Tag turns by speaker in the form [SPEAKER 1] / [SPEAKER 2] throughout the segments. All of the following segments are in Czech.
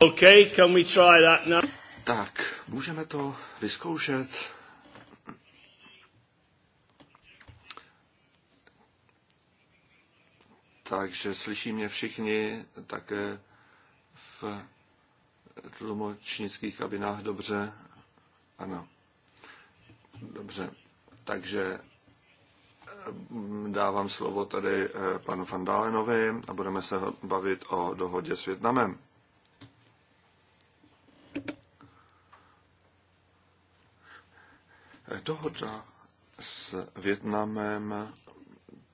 [SPEAKER 1] Okay, can we try that now? Tak, můžeme to vyzkoušet.
[SPEAKER 2] Takže slyší mě všichni také v tlumočnických kabinách dobře. Ano. Dobře. Takže mm, dávám slovo tady eh, panu Fandálenovi a budeme se bavit o dohodě s Větnamem. Dohoda s Větnamem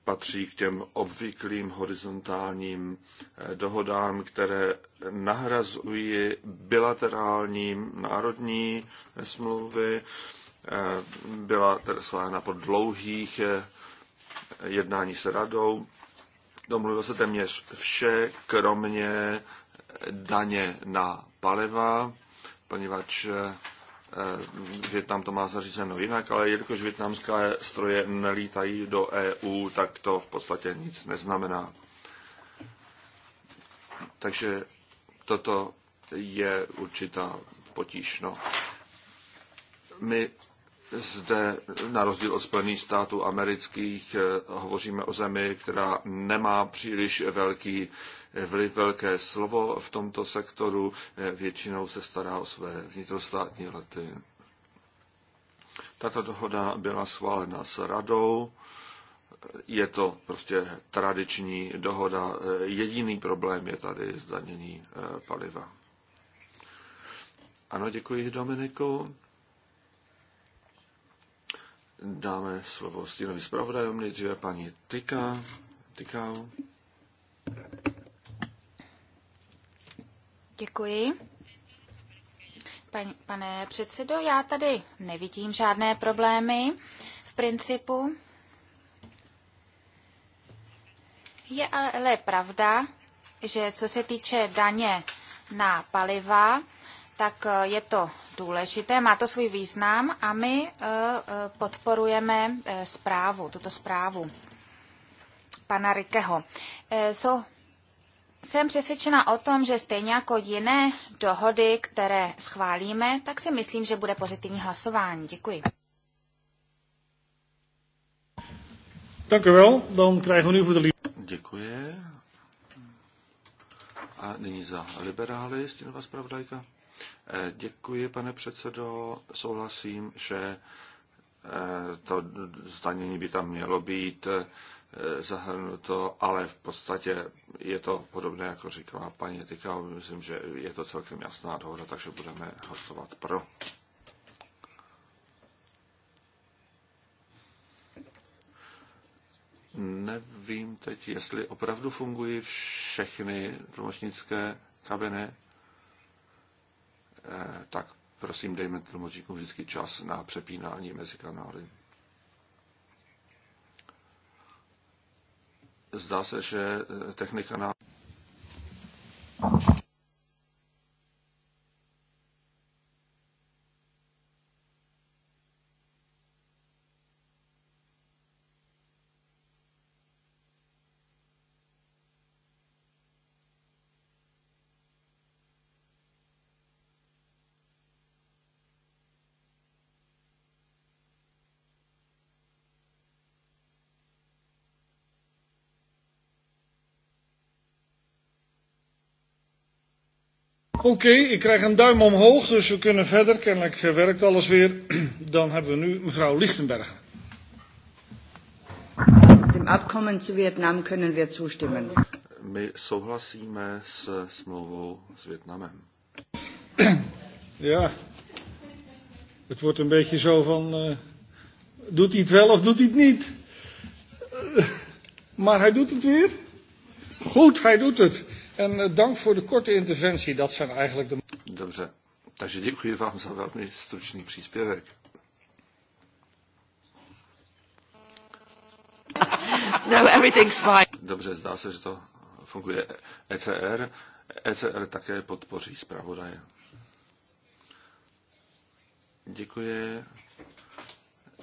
[SPEAKER 2] patří k těm obvyklým horizontálním eh, dohodám, které nahrazují bilaterální národní eh, smlouvy. Eh, byla tedy schválena po dlouhých jednání s radou. Domluvilo se téměř vše, kromě daně na paliva, poněvadž Větnam eh, to má zařízeno jinak, ale jelikož větnamské stroje nelítají do EU, tak to v podstatě nic neznamená. Takže toto je určitá potíž. No. My zde, na rozdíl od Spojených států amerických, eh, hovoříme o zemi, která nemá příliš velký vliv velké slovo v tomto sektoru, eh, většinou se stará o své vnitrostátní lety. Tato dohoda byla schválena s radou. Je to prostě tradiční dohoda. Eh, jediný problém je tady zdanění eh, paliva. Ano, děkuji Dominiku. Dáme slovo stínovým zpravodajům, nejdříve paní Tyka. Tykau.
[SPEAKER 3] Děkuji. Pan, pane předsedo, já tady nevidím žádné problémy v principu. Je ale pravda, že co se týče daně na paliva, tak eh, je to důležité, má to svůj význam a my eh, eh, podporujeme zprávu, tuto zprávu pana Rikeho. Jsou jsem přesvědčena o tom, že stejně jako jiné dohody, které schválíme, tak si myslím, že bude pozitivní hlasování. Děkuji.
[SPEAKER 1] Děkuji.
[SPEAKER 2] A nyní za liberály, stínová zpravodajka. Eh, děkuji, pane předsedo. Souhlasím, že eh, to zdanění by tam mělo být Eh, zahrnuto, ale v podstatě je to podobné, jako říkala paní Tykal. Myslím, že je to celkem jasná dohoda, takže budeme hlasovat pro. Nevím teď, jestli opravdu fungují všechny tlumočnické kabiny. Eh, tak prosím, dejme tlumočníkům vždycky čas na přepínání mezi kanály. Zdá se, že eh, technika nám...
[SPEAKER 1] Oké, okay, ik krijg een duim omhoog, dus we kunnen verder. Kennelijk werkt alles weer. Dan hebben we nu mevrouw Lichtenberger.
[SPEAKER 4] Dem abkomen zu Vietnam kunnen we toestemmen.
[SPEAKER 1] My souhlasíme s
[SPEAKER 2] smlouvou s Vietnamem.
[SPEAKER 1] ja, het wordt een beetje zo van, uh, doet hij het wel of doet hij het niet? Uh, maar hij doet het weer. Goed, hij doet het. En uh, dank voor de korte interventie. Dat zijn eigenlijk de...
[SPEAKER 2] Dobře, takže děkuji vám za velmi stručný příspěvek.
[SPEAKER 3] No, everything's fine.
[SPEAKER 2] Dobře, zdá se, že to funguje ECR. ECR také podpoří zpravodaje. Děkuji.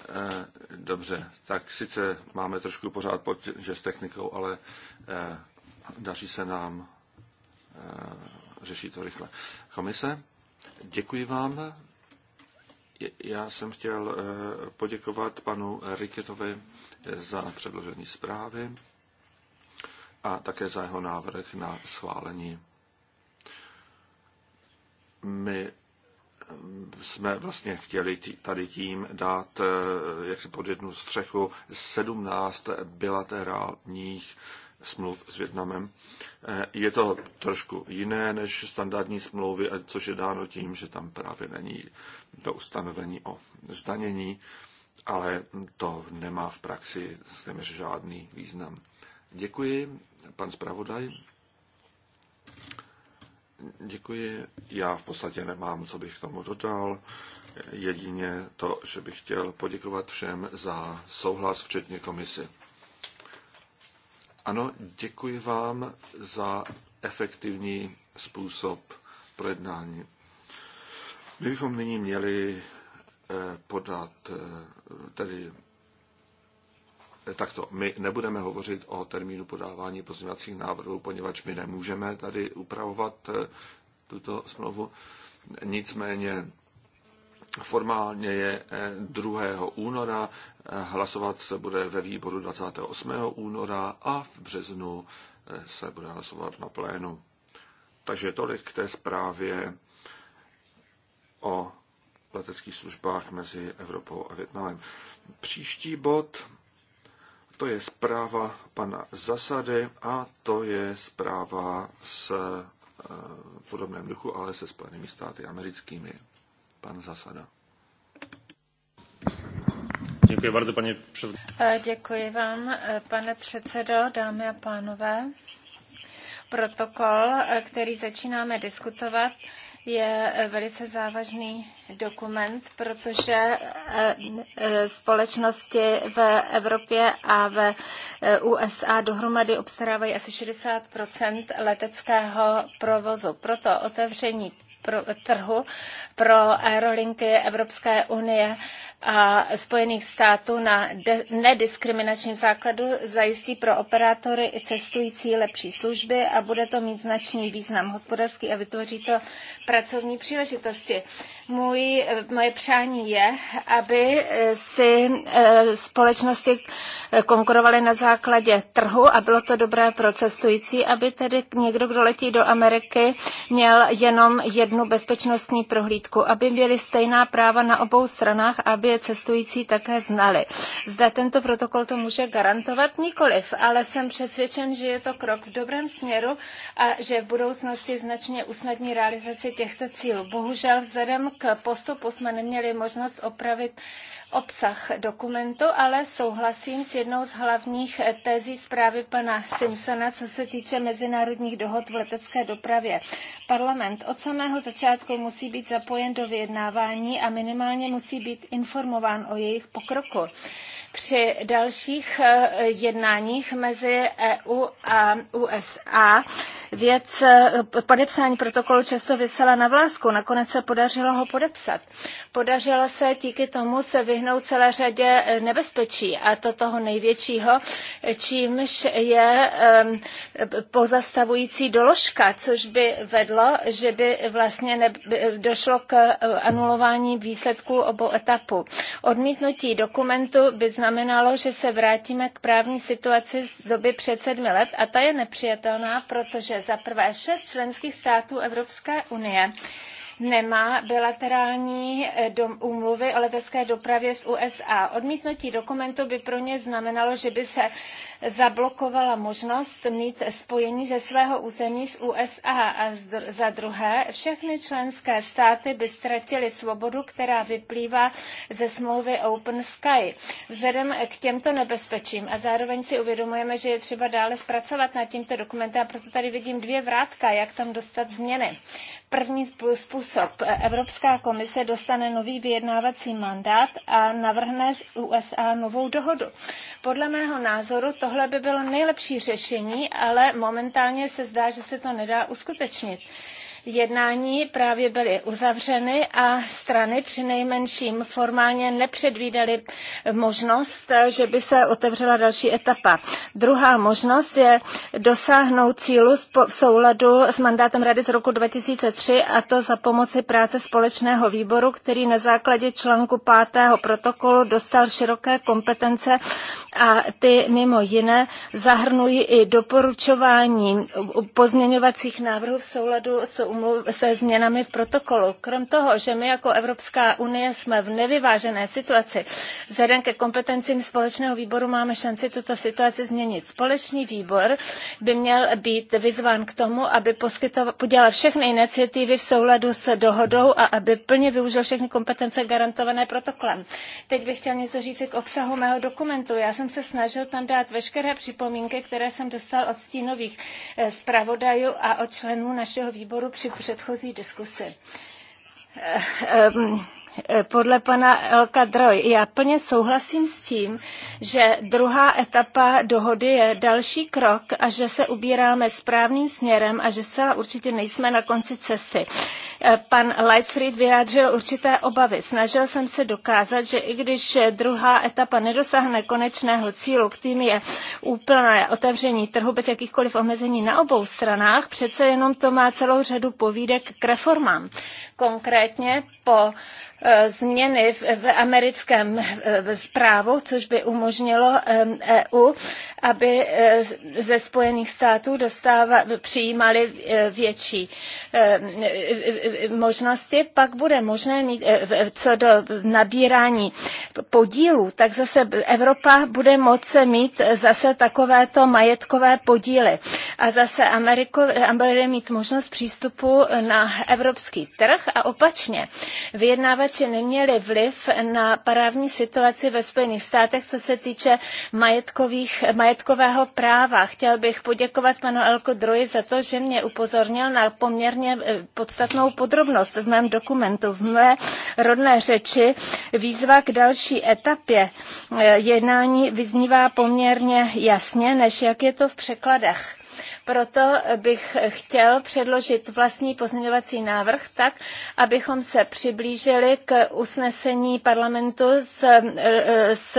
[SPEAKER 2] E, dobře, tak sice máme trošku pořád potěže s technikou, ale e, daří se nám Eh, řeší to rychle. Komise, děkuji vám. Já jsem chtěl eh, poděkovat panu Riketovi eh, za předložení zprávy a také za jeho návrh na schválení. My jsme vlastně chtěli tady tím dát jak si pod jednu střechu 17 bilaterálních smluv s Větnamem. Eh, je to trošku jiné než standardní smlouvy, eh, což je dáno tím, že tam právě není to ustanovení o zdanění, ale to nemá v praxi téměř žádný význam. Děkuji, pan zpravodaj. Děkuji. Já v podstatě nemám, co bych tomu dodal. Jedině to, že bych chtěl poděkovat všem za souhlas, včetně komisy. Ano, děkuji vám za efektivní způsob projednání. My bychom nyní měli eh, podat eh, tedy eh, takto. My nebudeme hovořit o termínu podávání pozměňovacích návrhů, poněvadž my nemůžeme tady upravovat tuto smlouvu. Nicméně Formálně je 2. Eh, února, eh, hlasovat se bude ve výboru 28. února a v březnu eh, se bude hlasovat na plénu. Takže tolik k té zprávě o leteckých službách mezi Evropou a Větnamem. Příští bod, to je zpráva pana Zasady a to je zpráva s podobném duchu, ale se Spojenými státy americkými pan Zasada.
[SPEAKER 1] Děkuji bardzo, paní
[SPEAKER 5] e, Děkuji vám, e, pane předsedo, dámy a pánové. Protokol, e, který začínáme diskutovat, je velice závažný dokument, protože společnosti v Evropě a v USA dohromady obstarávají asi 60 leteckého provozu. Proto otevření trhu pro aerolinky Evropské unie a Spojených států na nediskriminačním základu zajistí pro operátory i cestující lepší služby a bude to mít značný význam hospodářský a vytvoří to pracovní příležitosti. Můj, moje přání je, aby eh, si eh, společnosti eh, konkurovaly na základě trhu a bylo to dobré pro cestující, aby tedy někdo, kdo letí do Ameriky, měl jenom jednu bezpečnostní prohlídku vodítku, aby měli stejná práva na obou stranách, aby je cestující také znali. Zda tento protokol to může garantovat? Nikoliv, ale jsem přesvědčen, že je to krok v dobrém směru a že v budoucnosti značně usnadní realizaci těchto cílů. Bohužel vzhledem k postupu jsme neměli možnost opravit obsah dokumentu, ale souhlasím s jednou z hlavních tezí zprávy pana Simpsona, co se týče mezinárodních dohod v letecké dopravě. Parlament od samého začátku musí být zapojen do vyjednávání a minimálně musí být informován o jejich pokroku. Při dalších eh, jednáních mezi EU a USA věc eh, podepsání protokolu často vysela na vlásku. Nakonec se podařilo ho podepsat. Podařilo se díky tomu se vyhnout vyhnout celé řadě eh, nebezpečí a to toho největšího, čímž je ehm, pozastavující doložka, což by vedlo, že by vlastně eh, došlo k eh, anulování výsledků obou etapů. Odmítnutí dokumentu by znamenalo, že se vrátíme k právní situaci z doby před sedmi let a ta je nepřijatelná, protože za prvé šest členských států Evropské unie nemá bilaterální eh, úmluvy o letecké dopravě s USA. Odmítnutí dokumentu by pro ně znamenalo, že by se zablokovala možnost mít spojení ze svého území s USA a za druhé všechny členské státy by ztratily svobodu, která vyplývá ze smlouvy Open Sky. Vzhledem k těmto nebezpečím a zároveň si uvědomujeme, že je třeba dále zpracovat nad tímto dokumentem a proto tady vidím dvě vrátka, jak tam dostat změny první způsob. Evropská komise dostane nový vyjednávací mandát a navrhne USA novou dohodu. Podle mého názoru tohle by bylo nejlepší řešení, ale momentálně se zdá, že se to nedá uskutečnit jednání právě byly uzavřeny a strany při nejmenším formálně nepředvídaly možnost, že by se otevřela další etapa. Druhá možnost je dosáhnout cílu v souladu s mandátem Rady z roku 2003 a to za pomoci práce společného výboru, který na základě článku 5. protokolu dostal široké kompetence a ty mimo jiné zahrnují i doporučování pozměňovacích návrhů v souladu s umluv, se změnami v protokolu. Krom toho, že my jako Evropská unie jsme v nevyvážené situaci, vzhledem ke kompetencím společného výboru máme šanci tuto situaci změnit. Společný výbor by měl být vyzván k tomu, aby poskytoval, podělal všechny iniciativy v souladu s dohodou a aby plně využil všechny kompetence garantované protokolem. Teď bych chtěl něco říct k obsahu mého dokumentu. Já jsem se snažil tam dát veškeré připomínky, které jsem dostal od stínových eh, zpravodajů a od členů našeho výboru při při předchozí diskusi. Eh, podle pana Elka Droj. Já plně souhlasím s tím, že druhá etapa dohody je další krok a že se ubíráme správným směrem a že zcela určitě nejsme na konci cesty. Eh, pan Leisfried vyjádřil určité obavy. Snažil jsem se dokázat, že i když druhá etapa nedosáhne konečného cílu, kterým je úplné otevření trhu bez jakýchkoliv omezení na obou stranách, přece jenom to má celou řadu povídek k reformám. Konkrétně po eh, změny v americkém eh, právu, což by umožnilo EU, e aby eh, ze Spojených států dostáva, přijímali větší možnosti, pak bude možné mít co do nabírání podílů, tak zase Evropa bude moci mít zase takovéto majetkové podíly. A zase Ameriko, bude mít možnost přístupu na evropský trh a opačně vyjednávači neměli vliv na právní situaci ve Spojených státech, co se týče majetkových, majetkového práva. Chtěl bych poděkovat panu Elko Druji za to, že mě upozornil na poměrně eh, podstatnou podrobnost v mém dokumentu. V mé rodné řeči výzva k další etapě eh, jednání vyznívá poměrně jasně, než jak je to v překladech. Proto bych chtěl předložit vlastní pozměňovací návrh tak, abychom se přiblížili k usnesení parlamentu. S, s,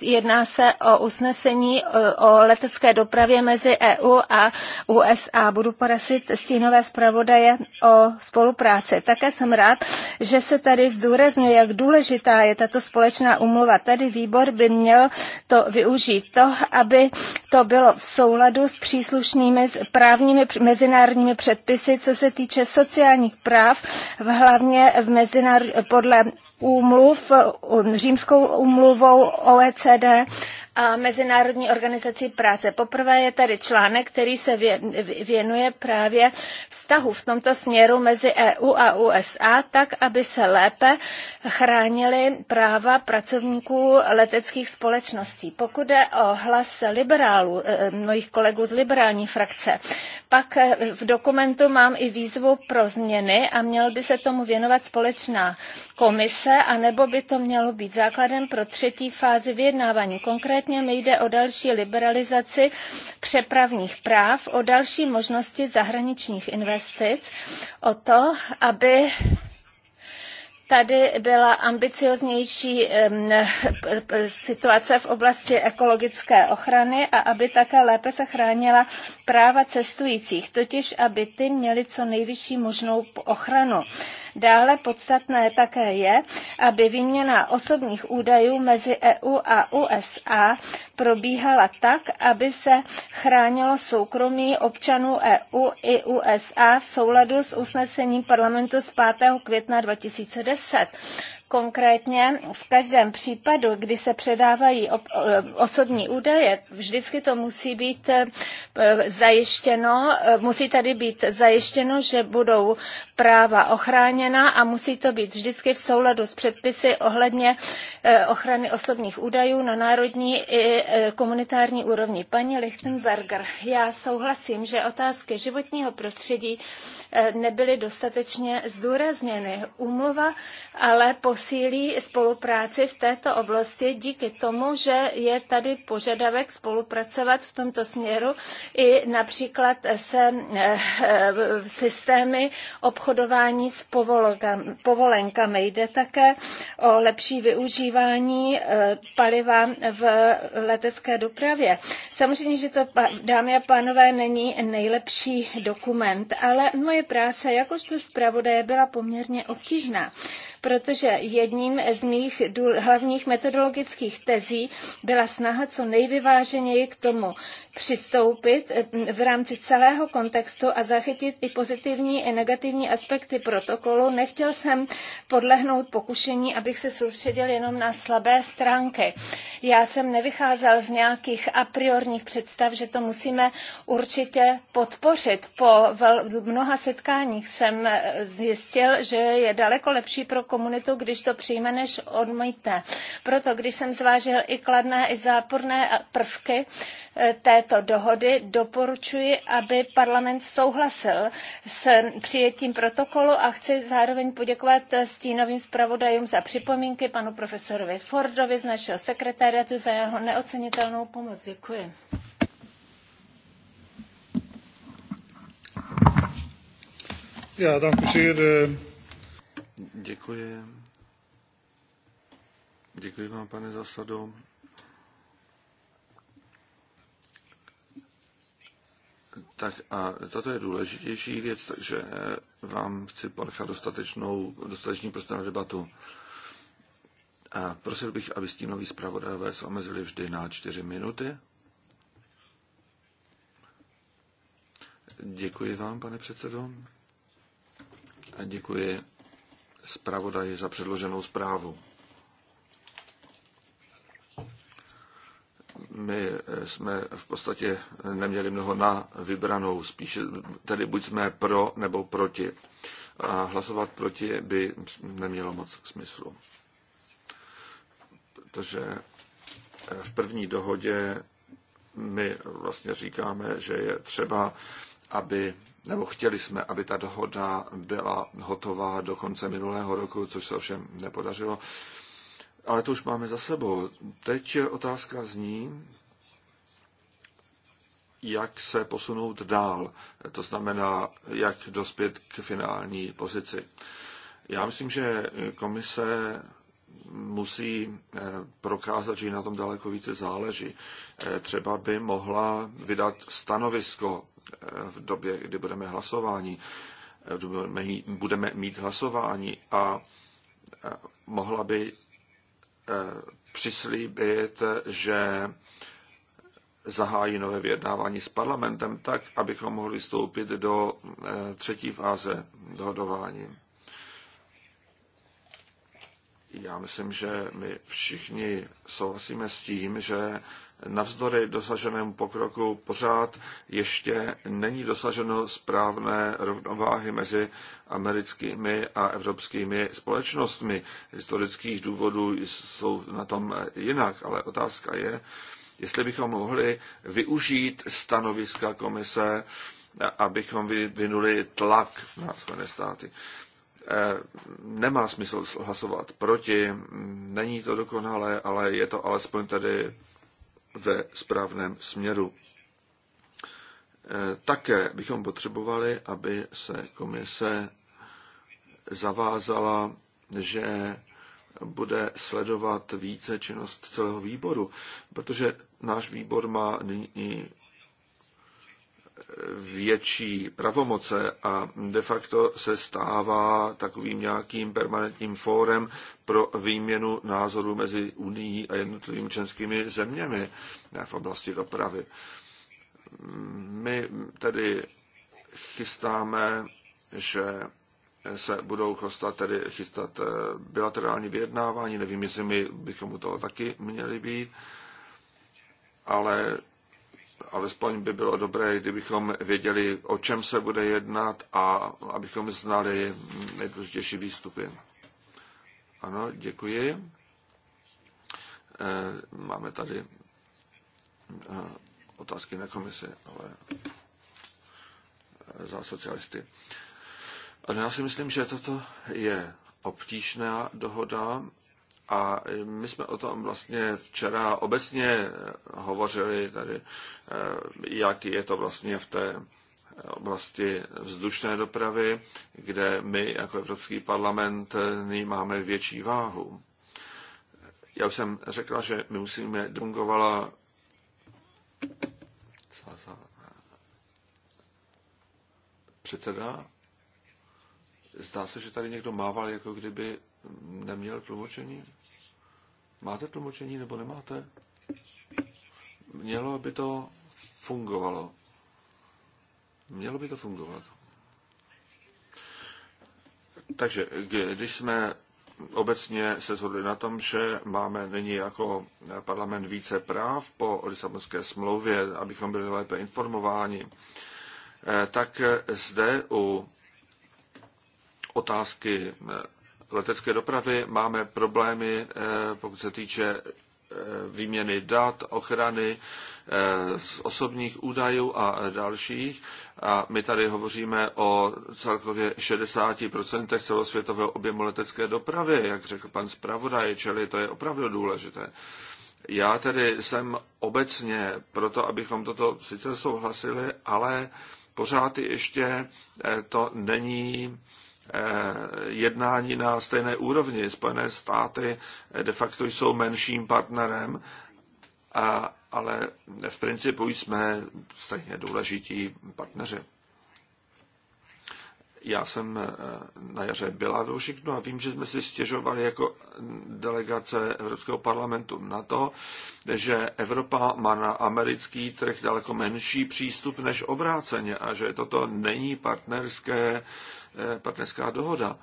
[SPEAKER 5] jedná se o usnesení o letecké dopravě mezi EU a USA. Budu porasit stínové zpravodaje o spolupráci. Také jsem rád, že se tady zdůrazňuje, jak důležitá je tato společná umluva. Tady výbor by měl to využít to, aby to bylo v souladu s příslušným příslušnými právními mezinárodními předpisy, co se týče sociálních práv, hlavně v mezinár- podle úmluv, římskou úmluvou OECD a Mezinárodní organizací práce. Poprvé je tady článek, který se věnuje právě vztahu v tomto směru mezi EU a USA, tak, aby se lépe chránili práva pracovníků leteckých společností. Pokud je o hlas liberálů, e, e, mojich kolegů z liberální frakce, pak e, v dokumentu mám i výzvu pro změny a měl by se tomu věnovat společná komise, anebo by to mělo být základem pro třetí fázi vyjednávání. Konkrétně Konkrétně mi jde o další liberalizaci přepravních práv, o další možnosti zahraničních investic, o to, aby tady byla ambicioznější situace v oblasti ekologické ochrany a aby také lépe se chránila práva cestujících, totiž aby ty měly co nejvyšší možnou ochranu. Dále podstatné také je, aby výměna osobních údajů mezi EU a USA probíhala tak, aby se chránilo soukromí občanů EU i USA v souladu s usnesením parlamentu z 5. května 2010. Konkrétně v každém případu, kdy se předávají eh, osobní údaje, vždycky to musí být eh, zajištěno, eh, musí tady být zajištěno, že budou práva ochráněna a musí to být vždycky v souladu s předpisy ohledně eh, ochrany osobních údajů na národní i eh, komunitární úrovni. Paní Lichtenberger, já souhlasím, že otázky životního prostředí eh, nebyly dostatečně zdůrazněny. Úmluva ale posílí spolupráci v této oblasti díky tomu, že je tady požadavek spolupracovat v tomto směru i například se systémy obchodu obchodování s povolenkami. Jde také o lepší využívání e, paliva v letecké dopravě. Samozřejmě, že to, dámy a pánové, není nejlepší dokument, ale moje práce jakožto zpravodaje byla poměrně obtížná protože jedním z mých hlavních metodologických tezí byla snaha co nejvyváženěji k tomu přistoupit eh, v rámci celého kontextu a zachytit i pozitivní i negativní aspekty protokolu. Nechtěl jsem podlehnout pokušení, abych se soustředil jenom na slabé stránky. Já jsem nevycházel z nějakých a priorních představ, že to musíme určitě podpořit. Po mnoha setkáních jsem eh, zjistil, že je daleko lepší pro komunitu, když to přijme, než odmítne. Proto, když jsem zvážil i kladné, i záporné prvky eh, této dohody, doporučuji, aby parlament souhlasil s přijetím protokolu a chci zároveň poděkovat eh, stínovým zpravodajům za připomínky, panu profesorovi Fordovi z našeho sekretariatu za jeho neocenitelnou pomoc. Děkuji.
[SPEAKER 1] Ja, dank u zeer. Uh... Děkuji.
[SPEAKER 2] Děkuji vám, pane zasado. Tak a toto je důležitější věc, takže vám chci ponechat dostatečnou, dostatečný prostor na debatu. A prosil bych, aby stínoví zpravodajové se omezili vždy na čtyři minuty. Děkuji vám, pane předsedo. A děkuji zpravodaji za předloženou zprávu. My eh, jsme v podstatě neměli mnoho na vybranou, spíše tedy buď jsme pro nebo proti. A hlasovat proti by nemělo moc smyslu. Protože eh, v první dohodě my vlastně říkáme, že je třeba, aby nebo chtěli jsme, aby ta dohoda byla hotová do konce minulého roku, což se ovšem nepodařilo. Ale to už máme za sebou. Teď otázka zní, jak se posunout dál. To znamená, jak dospět k finální pozici. Já myslím, že komise musí eh, prokázat, že ji na tom daleko více záleží. Eh, třeba by mohla vydat stanovisko v době, kdy budeme hlasování, budeme mít hlasování a mohla by e, přislíbit, že zahájí nové vyjednávání s parlamentem tak, abychom mohli vstoupit do e, třetí fáze dohodování. Já myslím, že my všichni souhlasíme s tím, že navzdory dosaženému pokroku pořád ještě není dosaženo správné rovnováhy mezi americkými a evropskými společnostmi. Historických důvodů jsou na tom jinak, ale otázka je, jestli bychom mohli využít stanoviska komise, abychom vyvinuli tlak na Spojené státy. E, nemá smysl hlasovat proti, není to dokonalé, ale je to alespoň tedy ve správném směru. Eh, také bychom potřebovali, aby se komise zavázala, že bude sledovat více činnost celého výboru, protože náš výbor má nyní větší pravomoce a de facto se stává takovým nějakým permanentním fórem pro výměnu názorů mezi Unii a jednotlivými členskými zeměmi v oblasti dopravy. My tedy chystáme, že se budou chystat, tedy chystat eh, bilaterální vyjednávání, nevím, jestli my bychom u toho taky měli být, ale alespoň by bylo dobré, kdybychom věděli, o čem se bude jednat a abychom znali nejdůležitější výstupy. Ano, děkuji. Eh, máme tady eh, otázky na komisi, ale eh, za socialisty. Ale já si myslím, že toto je obtížná dohoda a e, my jsme o tom vlastně včera obecně e, hovořili tady, e, jak je to vlastně v té oblasti vzdušné dopravy, kde my jako Evropský parlament máme větší váhu. Já už jsem řekla, že my musíme dungovala předseda. Zdá se, že tady někdo mával, jako kdyby neměl tlumočení. Máte tlumočení nebo nemáte? Mělo by to fungovalo. Mělo by to fungovat. Takže když jsme obecně se shodli na tom, že máme nyní jako parlament více práv po Lisabonské smlouvě, abychom byli lépe informováni, eh, tak zde u otázky eh, letecké dopravy máme problémy, eh, pokud se týče eh, výměny dat, ochrany eh, z osobních údajů a dalších. A my tady hovoříme o celkově 60% celosvětového objemu letecké dopravy, jak řekl pan zpravodaj, čili to je opravdu důležité. Já tedy jsem obecně proto, abychom toto sice souhlasili, ale pořád ještě to není Eh, jednání na stejné úrovni. Spojené státy eh, de facto jsou menším partnerem, a, ale v principu jsme stejně důležití partneři. Já jsem eh, na jaře byla ve Washingtonu a vím, že jsme si stěžovali jako delegace Evropského parlamentu na to, že Evropa má na americký trh daleko menší přístup než obráceně a že toto není partnerské Eh, partnerská dohoda.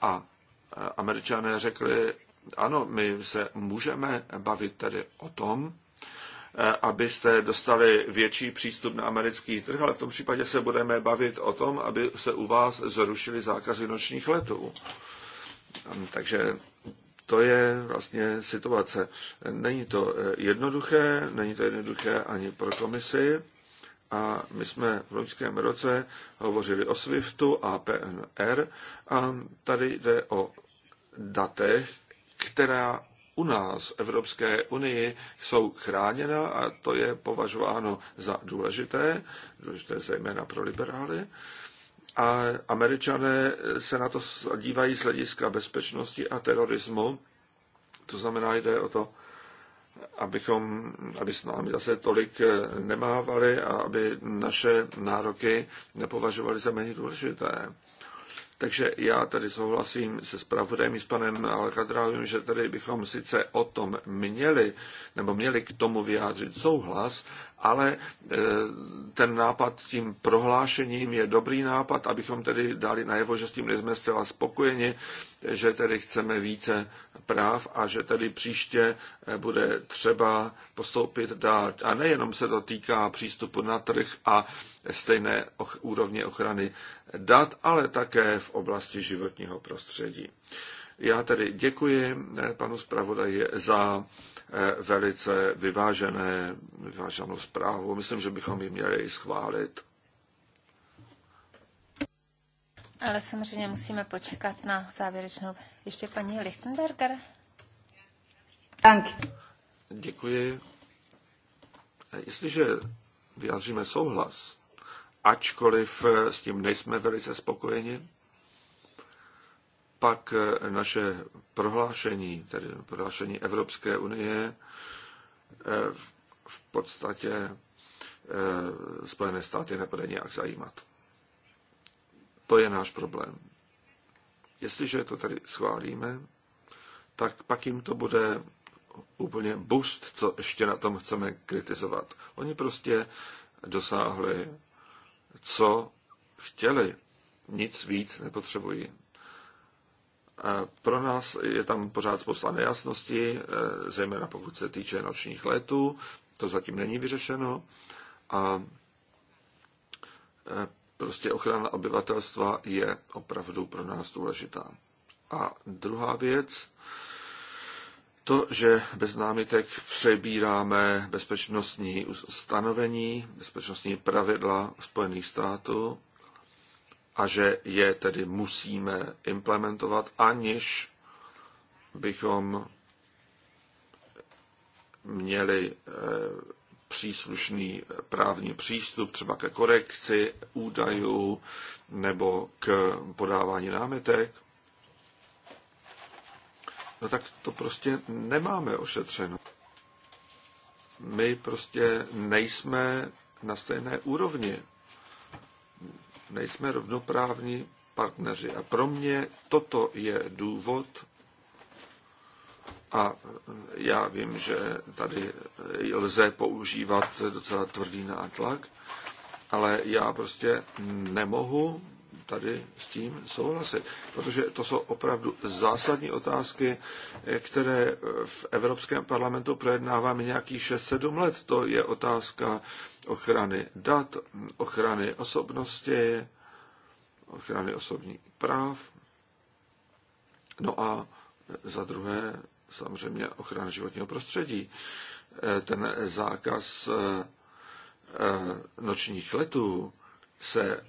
[SPEAKER 2] A eh, američané řekli, ano, my se můžeme bavit tedy o tom, eh, abyste dostali větší přístup na americký trh, ale v tom případě se budeme bavit o tom, aby se u vás zrušili zákazy nočních letů. Ehm, takže to je vlastně situace. Není to jednoduché, není to jednoduché ani pro komisi, a my jsme v loňském roce hovořili o SWIFTu a PNR a tady jde o datech, která u nás v Evropské unii jsou chráněna a to je považováno za důležité, důležité zejména pro liberály. A američané se na to dívají z hlediska bezpečnosti a terorismu. To znamená, jde o to, abychom, aby s námi zase tolik eh, nemávali a aby naše nároky nepovažovali za méně důležité. Takže já tady souhlasím se zpravodajem s panem Alcadrávem, že tady bychom sice o tom měli, nebo měli k tomu vyjádřit souhlas, ale e, ten nápad s tím prohlášením je dobrý nápad, abychom tedy dali najevo, že s tím nejsme zcela spokojeni, že tedy chceme více práv a že tedy příště e, bude třeba postoupit dál. A nejenom se to týká přístupu na trh a stejné úrovně ochrany dat, ale také v oblasti životního prostředí. Já tedy děkuji e, panu zpravodaji za Eh, velice vyvážené, vyváženou zprávu. Myslím, že bychom ji měli schválit.
[SPEAKER 5] Ale samozřejmě musíme počkat na závěrečnou. Ještě paní Lichtenberger.
[SPEAKER 3] Dank.
[SPEAKER 2] Děkuji. Jestliže vyjádříme souhlas, ačkoliv eh, s tím nejsme velice spokojeni, pak eh, naše prohlášení, tedy prohlášení Evropské unie, eh, v podstatě eh, Spojené státy nebude nějak zajímat. To je náš problém. Jestliže to tady schválíme, tak pak jim to bude úplně bušt, co ještě na tom chceme kritizovat. Oni prostě dosáhli, co chtěli. Nic víc nepotřebují. Pro nás je tam pořád spousta nejasností, e, zejména pokud se týče nočních letů, to zatím není vyřešeno. A e, prostě ochrana obyvatelstva je opravdu pro nás důležitá. A druhá věc, to, že bez námitek přebíráme bezpečnostní stanovení, bezpečnostní pravidla Spojených států, a že je tedy musíme implementovat, aniž bychom měli eh, příslušný právní přístup třeba ke korekci údajů nebo k podávání námitek. No tak to prostě nemáme ošetřeno. My prostě nejsme na stejné úrovni nejsme rovnoprávní partneři. A pro mě toto je důvod, a já vím, že tady lze používat docela tvrdý nátlak, ale já prostě nemohu tady s tím souhlasit, protože to jsou opravdu zásadní otázky, které v Evropském parlamentu projednáváme nějakých 6-7 let. To je otázka ochrany dat, ochrany osobnosti, ochrany osobních práv. No a za druhé samozřejmě ochrana životního prostředí. Ten zákaz eh, nočních letů, se eh,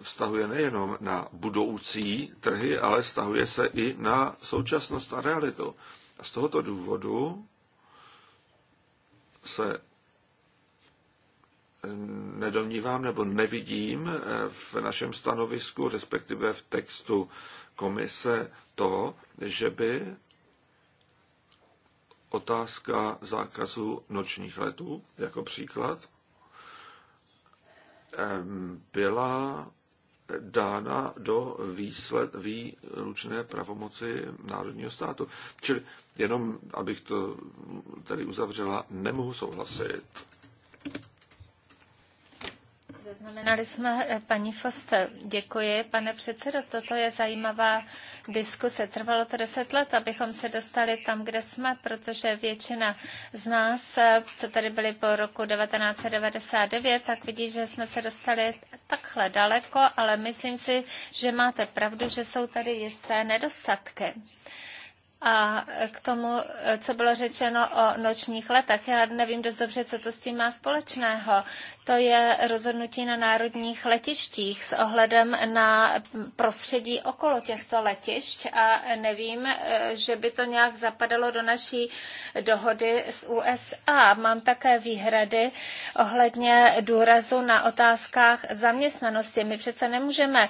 [SPEAKER 2] vztahuje nejenom na budoucí trhy, ale vztahuje se i na současnost a realitu. A z tohoto důvodu se eh, nedomnívám nebo nevidím eh, v našem stanovisku, respektive v textu komise, to, že by otázka zákazu nočních letů, jako příklad, byla dána do výsled, výlučné pravomoci národního státu. Čili jenom, abych to tady uzavřela, nemohu souhlasit
[SPEAKER 5] Zaznamenali jsme eh, paní Foster. Děkuji, pane předsedo. Toto je zajímavá diskuse. Trvalo to deset let, abychom se dostali tam, kde jsme, protože většina z nás, eh, co tady byli po roku 1999, tak vidí, že jsme se dostali takhle daleko, ale myslím si, že máte pravdu, že jsou tady jisté nedostatky. A k tomu, co bylo řečeno o nočních letech, já nevím dost dobře, co to s tím má společného. To je rozhodnutí na národních letištích s ohledem na prostředí okolo těchto letišť a nevím, eh, že by to nějak zapadalo do naší dohody s USA. Mám také výhrady ohledně důrazu na otázkách zaměstnanosti. My přece nemůžeme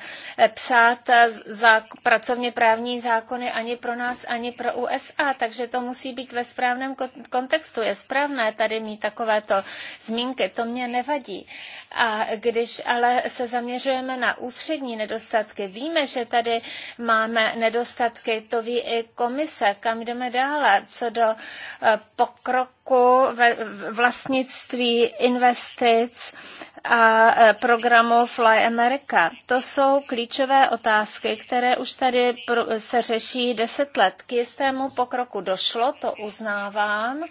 [SPEAKER 5] psát za pracovně právní zákony ani pro nás, ani pro pro USA, takže to musí být ve správném kontextu. Je správné tady mít takovéto zmínky, to mě nevadí. A když ale se zaměřujeme na ústřední nedostatky, víme, že tady máme nedostatky, to ví i komise, kam jdeme dále, co do eh, pokroku vlastnictví investic, a e, programu Fly America. To jsou klíčové otázky, které už tady se řeší deset let. K jistému pokroku došlo, to uznávám.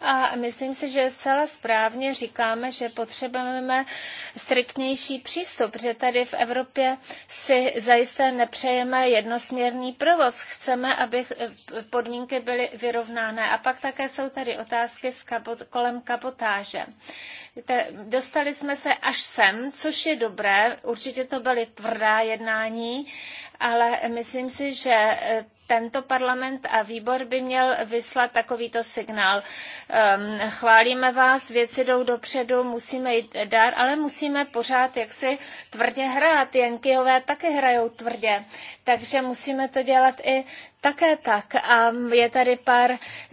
[SPEAKER 5] A myslím si, že zcela správně říkáme, že potřebujeme striktnější přístup, že tady v Evropě si zajisté nepřejeme jednosměrný provoz. Chceme, aby e, podmínky byly vyrovnány. A pak také jsou tady otázky kolem kabotáže. Dostali jsme se až sem, což je dobré. Určitě to byly tvrdá jednání, ale myslím si, že eh, tento parlament a výbor by měl vyslat takovýto signál. Ehm, chválíme vás, věci jdou dopředu, musíme jít dál, ale musíme pořád jaksi tvrdě hrát. Jankyjové také hrajou tvrdě, takže musíme to dělat i také tak. A je tady pár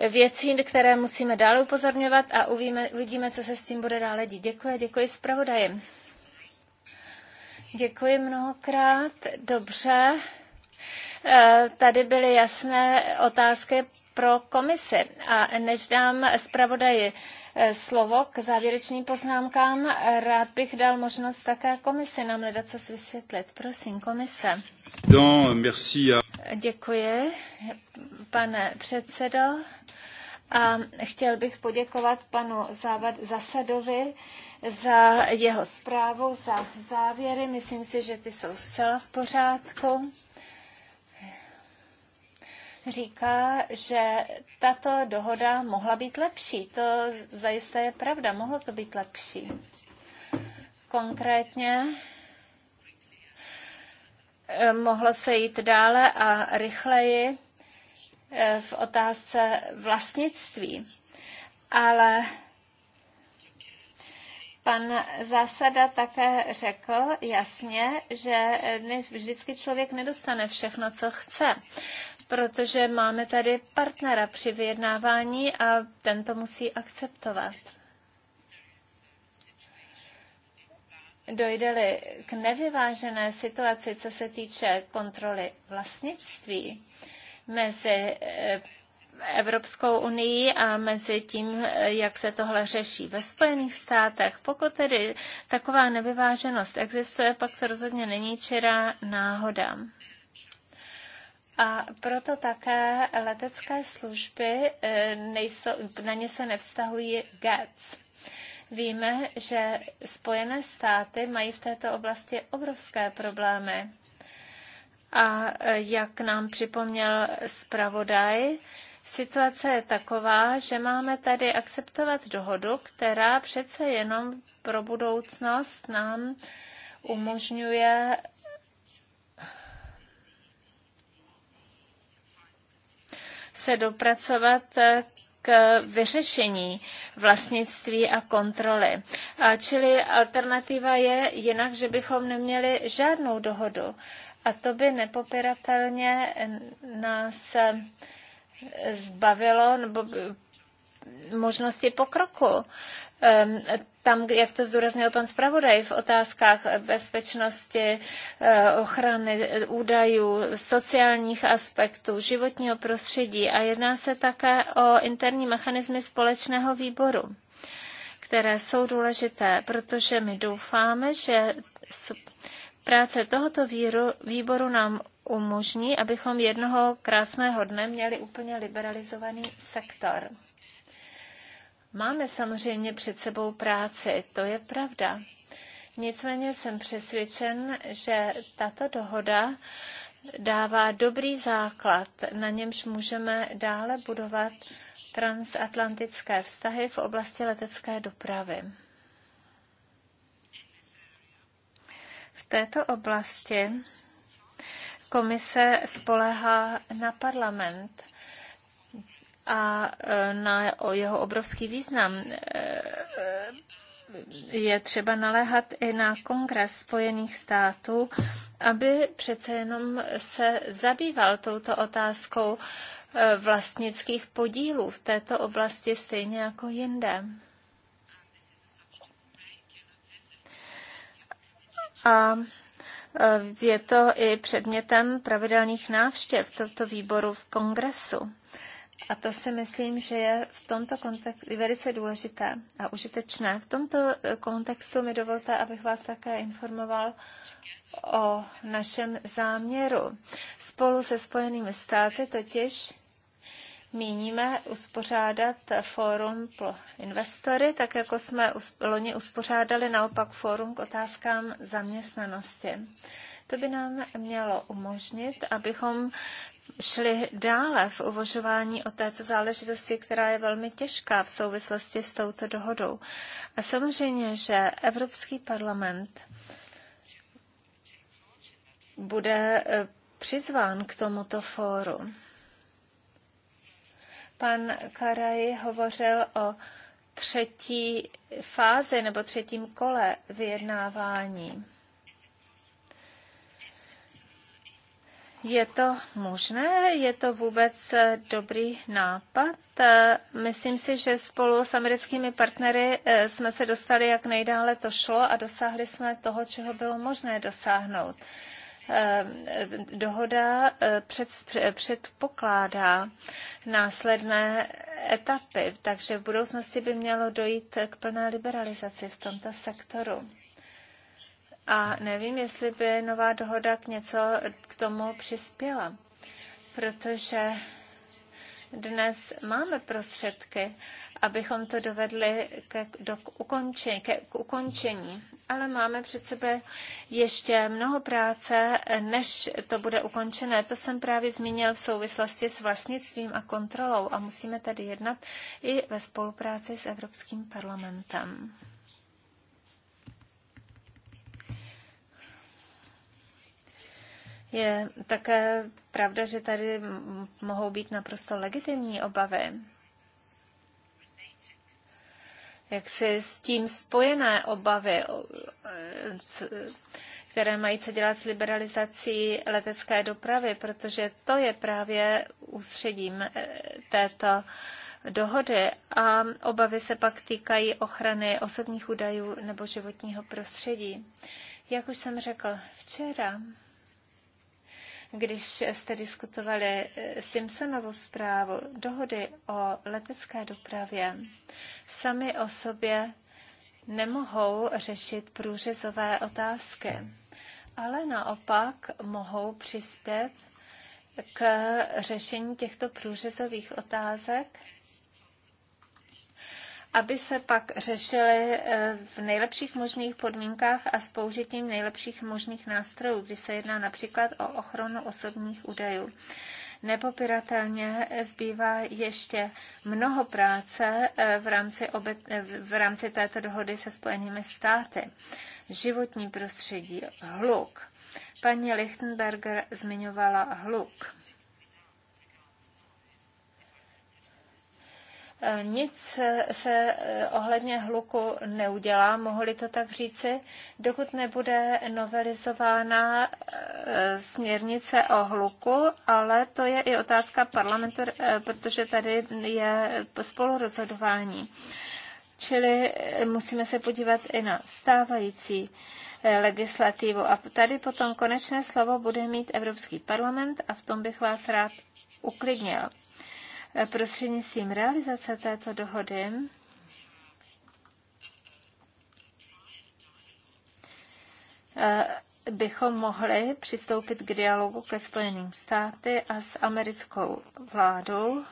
[SPEAKER 5] věcí, které musíme dále upozorňovat a uvíme, uvidíme, co se s tím bude dále dít. Děkuji, děkuji zpravodaji. Děkuji mnohokrát. Dobře. Eh, tady byly jasné otázky pro komisi. A než dám zpravodaji eh, slovo k závěrečným poznámkám, rád bych dal možnost také komisi nám hledat co vysvětlit. Prosím, komise. Děkuji, pane předsedo. A chtěl bych poděkovat panu Závad Zasadovi za jeho zprávu, za závěry. Myslím si, že ty jsou zcela v pořádku říká, že tato dohoda mohla být lepší. To zajisté je pravda, mohlo to být lepší. Konkrétně eh, mohlo se jít dále a rychleji eh, v otázce vlastnictví. Ale Pan zásada také řekl jasně, že vždycky člověk nedostane všechno, co chce protože máme tady partnera při vyjednávání a ten to musí akceptovat. Dojde-li k nevyvážené situaci, co se týče kontroly vlastnictví mezi eh, Evropskou unii a mezi tím, jak se tohle řeší ve Spojených státech. Pokud tedy taková nevyváženost existuje, pak to rozhodně není čirá náhoda. A proto také letecké služby e, nejsou, na ně se nevztahují GATS. E Víme, že Spojené státy mají v této oblasti obrovské problémy. A e, jak nám připomněl zpravodaj, situace je taková, že máme tady akceptovat dohodu, která přece jenom pro budoucnost nám umožňuje se dopracovat eh, k vyřešení vlastnictví a kontroly. A čili alternativa je jinak, že bychom neměli žádnou dohodu. A to by nepopiratelně eh, nás eh, zbavilo nebo možnosti pokroku tam, jak to zdůraznil pan zpravodaj, v otázkách bezpečnosti, eh, ochrany údajů, sociálních aspektů, životního prostředí a jedná se také o interní mechanismy společného výboru, které jsou důležité, protože my doufáme, že práce tohoto víru, výboru nám umožní, abychom jednoho krásného dne měli úplně liberalizovaný sektor. Máme samozřejmě před sebou práci, to je pravda. Nicméně jsem přesvědčen, že tato dohoda dává dobrý základ, na němž můžeme dále budovat transatlantické vztahy v oblasti letecké dopravy. V této oblasti komise spolehá na parlament a e, na jeho obrovský význam e, e, je třeba naléhat i na Kongres Spojených států, aby přece jenom se zabýval touto otázkou vlastnických podílů v této oblasti stejně jako jinde. A je to i předmětem pravidelných návštěv tohoto výboru v kongresu. A to si myslím, že je v tomto kontextu velice důležité a užitečné. V tomto e, kontextu mi dovolte, abych vás také informoval o našem záměru. Spolu se Spojenými státy totiž míníme uspořádat fórum pro investory, tak jako jsme loni uspořádali naopak fórum k otázkám zaměstnanosti. To by nám mělo umožnit, abychom šli dále v uvažování o této záležitosti, která je velmi těžká v souvislosti s touto dohodou. A samozřejmě, že Evropský parlament bude eh, přizván k tomuto fóru. Pan Karaj hovořil o třetí fázi nebo třetím kole vyjednávání. Je to možné? Je to vůbec eh, dobrý nápad? Eh, myslím si, že spolu s americkými partnery eh, jsme se dostali, jak nejdále to šlo a dosáhli jsme toho, čeho bylo možné dosáhnout. Dohoda předpokládá následné etapy, takže v budoucnosti by mělo dojít k plné liberalizaci v tomto sektoru. A nevím, jestli by nová dohoda k něco k tomu přispěla, protože dnes máme prostředky, abychom to dovedli ke, do, k, ukončení, ke, k ukončení, ale máme před sebe ještě mnoho práce, než to bude ukončené. To jsem právě zmínil v souvislosti s vlastnictvím a kontrolou a musíme tady jednat i ve spolupráci s Evropským parlamentem. Je také pravda, že tady mohou být naprosto legitimní obavy. Jak si s tím spojené obavy, které mají co dělat s liberalizací letecké dopravy, protože to je právě ústředím e, této dohody a obavy se pak týkají ochrany osobních údajů nebo životního prostředí. Jak už jsem řekl včera, když jste diskutovali eh, Simpsonovu zprávu, dohody o letecké dopravě sami o sobě nemohou řešit průřezové otázky, ale naopak mohou přispět k řešení těchto průřezových otázek aby se pak řešily eh, v nejlepších možných podmínkách a s použitím nejlepších možných nástrojů, když se jedná například o ochranu osobních údajů. Nepopiratelně zbývá ještě mnoho práce eh, v rámci, obet, eh, v rámci této dohody se Spojenými státy. Životní prostředí, hluk. Paní Lichtenberger zmiňovala hluk. Eh, nic se eh, ohledně hluku neudělá, mohli to tak říci, dokud nebude novelizována eh, směrnice o hluku, ale to je i otázka parlamentu, protože tady je spolurozhodování. Čili musíme se podívat i na stávající legislativu. A tady potom konečné slovo bude mít Evropský parlament a v tom bych vás rád uklidnil. Prostřednictvím realizace této dohody eh, bychom mohli přistoupit k dialogu ke Spojeným státy a s americkou vládou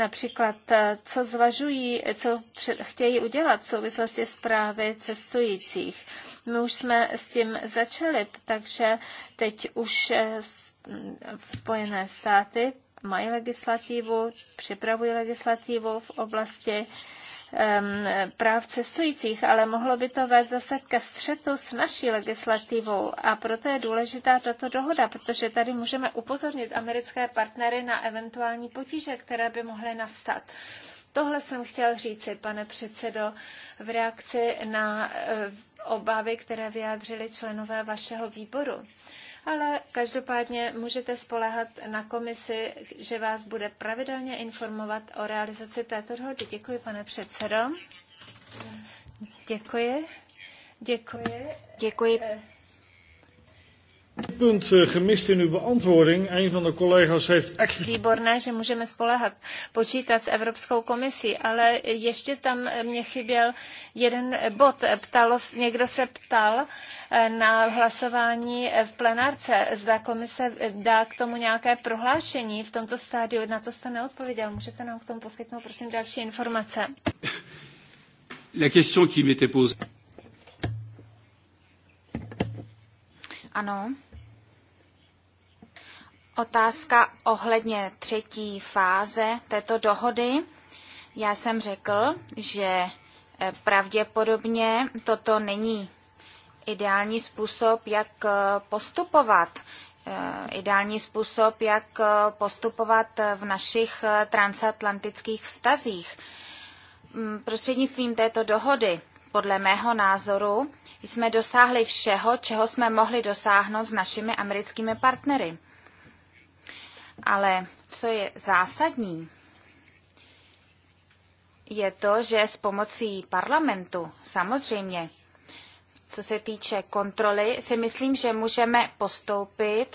[SPEAKER 5] Například, eh, co zvažují, co chtějí udělat v souvislosti s právy cestujících. My už jsme s tím začali, takže teď už eh, mm, Spojené státy mají legislativu, připravují legislativu v oblasti práv cestujících, ale mohlo by to vést zase ke střetu s naší legislativou a proto je důležitá tato dohoda, protože tady můžeme upozornit americké partnery na eventuální potíže, které by mohly nastat. Tohle jsem chtěl říci, pane předsedo, v reakci na eh, obavy, které vyjádřili členové vašeho výboru ale každopádně můžete spolehat na komisi, že vás bude pravidelně informovat o realizaci této dohody. Děkuji, pane předsedo. Děkuji. Děkuji. Děkuji eh, Výborné, že můžeme spolehat, počítat s Evropskou komisí, ale ještě tam eh, mě chyběl jeden bod. Ptalo, někdo se ptal eh, na hlasování eh, v plenárce. Zda komise dá k tomu nějaké prohlášení v tomto stádiu. Na to jste neodpověděl. Můžete nám k tomu poskytnout, prosím, další informace?
[SPEAKER 4] La question qui m'était posée.
[SPEAKER 3] Ano. Otázka ohledně třetí fáze této dohody. Já jsem řekl, že eh, pravděpodobně toto není ideální způsob, jak eh, postupovat. Eh, ideální způsob, jak postupovat v našich transatlantických vztazích. Mm, prostřednictvím této dohody, podle mého názoru, jsme dosáhli všeho, čeho jsme mohli dosáhnout s našimi americkými partnery. Ale co je zásadní, je to, že s pomocí parlamentu samozřejmě, co se týče kontroly, si myslím, že můžeme postoupit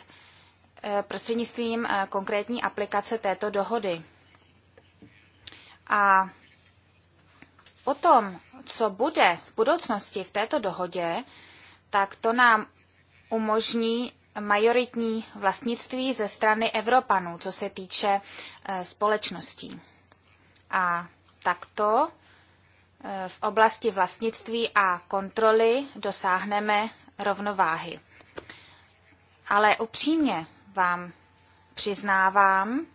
[SPEAKER 3] eh, prostřednictvím eh, konkrétní aplikace této dohody. A o tom, co bude v budoucnosti v této dohodě, tak to nám umožní majoritní vlastnictví ze strany Evropanů, co se týče eh, společností. A takto eh, v oblasti vlastnictví a kontroly dosáhneme rovnováhy. Ale upřímně vám přiznávám,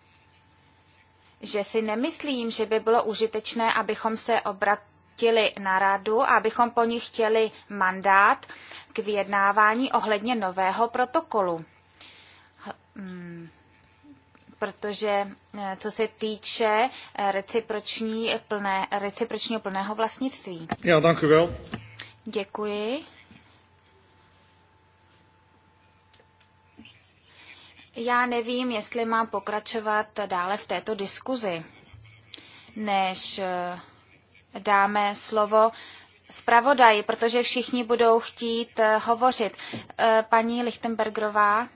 [SPEAKER 3] že si nemyslím, že by bylo užitečné, abychom se obrat, chtěli na radu a abychom po ní chtěli mandát k vyjednávání ohledně nového protokolu. Hmm, protože eh, co se týče eh, reciproční plné, recipročního plného vlastnictví.
[SPEAKER 1] Já, děkuji
[SPEAKER 3] Děkuji. Já nevím, jestli mám pokračovat dále v této diskuzi, než eh, dáme slovo zpravodaji, protože všichni budou chtít eh, hovořit. Eh, paní Lichtenbergerová?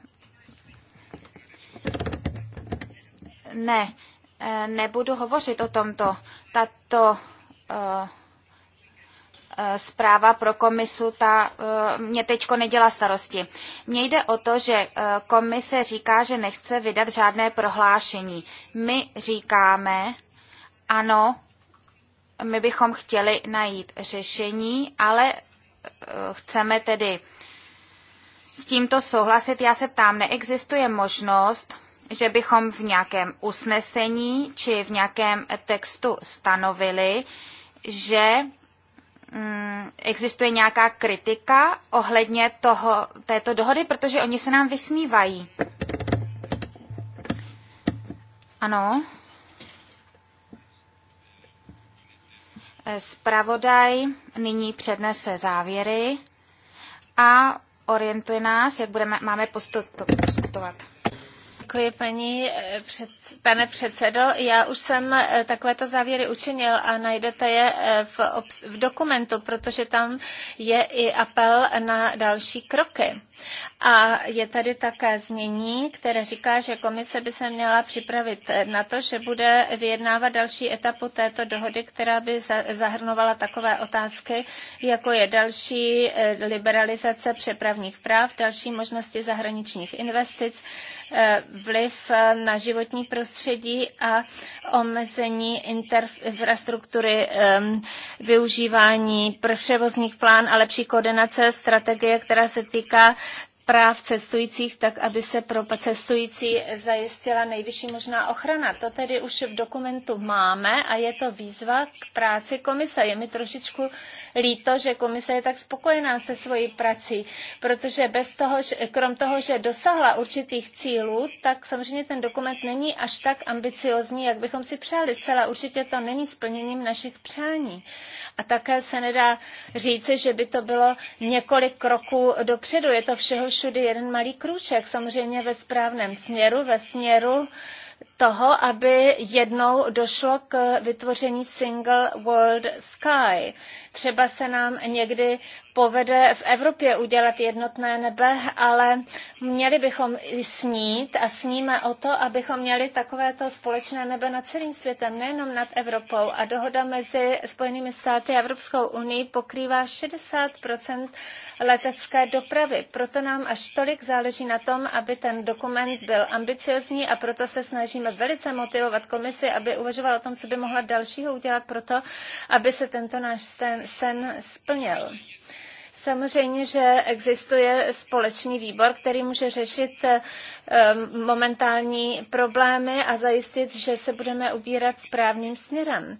[SPEAKER 3] Ne, eh, nebudu hovořit o tomto. Tato zpráva pro komisu, ta mě teďko nedělá starosti. Mně jde o to, že komise říká, že nechce vydat žádné prohlášení. My říkáme, ano, my bychom chtěli najít řešení, ale eh, chceme tedy s tímto souhlasit. Já se ptám, neexistuje možnost, že bychom v nějakém usnesení či v nějakém textu stanovili, že mm, existuje nějaká kritika ohledně toho, této dohody, protože oni se nám vysmívají. Ano. Spravodaj nyní přednese závěry a orientuje nás, jak budeme, máme postupovat. Děkuji, paní, eh, před,
[SPEAKER 5] pane předsedo. Já už jsem eh, takovéto závěry učinil a najdete je eh, v, v dokumentu, protože tam je i apel na další kroky. A je tady také znění, které říká, že komise by se měla připravit na to, že bude vyjednávat další etapu této dohody, která by zahrnovala takové otázky, jako je další liberalizace přepravních práv, další možnosti zahraničních investic, vliv na životní prostředí a omezení infrastruktury využívání převozních plán a lepší koordinace strategie, která se týká práv cestujících, tak aby se pro cestující zajistila nejvyšší možná ochrana. To tedy už v dokumentu máme a je to výzva k práci komise. Je mi trošičku líto, že komise je tak spokojená se svojí prací, protože bez toho, krom toho, že dosahla určitých cílů, tak samozřejmě ten dokument není až tak ambiciozní, jak bychom si přáli. Zcela určitě to není splněním našich přání. A také se nedá říci, že by to bylo několik kroků dopředu. Je to všeho všude jeden malý krůček, samozřejmě ve správném směru, ve směru toho, aby jednou došlo k vytvoření Single World Sky. Třeba se nám někdy povede v Evropě udělat jednotné nebe, ale měli bychom i snít a sníme o to, abychom měli takovéto společné nebe nad celým světem, nejenom nad Evropou. A dohoda mezi Spojenými státy a Evropskou unii pokrývá 60 letecké dopravy. Proto nám až tolik záleží na tom, aby ten dokument byl ambiciozní a proto se snažíme musíme velice motivovat komisi, aby uvažovala o tom, co by mohla dalšího udělat pro to, aby se tento náš sen splnil. Samozřejmě, že existuje společný výbor, který může řešit eh, momentální problémy a zajistit, že se budeme ubírat správným směrem.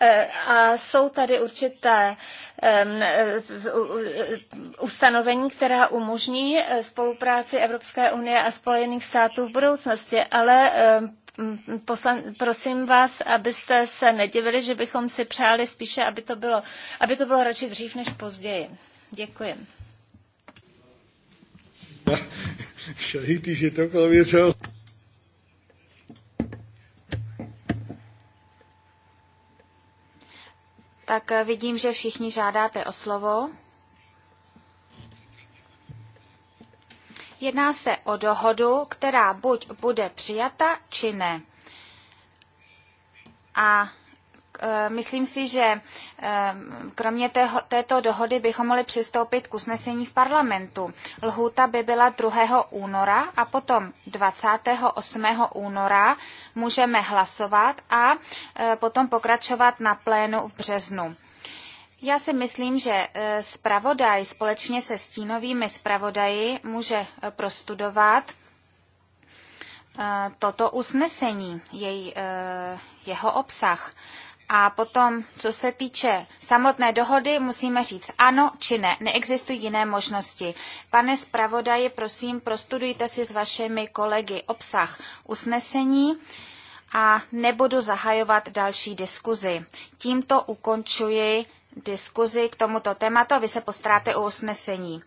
[SPEAKER 5] Eh, a jsou tady určité ustanovení, která umožní eh, spolupráci Evropské unie a Spojených států v budoucnosti, ale Mm, poslan, prosím vás, abyste se nedivili, že bychom si přáli spíše, aby to bylo, aby to bylo radši dřív než později. Děkuji.
[SPEAKER 1] Šahity, že to klavěřel.
[SPEAKER 3] Tak eh, vidím, že všichni žádáte o slovo. Jedná se o dohodu, která buď bude přijata, či ne. A e, myslím si, že e, kromě tého, této dohody bychom mohli přistoupit k usnesení v parlamentu. Lhůta by byla 2. února a potom 28. února můžeme hlasovat a e, potom pokračovat na plénu v březnu. Já si myslím, že eh, zpravodaj společně se stínovými zpravodaji může eh, prostudovat eh, toto usnesení, jej, jeho obsah. A potom, co se týče samotné dohody, musíme říct ano či ne. Neexistují jiné možnosti. Pane zpravodaji, prosím, prostudujte si s vašimi kolegy obsah usnesení a nebudu zahajovat další diskuzi. Tímto ukončuji diskuzi k tomuto tématu a vy se postaráte o usnesení.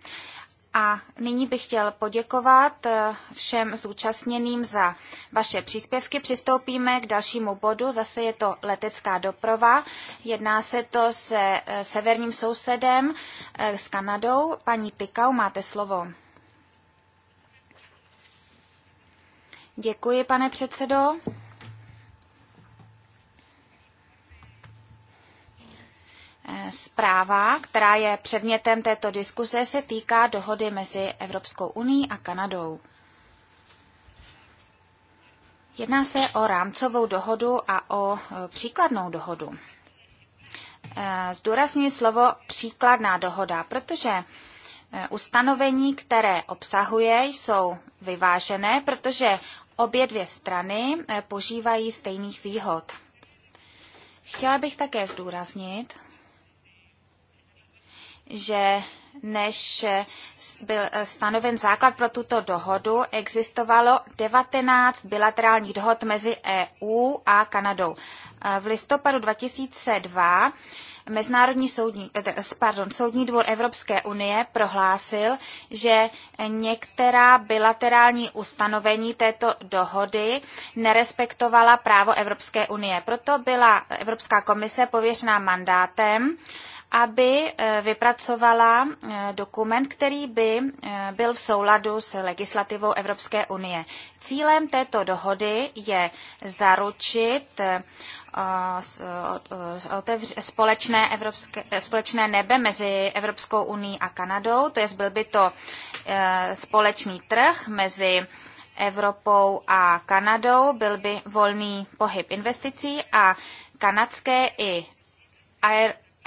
[SPEAKER 3] A nyní bych chtěl poděkovat eh, všem zúčastněným za vaše příspěvky. Přistoupíme k dalšímu bodu, zase je to letecká doprava. Jedná se to se eh, severním sousedem, eh, s Kanadou. Paní Tykau, máte slovo. Děkuji, pane předsedo. Zpráva, která je předmětem této diskuse, se týká dohody mezi Evropskou uní a Kanadou. Jedná se o rámcovou dohodu a o e, příkladnou dohodu. E, zdůrazňuji slovo příkladná dohoda, protože e, ustanovení, které obsahuje, jsou vyvážené, protože obě dvě strany požívají stejných výhod. Chtěla bych také zdůraznit, že než byl stanoven základ pro tuto dohodu, existovalo 19 bilaterálních dohod mezi EU a Kanadou. V listopadu 2002 Mezinárodní soudní, eh, pardon, soudní dvůr Evropské unie prohlásil, že některá bilaterální ustanovení této dohody nerespektovala právo Evropské unie. Proto byla Evropská komise pověřena mandátem, aby eh, vypracovala eh, dokument, který by eh, byl v souladu s legislativou Evropské unie. Cílem této dohody je zaručit společné, evropské, společné nebe mezi Evropskou unii a Kanadou, to je byl by to společný trh mezi Evropou a Kanadou, byl by volný pohyb investicí a kanadské i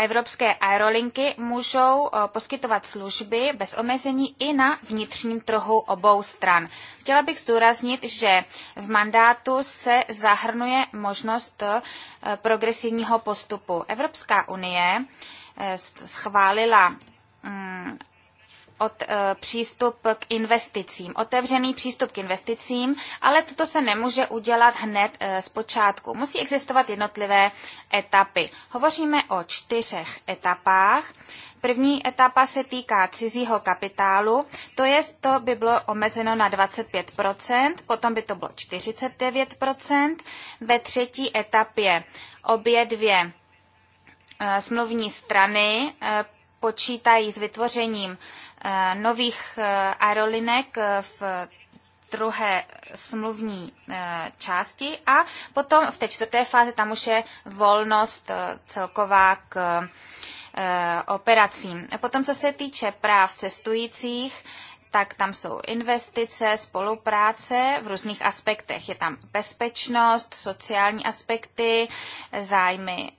[SPEAKER 3] Evropské aerolinky můžou eh, poskytovat služby bez omezení i na vnitřním trhu obou stran. Chtěla bych zdůraznit, že v mandátu se zahrnuje možnost eh, progresivního postupu. Evropská unie eh, schválila mm, od eh, přístup k investicím, otevřený přístup k investicím, ale toto se nemůže udělat hned eh, z počátku. Musí existovat jednotlivé etapy. Hovoříme o čtyřech etapách. První etapa se týká cizího kapitálu, to je, to by bylo omezeno na 25%, potom by to bylo 49%. Ve třetí etapě obě dvě eh, smluvní strany počítají s vytvořením eh, nových eh, aerolinek eh, v druhé smluvní části a potom v té čtvrté fázi tam už je volnost celková k operacím. A potom, co se týče práv cestujících, tak tam jsou investice, spolupráce v různých aspektech. Je tam bezpečnost, sociální aspekty, zájmy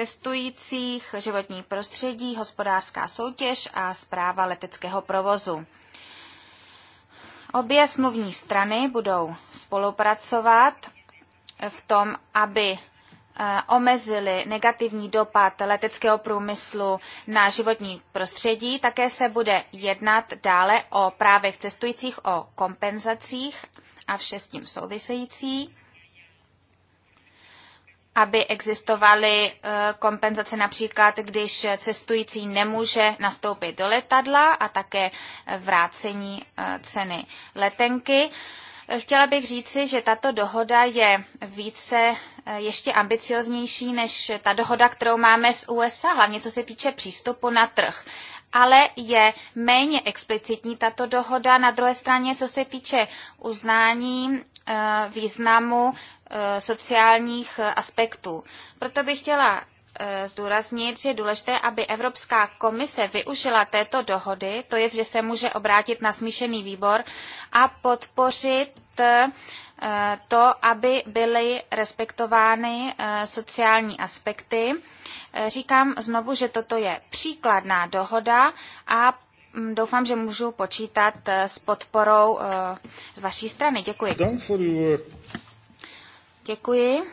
[SPEAKER 3] cestujících, životní prostředí, hospodářská soutěž a zpráva leteckého provozu. Obě smluvní strany budou spolupracovat v tom, aby eh, omezili negativní dopad leteckého průmyslu na životní prostředí. Také se bude jednat dále o právech cestujících, o kompenzacích a vše s tím související aby existovaly eh, kompenzace například, když cestující nemůže nastoupit do letadla a také vrácení eh, ceny letenky. Chtěla bych říci, že tato dohoda je více eh, ještě ambicioznější než ta dohoda, kterou máme s USA, hlavně co se týče přístupu na trh ale je méně explicitní tato dohoda. Na druhé straně, co se týče uznání eh, významu eh, sociálních eh, aspektů. Proto bych chtěla zdůraznit, že je důležité, aby Evropská komise využila této dohody, to je, že se může obrátit na smíšený výbor a podpořit to, aby byly respektovány sociální aspekty Říkám znovu, že toto je příkladná dohoda a mm, doufám, že můžu počítat eh, s podporou eh, z vaší strany. Děkuji. Děkuji.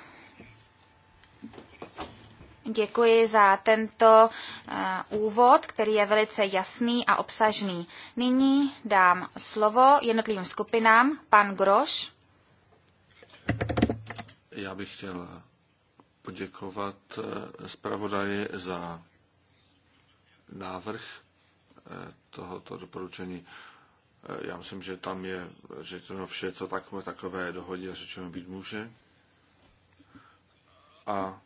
[SPEAKER 3] Děkuji za tento uh, úvod, který je velice jasný a obsažný. Nyní dám slovo jednotlivým skupinám. Pan Groš.
[SPEAKER 2] Já bych chtěl poděkovat eh, zpravodaji za návrh eh, tohoto doporučení. Eh, já myslím, že tam je řečeno vše, co takové, takové dohodě řečeno být může. A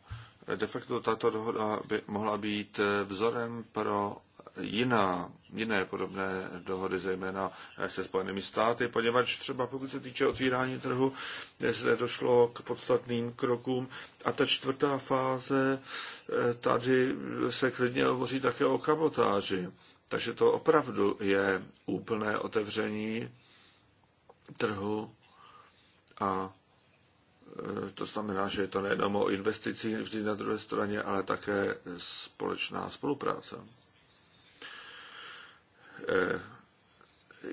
[SPEAKER 2] de facto tato dohoda by mohla být vzorem pro jiná, jiné podobné dohody, zejména se Spojenými státy, poněvadž třeba pokud se týče otvírání trhu, zde došlo k podstatným krokům. A ta čtvrtá fáze, eh, tady se klidně hovoří také o kabotáži. Takže to opravdu je úplné otevření trhu a eh, to znamená, že je to nejenom o investicích vždy na druhé straně, ale také společná spolupráce. Eh,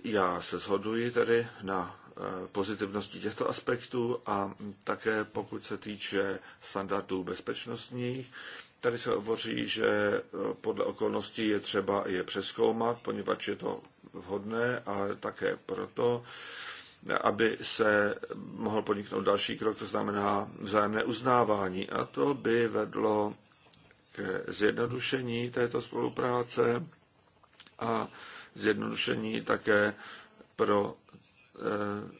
[SPEAKER 2] já se shoduji tedy na eh, pozitivnosti těchto aspektů a také pokud se týče standardů bezpečnostních, tady se hovoří, že eh, podle okolností je třeba je přeskoumat, poněvadž je to vhodné, ale také proto, aby se mohl podniknout další krok, to znamená vzájemné uznávání. A to by vedlo ke zjednodušení této spolupráce a zjednodušení také pro eh,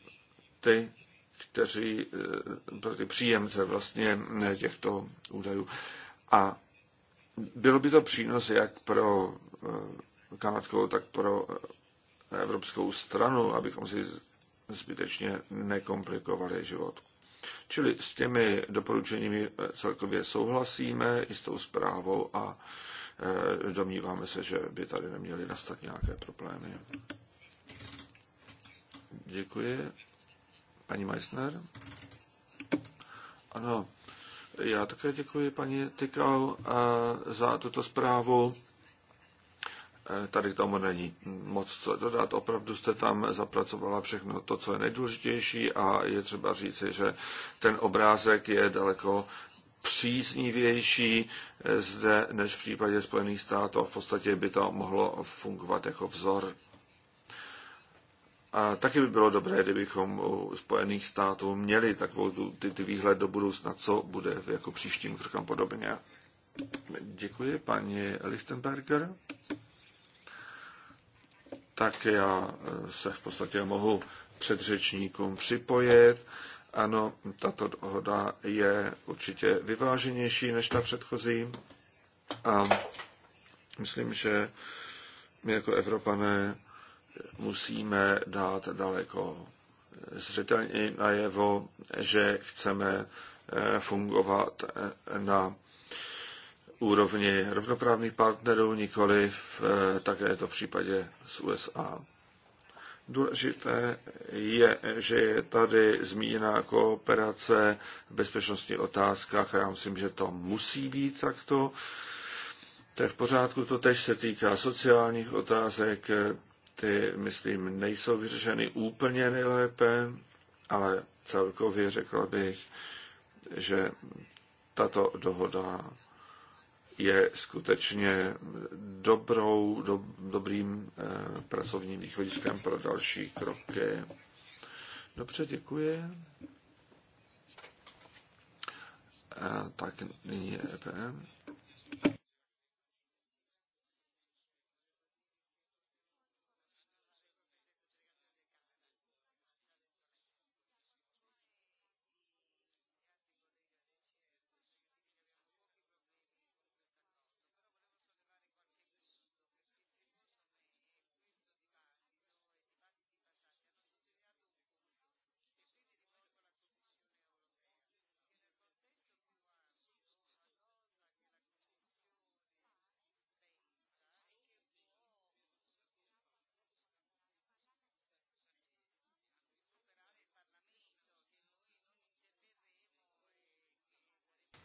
[SPEAKER 2] ty, kteří, eh, pro ty příjemce vlastně eh, těchto údajů. A byl by to přínos jak pro kanadskou, tak pro evropskou stranu, abychom si zbytečně nekomplikovali život. Čili s těmi doporučeními celkově souhlasíme i s tou zprávou a Eh, domníváme se, že by tady neměly nastat nějaké problémy. Děkuji. Paní Meissner? Ano, já také děkuji paní Tykal eh, za tuto zprávu. Eh, tady k tomu není moc co dodat. Opravdu jste tam zapracovala všechno to, co je nejdůležitější a je třeba říci, že ten obrázek je daleko příznivější eh, zde než v případě Spojených států a v podstatě by to mohlo fungovat jako vzor. A taky by bylo dobré, kdybychom u Spojených států měli takovou tu, ty, ty výhled do budoucna, co bude v jako příštím krokem podobně. Děkuji, paní Lichtenberger. Tak já eh, se v podstatě mohu předřečníkům připojit. Ano, tato dohoda je určitě vyváženější než ta předchozí a myslím, že my jako Evropané musíme dát daleko zřetelně najevo, že chceme eh, fungovat eh, na úrovni rovnoprávných partnerů, nikoli v, eh, také to v případě s USA. Důležité je, že je tady zmíněna kooperace v bezpečnostních otázkách já myslím, že to musí být takto. To je v pořádku, to tež se týká sociálních otázek, ty, myslím, nejsou vyřešeny úplně nejlépe, ale celkově řekl bych, že tato dohoda je skutečně dobrou, do, dobrým eh, pracovním východiskem pro další kroky. Dobře, děkuji. Eh, tak nyní EPM.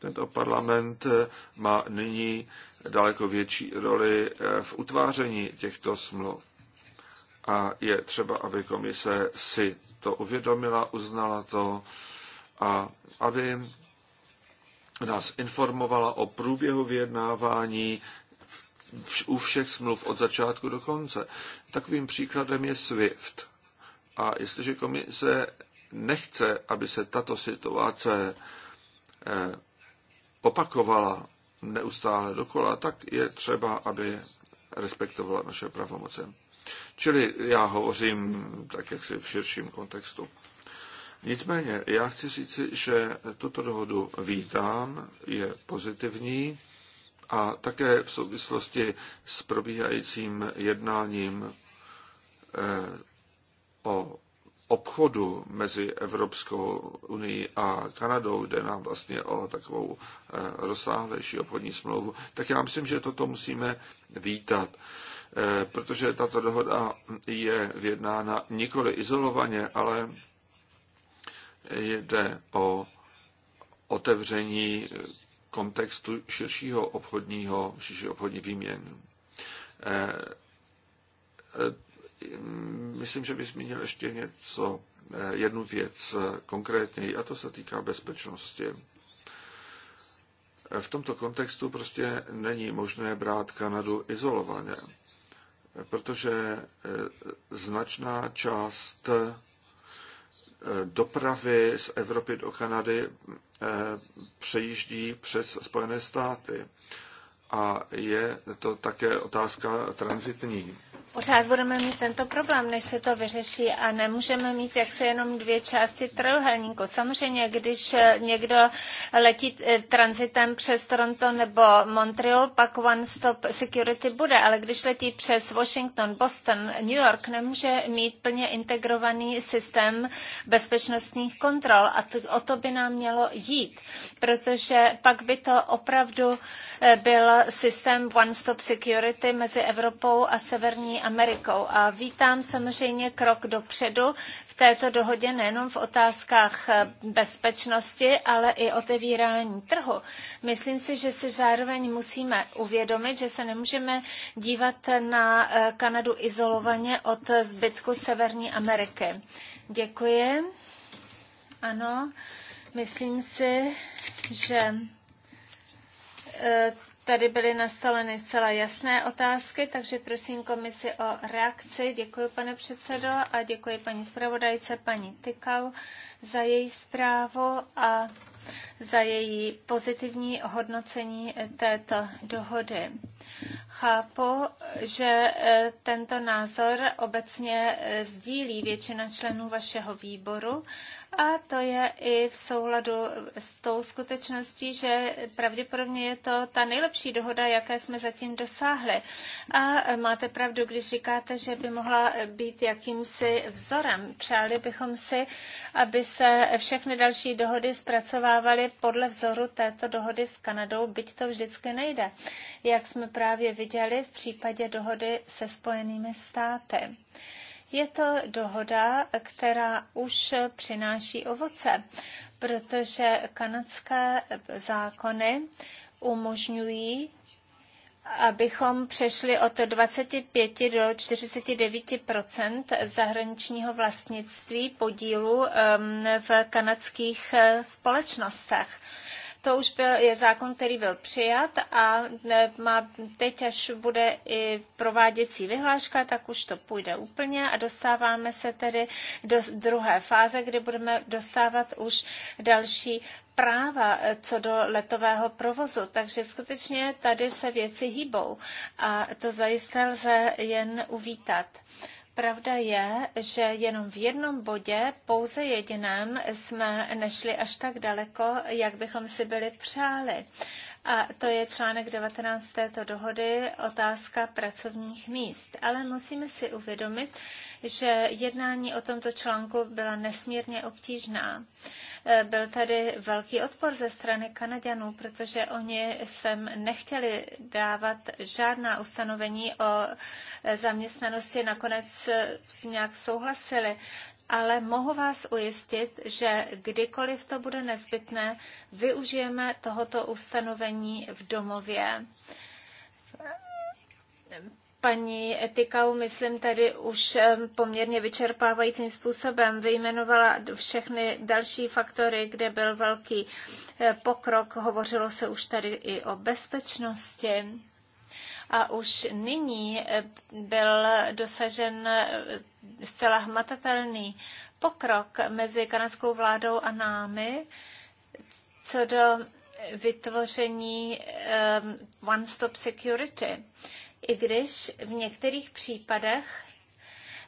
[SPEAKER 2] Tento parlament eh, má nyní daleko větší roli eh, v utváření těchto smluv. A je třeba, aby komise si to uvědomila, uznala to a aby nás informovala o průběhu vyjednávání u všech smluv od začátku do konce. Takovým příkladem je SWIFT. A jestliže komise nechce, aby se tato situace eh, opakovala neustále dokola, tak je třeba, aby respektovala naše pravomoce. Čili já hovořím tak jaksi v širším kontextu. Nicméně, já chci říci, že tuto dohodu vítám, je pozitivní a také v souvislosti s probíhajícím jednáním eh, o obchodu mezi Evropskou unii a Kanadou, jde nám vlastně o takovou eh, rozsáhlejší obchodní smlouvu, tak já myslím, že toto musíme vítat, eh, protože tato dohoda je vyjednána nikoli izolovaně, ale jde o otevření kontextu širšího obchodního, širší obchodní výměn eh, myslím, že bych zmínil ještě něco, eh, jednu věc eh, konkrétně, a to se týká bezpečnosti. Eh, v tomto kontextu prostě není možné brát Kanadu izolovaně, protože značná část dopravy z Evropy do Kanady přejíždí přes Spojené státy. A je to také otázka transitní
[SPEAKER 5] pořád budeme mít tento problém, než se to vyřeší a nemůžeme mít jaksi jenom dvě části trojuhelníku. Samozřejmě, když eh, někdo letí eh, transitem přes Toronto nebo Montreal, pak One Stop Security bude, ale když letí přes Washington, Boston, New York, nemůže mít plně integrovaný systém bezpečnostních kontrol a o to by nám mělo jít, protože pak by to opravdu eh, byl systém One Stop Security mezi Evropou a Severní Amerikou a vítám samozřejmě krok dopředu v této dohodě nejenom v otázkách eh, bezpečnosti, ale i otevírání trhu. Myslím si, že si zároveň musíme uvědomit, že se nemůžeme dívat na eh, Kanadu izolovaně od zbytku Severní Ameriky. Děkuji. Ano, myslím si, že eh, Tady byly nastaveny zcela jasné otázky, takže prosím komisi o reakci. Děkuji, pane předsedo, a děkuji paní zpravodajce, paní Tykau, za její zprávu a za její pozitivní hodnocení této dohody. Chápu, že e, tento názor obecně e, sdílí většina členů vašeho výboru a to je i v souladu s tou skutečností, že pravděpodobně je to ta nejlepší dohoda, jaké jsme zatím dosáhli. A máte pravdu, když říkáte, že by mohla být jakýmsi vzorem. Přáli bychom si, aby se všechny další dohody zpracovávaly podle vzoru této dohody s Kanadou, byť to vždycky nejde, jak jsme právě viděli v případě dohody se Spojenými státy. Je to dohoda, která už přináší ovoce, protože kanadské zákony umožňují abychom přešli od 25 do 49 zahraničního vlastnictví podílu v kanadských eh, společnostech. To už byl, je zákon, který byl přijat a e, má, teď, až bude i prováděcí vyhláška, tak už to půjde úplně a dostáváme se tedy do druhé fáze, kdy budeme dostávat už další práva e, co do letového provozu. Takže skutečně tady se věci hýbou a to zajisté lze jen uvítat pravda je, že jenom v jednom bodě, pouze jediném, jsme nešli až tak daleko, jak bychom si byli přáli. A to je článek 19 této dohody, otázka pracovních míst. Ale musíme si uvědomit, že jednání o tomto článku byla nesmírně obtížná. Eh, byl tady velký odpor ze strany Kanaďanů, protože oni sem nechtěli dávat žádná ustanovení o eh, zaměstnanosti. Nakonec eh, s tím nějak souhlasili ale mohu vás ujistit, že kdykoliv to bude nezbytné, využijeme tohoto ustanovení v domově paní Etikau, myslím, tady už poměrně vyčerpávajícím způsobem vyjmenovala všechny další faktory, kde byl velký e, pokrok. Hovořilo se už tady i o bezpečnosti. A už nyní e, byl dosažen e, zcela hmatatelný pokrok mezi kanadskou vládou a námi co do vytvoření um, one-stop security i když v některých případech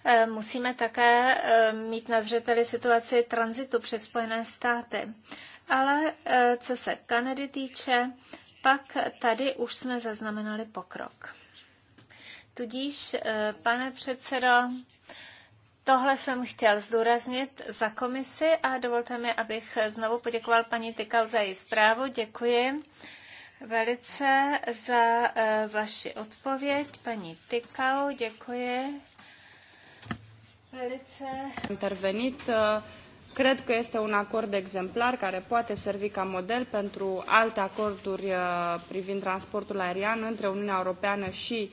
[SPEAKER 5] eh, musíme také eh, mít na zřeteli situaci tranzitu přes Spojené státy. Ale eh, co se Kanady týče, pak tady už jsme zaznamenali pokrok. Tudíž, pane předsedo, Tohle jsem chtěl zdůraznit za komisi a dovolte mi, abych znovu poděkoval paní Tykal za její zprávu. Děkuji velice za
[SPEAKER 4] uh, vaši odpověď, paní Tykau, děkuji velice. Intervenit. Eh, cred că este un acord exemplar care poate servi ca model pentru alte acorduri eh, privind transportul aerian între Uniunea Europeană și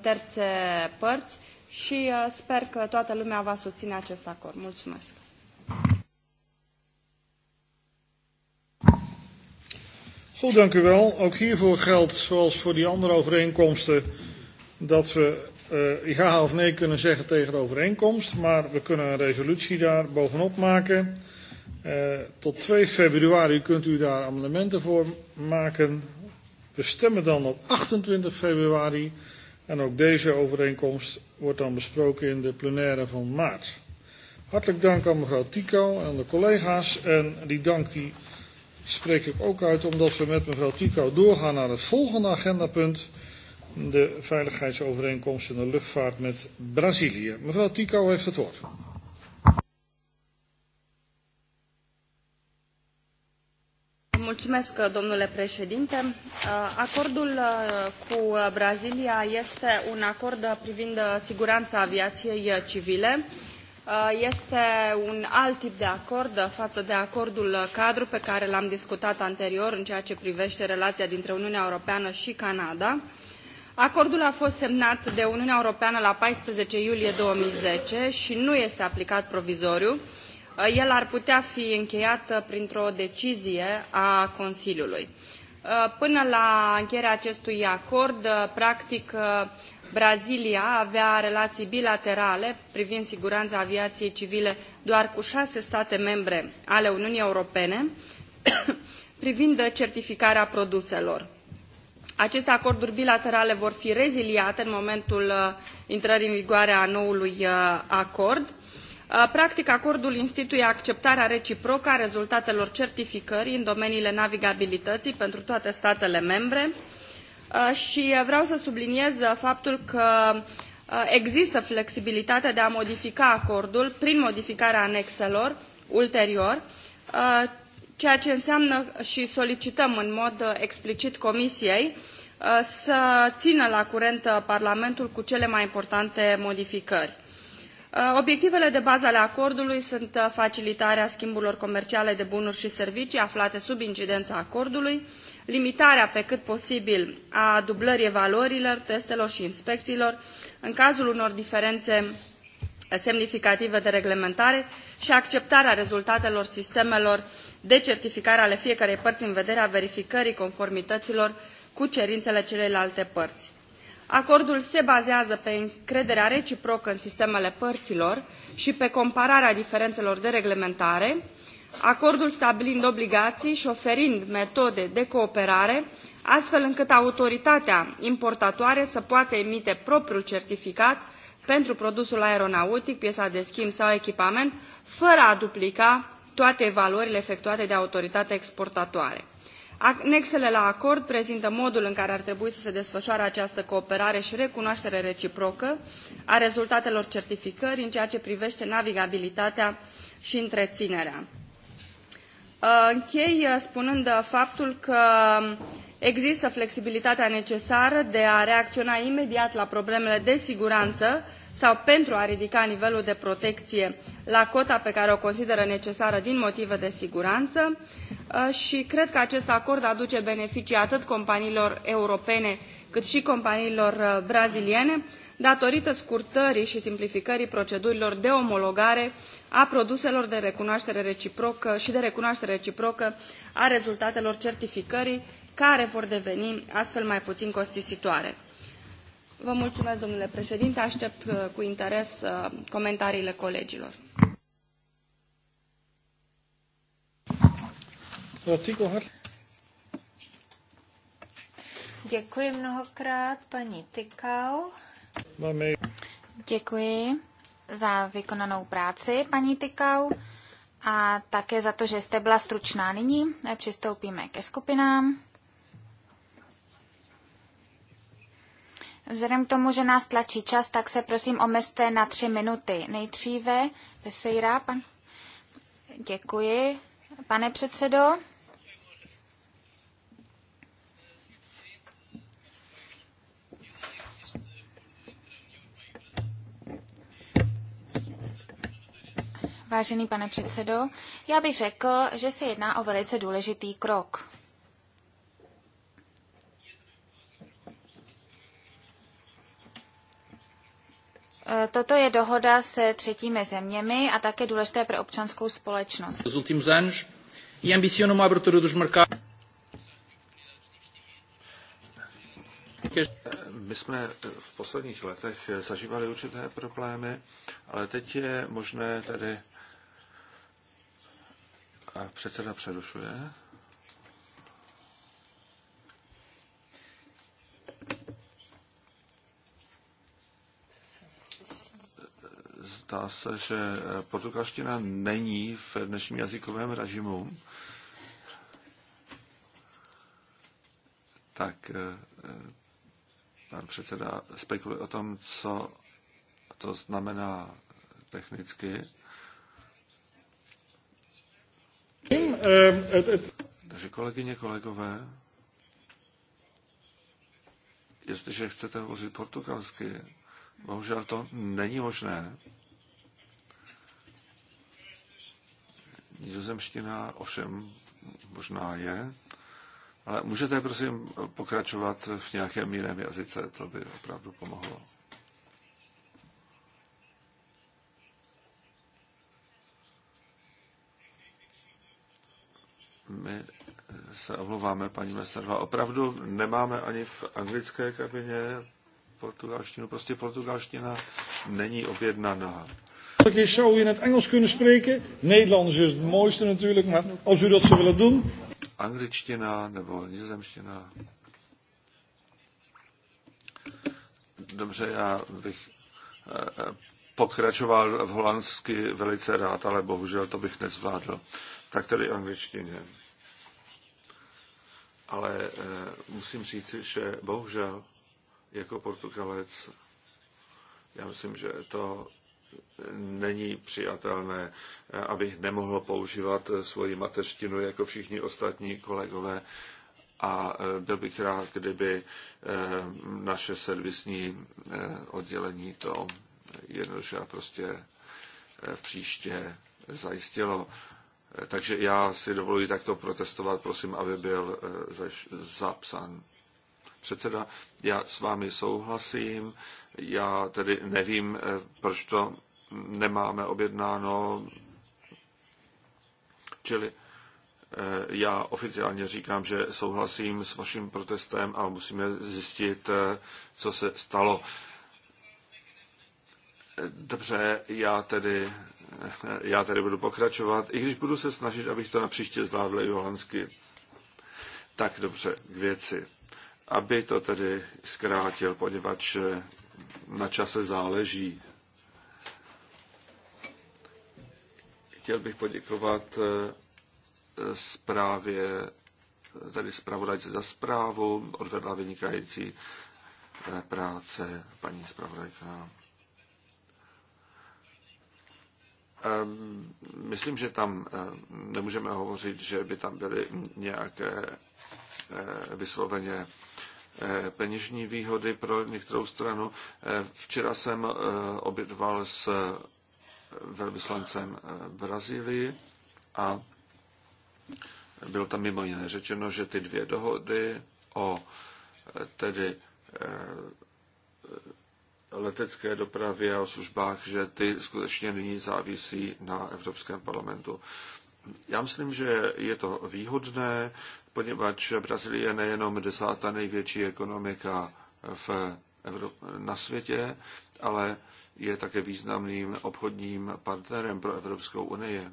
[SPEAKER 4] terțe părți și sper că toată lumea va susține acest acord. Mulțumesc!
[SPEAKER 1] Goed, dank u wel. Ook hiervoor geldt, zoals voor die andere overeenkomsten, dat we uh, ja of nee kunnen zeggen tegen de overeenkomst, maar we kunnen een resolutie daar bovenop maken. Uh, tot 2 februari kunt u daar amendementen voor maken. We stemmen dan op 28 februari en ook deze overeenkomst wordt dan besproken in de plenaire van maart. Hartelijk dank aan mevrouw Tico en de collega's en die dank die spreek ik ook uit omdat we met mevrouw Tico doorgaan naar het volgende agendapunt. De veiligheidsovereenkomst in de luchtvaart met Brazilië. Mevrouw Tico heeft het woord.
[SPEAKER 4] Mulțumesc, domnule președinte. Uh, acordul uh, cu Brazilia este un acord privind uh, siguranța aviației civile Uh, este un alt tip de acord față de acordul cadru pe care l-am discutat anterior în ceea ce privește relația dintre Uniunea Europeană și Canada. Acordul a fost semnat de Uniunea Europeană la 14 iulie 2010 și nu este aplicat provizoriu. Uh, el ar putea fi încheiat printr-o decizie a Consiliului. Uh, până la încheierea acestui acord, practic, Brazilia avea relații bilaterale privind siguranța aviației civile doar cu șase state membre ale Uniunii Europene, privind certificarea produselor. Aceste acorduri bilaterale vor fi reziliate în momentul uh, intrării în vigoare a noului uh, acord. Uh, practic, acordul instituie acceptarea reciprocă a rezultatelor certificării în domeniile navigabilității pentru toate statele membre, Uh, și vreau să subliniez uh, faptul că uh, există flexibilitatea de a modifica acordul prin modificarea anexelor ulterior, ceea ce înseamnă și solicităm în mod explicit Comisiei să țină la curent Parlamentul cu cele mai importante modificări. Obiectivele de bază ale acordului sunt facilitarea schimburilor comerciale de bunuri și servicii aflate sub incidența acordului, limitarea pe cât posibil a dublării evaluărilor, testelor și inspecțiilor în cazul unor diferențe semnificative de reglementare și acceptarea rezultatelor sistemelor de certificare ale fiecărei părți în vederea verificării conformităților cu cerințele celelalte părți. Acordul se bazează pe încrederea reciprocă în sistemele părților și pe compararea diferențelor de reglementare acordul stabilind obligații și oferind metode de cooperare astfel încât autoritatea importatoare să poată emite propriul certificat pentru produsul aeronautic, piesa de schimb sau echipament, fără a duplica toate evaluările efectuate de autoritatea exportatoare. Anexele la acord prezintă modul în care ar trebui să se desfășoare această cooperare și recunoaștere reciprocă a rezultatelor certificării în ceea ce privește navigabilitatea și întreținerea. Uh, închei uh, spunând uh, faptul că um, există flexibilitatea necesară de a reacționa imediat la problemele de siguranță sau pentru a ridica nivelul de protecție la cota pe care o consideră necesară din motive de siguranță și cred că acest acord aduce beneficii atât companiilor europene cât și companiilor braziliene datorită scurtării și simplificării procedurilor de omologare a produselor de recunoaștere reciprocă și de recunoaștere reciprocă a rezultatelor certificării, care vor deveni astfel mai puțin costisitoare. Vă mulțumesc, domnule președinte, aștept uh, cu interes uh, comentariile colegilor. Děkuji
[SPEAKER 3] mnohokrát, paní Tykau. Děkuji za vykonanou práci, paní Tykau, a také za to, že jste byla stručná. Nyní přistoupíme ke skupinám. Vzhledem k tomu, že nás tlačí čas, tak se prosím omezte na tři minuty. Nejdříve Vesejra, pan... děkuji, pane předsedo. Vážený pane předsedo, já bych řekl, že se jedná o velice důležitý krok. E, toto je dohoda se třetími zeměmi a také důležité pro občanskou společnost.
[SPEAKER 1] No
[SPEAKER 2] My jsme v posledních letech zažívali určité problémy, ale teď je možné tedy a předseda přerušuje. Zdá se, že portugalština není v dnešním jazykovém režimu. Tak eh, pan předseda spekuluje o tom, co to znamená technicky. Takže kolegyně, kolegové, jestliže chcete hovořit portugalsky, bohužel to není možné. Nizozemština ovšem možná je, ale můžete prosím pokračovat v nějakém jiném jazyce, to by opravdu pomohlo. My se omlouváme, paní Mesterová. Opravdu nemáme ani v anglické kabině portugalštinu. Prostě portugalština není objednaná.
[SPEAKER 1] Ik is zo in het Engels kunnen spreken. Nederlands is het mooiste natuurlijk, maar als u dat zou willen doen.
[SPEAKER 2] Angličtina nebo nizozemština. Dobře, já bych eh, pokračoval v holandsky velice rád, ale bohužel to bych nezvládl. Tak tedy angličtině ale eh, musím říct, že bohužel jako Portugalec, já myslím, že to není přijatelné, eh, abych nemohl používat eh, svoji mateřštinu jako všichni ostatní kolegové a byl bych rád, kdyby naše servisní oddělení to jednoduše a prostě v příště zajistilo. Eh, takže já si dovoluji takto protestovat, prosím, aby byl eh, zapsán předseda. Já s vámi souhlasím, já tedy nevím, eh, proč to nemáme objednáno, čili já oficiálně říkám, že souhlasím s vaším protestem a musíme zjistit, co se stalo. Dobře, já tedy já tady budu pokračovat, i když budu se snažit, abych to na příště zvládl i holandsky. Tak dobře, k věci. Aby to tedy zkrátil, poněvadž eh, na čase záleží. Chtěl bych poděkovat eh, zprávě, tady zpravodajce za zprávu, odvedla vynikající eh, práce paní zpravodajka. Ehm, myslím, že tam ehm, nemůžeme hovořit, že by tam byly nějaké eh, vysloveně eh, peněžní výhody pro některou stranu. Eh, včera jsem obědval s velvyslancem Brazílii a bylo tam mimo jiné řečeno, že ty dvě dohody o tedy letecké dopravě a o službách, že ty skutečně nyní závisí na Evropském parlamentu. Já myslím, že je to výhodné, poněvadž Brazílie je nejenom desátá největší ekonomika v Evrop- na světě, ale je také významným obchodním partnerem pro Evropskou unii.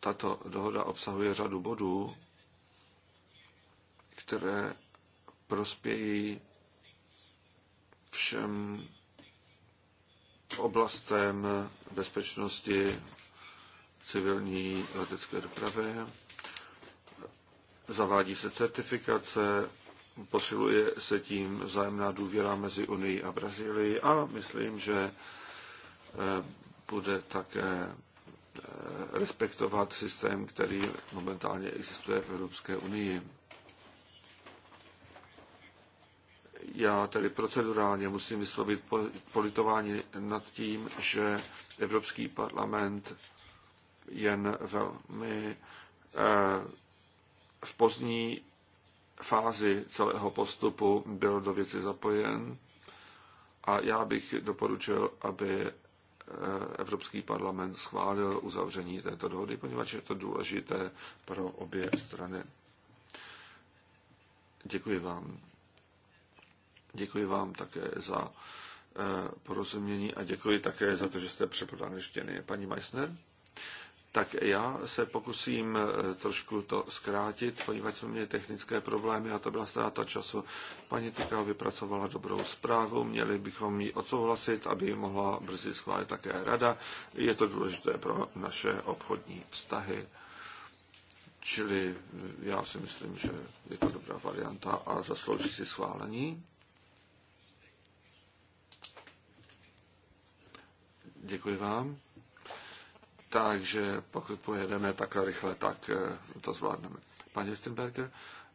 [SPEAKER 2] Tato dohoda obsahuje řadu bodů, které prospějí všem oblastem bezpečnosti civilní letecké dopravy. Zavádí se certifikace, posiluje se tím vzájemná důvěra mezi Unii a Brazílii a myslím, že eh, bude také eh, respektovat systém, který momentálně existuje v Evropské unii. já tedy procedurálně musím vyslovit politování nad tím, že Evropský parlament jen velmi eh, v pozdní fázi celého postupu byl do věci zapojen a já bych doporučil, aby eh, Evropský parlament schválil uzavření této dohody, poněvadž je to důležité pro obě strany. Děkuji vám. Děkuji vám také za eh, porozumění a děkuji také za to, že jste přeprodal angličtiny. Paní Meissner? Tak já se pokusím eh, trošku to zkrátit, poněvadž jsme měli technické problémy a to byla ztráta času. Paní Tyka vypracovala dobrou zprávu, měli bychom ji odsouhlasit, aby ji mohla brzy schválit také rada. Je to důležité pro naše obchodní vztahy. Čili eh, já si myslím, že je to dobrá varianta a zaslouží si schválení. Děkuji vám. Takže pokud pojedeme takhle rychle, tak eh, to zvládneme. Pane Lichtenberger,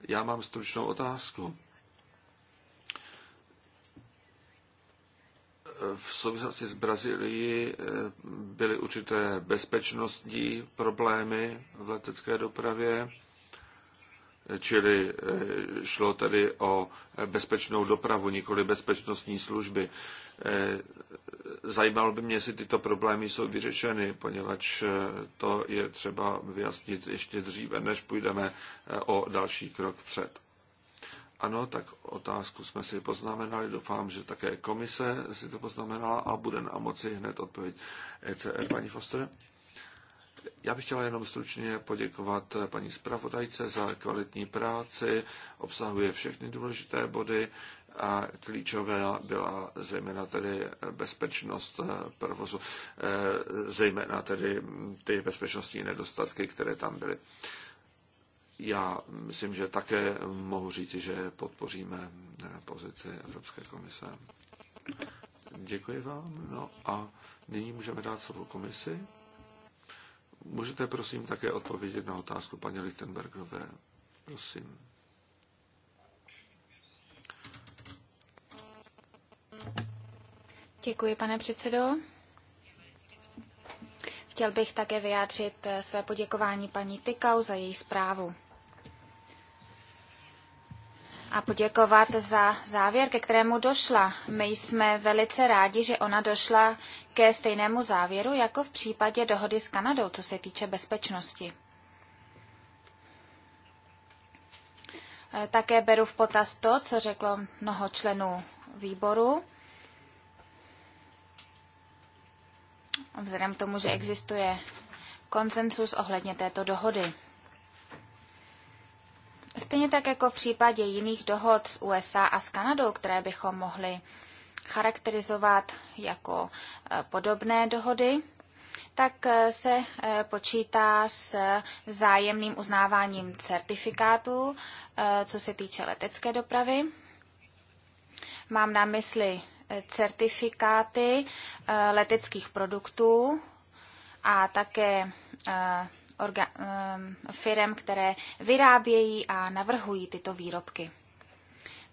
[SPEAKER 2] já mám stručnou otázku. v souvislosti s Brazílií eh, byly určité bezpečnostní problémy v letecké dopravě čili eh, šlo tedy o bezpečnou dopravu, nikoli bezpečnostní služby. Eh, zajímalo by mě, jestli tyto problémy jsou vyřešeny, poněvadž eh, to je třeba vyjasnit ještě dříve, než půjdeme o další krok před. Ano, tak otázku jsme si poznamenali. Doufám, že také komise si to poznamenala a bude na moci hned odpověď ECR. Paní Foster? Já bych chtěla jenom stručně poděkovat paní zpravodajce za kvalitní práci, obsahuje všechny důležité body a klíčové byla zejména tedy bezpečnost provozu, eh, zejména tedy ty bezpečnostní nedostatky, které tam byly. Já myslím, že také mohu říct, že podpoříme pozici Evropské komise. Děkuji vám. No a nyní můžeme dát slovo komisi. Můžete prosím také odpovědět na otázku paní Lichtenbergové. Prosím.
[SPEAKER 3] Děkuji, pane předsedo. Chtěl bych také vyjádřit své poděkování paní Tykau za její zprávu a poděkovat za závěr, ke kterému došla. My jsme velice rádi, že ona došla ke stejnému závěru jako v případě dohody s Kanadou, co se týče bezpečnosti. Také beru v potaz to, co řeklo mnoho členů výboru. Vzhledem k tomu, že existuje konsensus ohledně této dohody. Stejně tak jako v případě jiných dohod s USA a s Kanadou, které bychom mohli charakterizovat jako e, podobné dohody, tak e, se e, počítá s zájemným uznáváním certifikátů, co se týče letecké dopravy. Mám na mysli certifikáty leteckých produktů a také orga, ehm, které vyrábějí a navrhují tyto výrobky.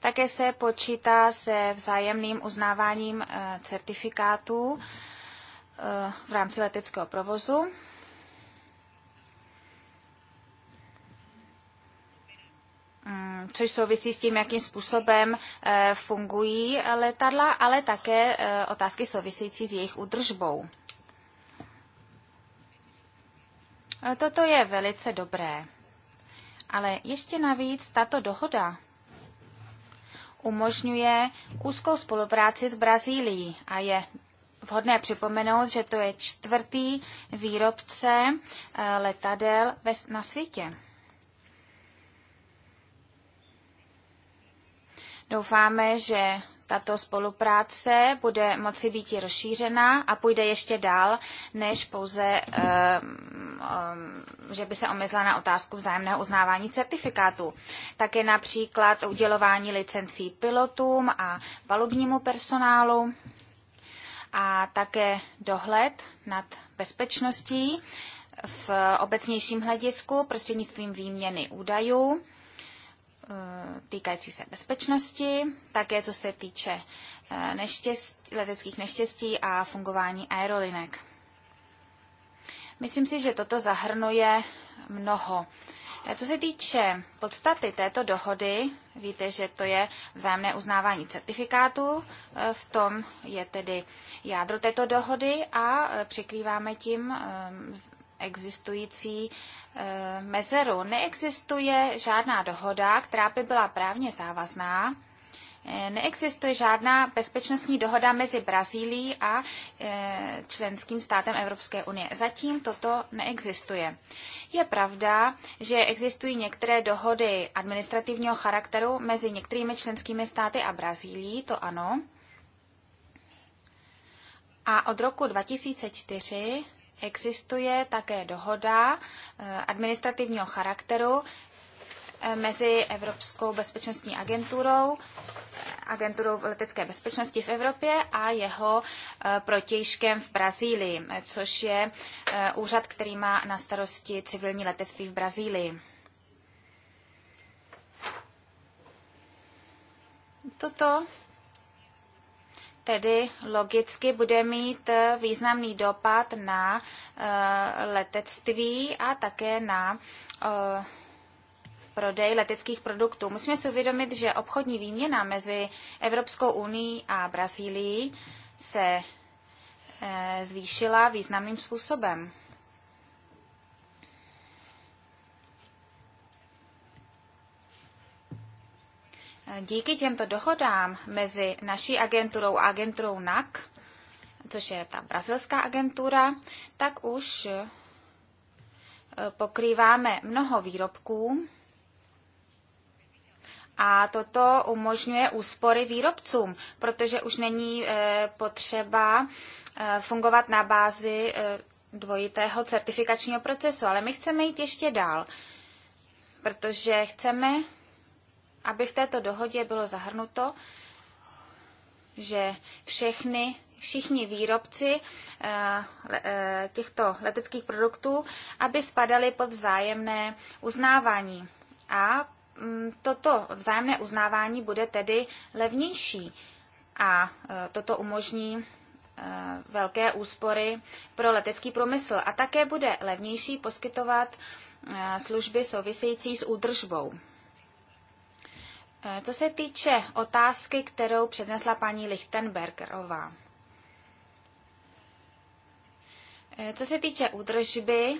[SPEAKER 3] Také se počítá se vzájemným uznáváním eh, certifikátů eh, v rámci leteckého provozu. Mm, což souvisí s tím, jakým způsobem eh, fungují letadla, ale také otázky související s jejich údržbou. Toto je velice dobré. Ale ještě navíc tato dohoda umožňuje úzkou spolupráci s Brazílií a je vhodné připomenout, že to je čtvrtý výrobce eh, letadel na světě. Doufáme, že tato spolupráce bude moci být rozšířena a půjde ještě dál, než pouze, ehm, ehm, že by se omezla na otázku vzájemného uznávání certifikátů. Také například udělování licencí pilotům a palubnímu personálu a také dohled nad bezpečností v obecnějším hledisku prostřednictvím výměny údajů Eh, týkající se bezpečnosti, také co se týče eh, neštěstí, leteckých neštěstí a fungování aerolinek. Myslím si, že toto zahrnuje mnoho. Eh, co se týče podstaty této dohody, víte, že to je vzájemné uznávání certifikátů, v tom je tedy jádro této dohody a přikrýváme tím existující eh, mezeru. Neexistuje žádná dohoda, která by byla právně závazná. Eh, neexistuje žádná bezpečnostní dohoda mezi Brazílií a eh, členským státem Evropské unie. Zatím toto neexistuje. Je pravda, že existují některé dohody administrativního charakteru mezi některými členskými státy a Brazílií, to ano. A od roku 2004 existuje také dohoda eh, administrativního charakteru eh, mezi Evropskou bezpečnostní agenturou, eh, agenturou letecké bezpečnosti v Evropě a jeho protějškem v Brazílii, což je úřad, který má na starosti civilní letectví v Brazílii. Toto tedy logicky bude mít eh, významný dopad na eh, letectví a také na eh, prodej leteckých produktů. Musíme si uvědomit, že obchodní výměna mezi Evropskou unii a Brazílií se zvýšila významným způsobem. Díky těmto dohodám mezi naší agenturou a agenturou NAC, což je ta brazilská agentura, tak už eh, pokrýváme mnoho výrobků a toto umožňuje úspory výrobcům, protože už není eh, potřeba eh, fungovat na bázi dvojitého certifikačního procesu. Ale my chceme jít ještě dál, protože chceme aby v této dohodě bylo zahrnuto, že všechny všichni výrobci eh, eh, těchto leteckých produktů, aby spadali pod vzájemné uznávání. A mm, toto vzájemné uznávání bude tedy levnější a eh, toto umožní velké úspory pro letecký průmysl a také bude levnější poskytovat služby související s údržbou. Eh, co se týče otázky, kterou přednesla paní Lichtenbergerová. Eh, co se týče údržby,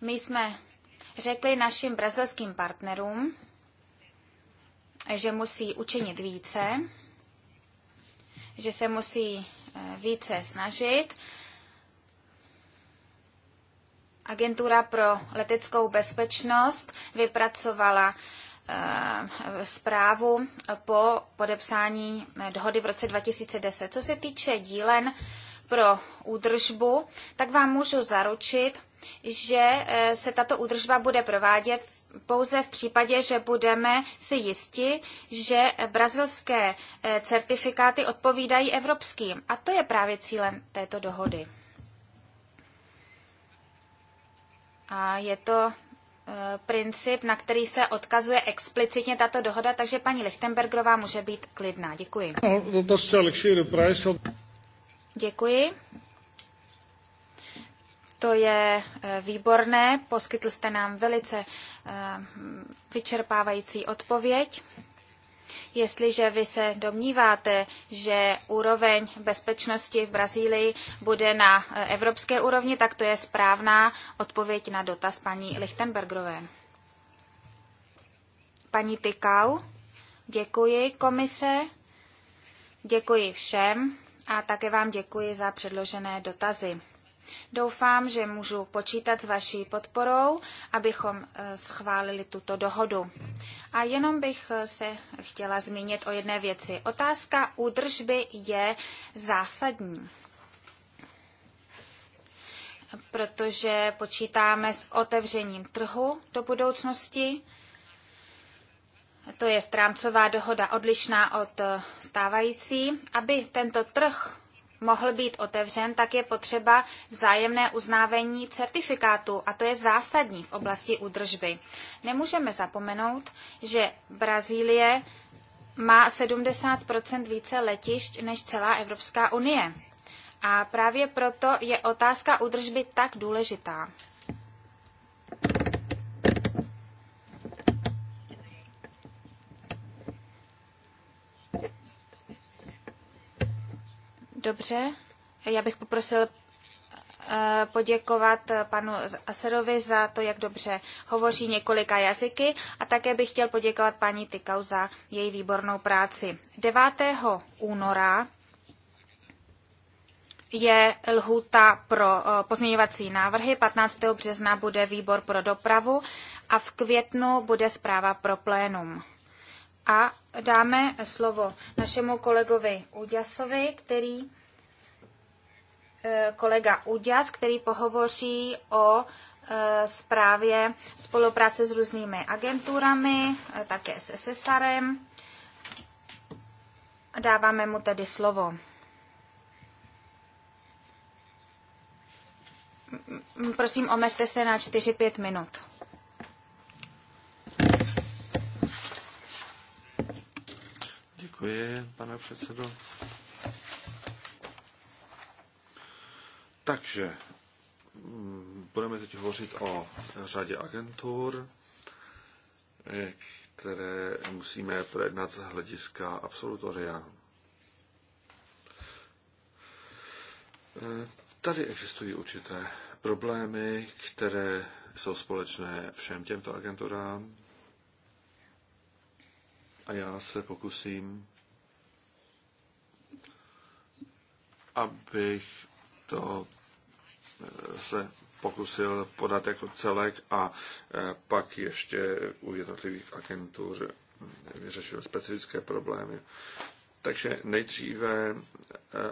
[SPEAKER 3] my jsme řekli našim brazilským partnerům, že musí učinit více, že se musí eh, více snažit. Agentura pro leteckou bezpečnost vypracovala Eh, zprávu po podepsání dohody v roce 2010. Co se týče dílen pro údržbu, tak vám můžu zaručit, že eh, se tato údržba bude provádět pouze v případě, že budeme si jisti, že brazilské eh, certifikáty odpovídají evropským. A to je právě cílem této dohody. A je to Eh, princip, na který se odkazuje explicitně tato dohoda, takže paní Lichtenbergerová může být klidná. Děkuji.
[SPEAKER 1] No,
[SPEAKER 3] Děkuji. To je eh, výborné, poskytl jste nám velice eh, vyčerpávající odpověď. Jestliže vy se domníváte, že úroveň bezpečnosti v Brazílii bude na evropské úrovni, tak to je správná odpověď na dotaz paní Lichtenbergerové. Paní Tykau, děkuji komise, děkuji všem a také vám děkuji za předložené dotazy. Doufám, že můžu počítat s vaší podporou, abychom eh, schválili tuto dohodu. A jenom bych eh, se chtěla zmínit o jedné věci. Otázka údržby je zásadní protože počítáme s otevřením trhu do budoucnosti. To je strámcová dohoda odlišná od eh, stávající. Aby tento trh mohl být otevřen, tak je potřeba vzájemné uznávání certifikátu a to je zásadní v oblasti údržby. Nemůžeme zapomenout, že Brazílie má 70 více letišť než celá Evropská unie. A právě proto je otázka údržby tak důležitá. Dobře, já bych poprosil eh, poděkovat panu Aserovi za to, jak dobře hovoří několika jazyky a také bych chtěl poděkovat paní Tykau za její výbornou práci. 9. února je lhuta pro eh, pozměňovací návrhy, 15. března bude výbor pro dopravu a v květnu bude zpráva pro plénum. A dáme slovo našemu kolegovi Uďasovi, který eh, kolega Uďas, který pohovoří o eh, zprávě spolupráce s různými agenturami, eh, také s SSRem. Dáváme mu tedy slovo. Prosím, omezte se na 4-5 minut.
[SPEAKER 2] Děkuji, pane předsedo. Takže mm, budeme teď hovořit o řadě agentur, které musíme projednat z hlediska absolutoria. Tady existují určité problémy, které jsou společné všem těmto agenturám. A já se pokusím abych to eh, se pokusil podat jako celek a eh, pak ještě u jednotlivých agentur eh, vyřešil specifické problémy. Takže nejdříve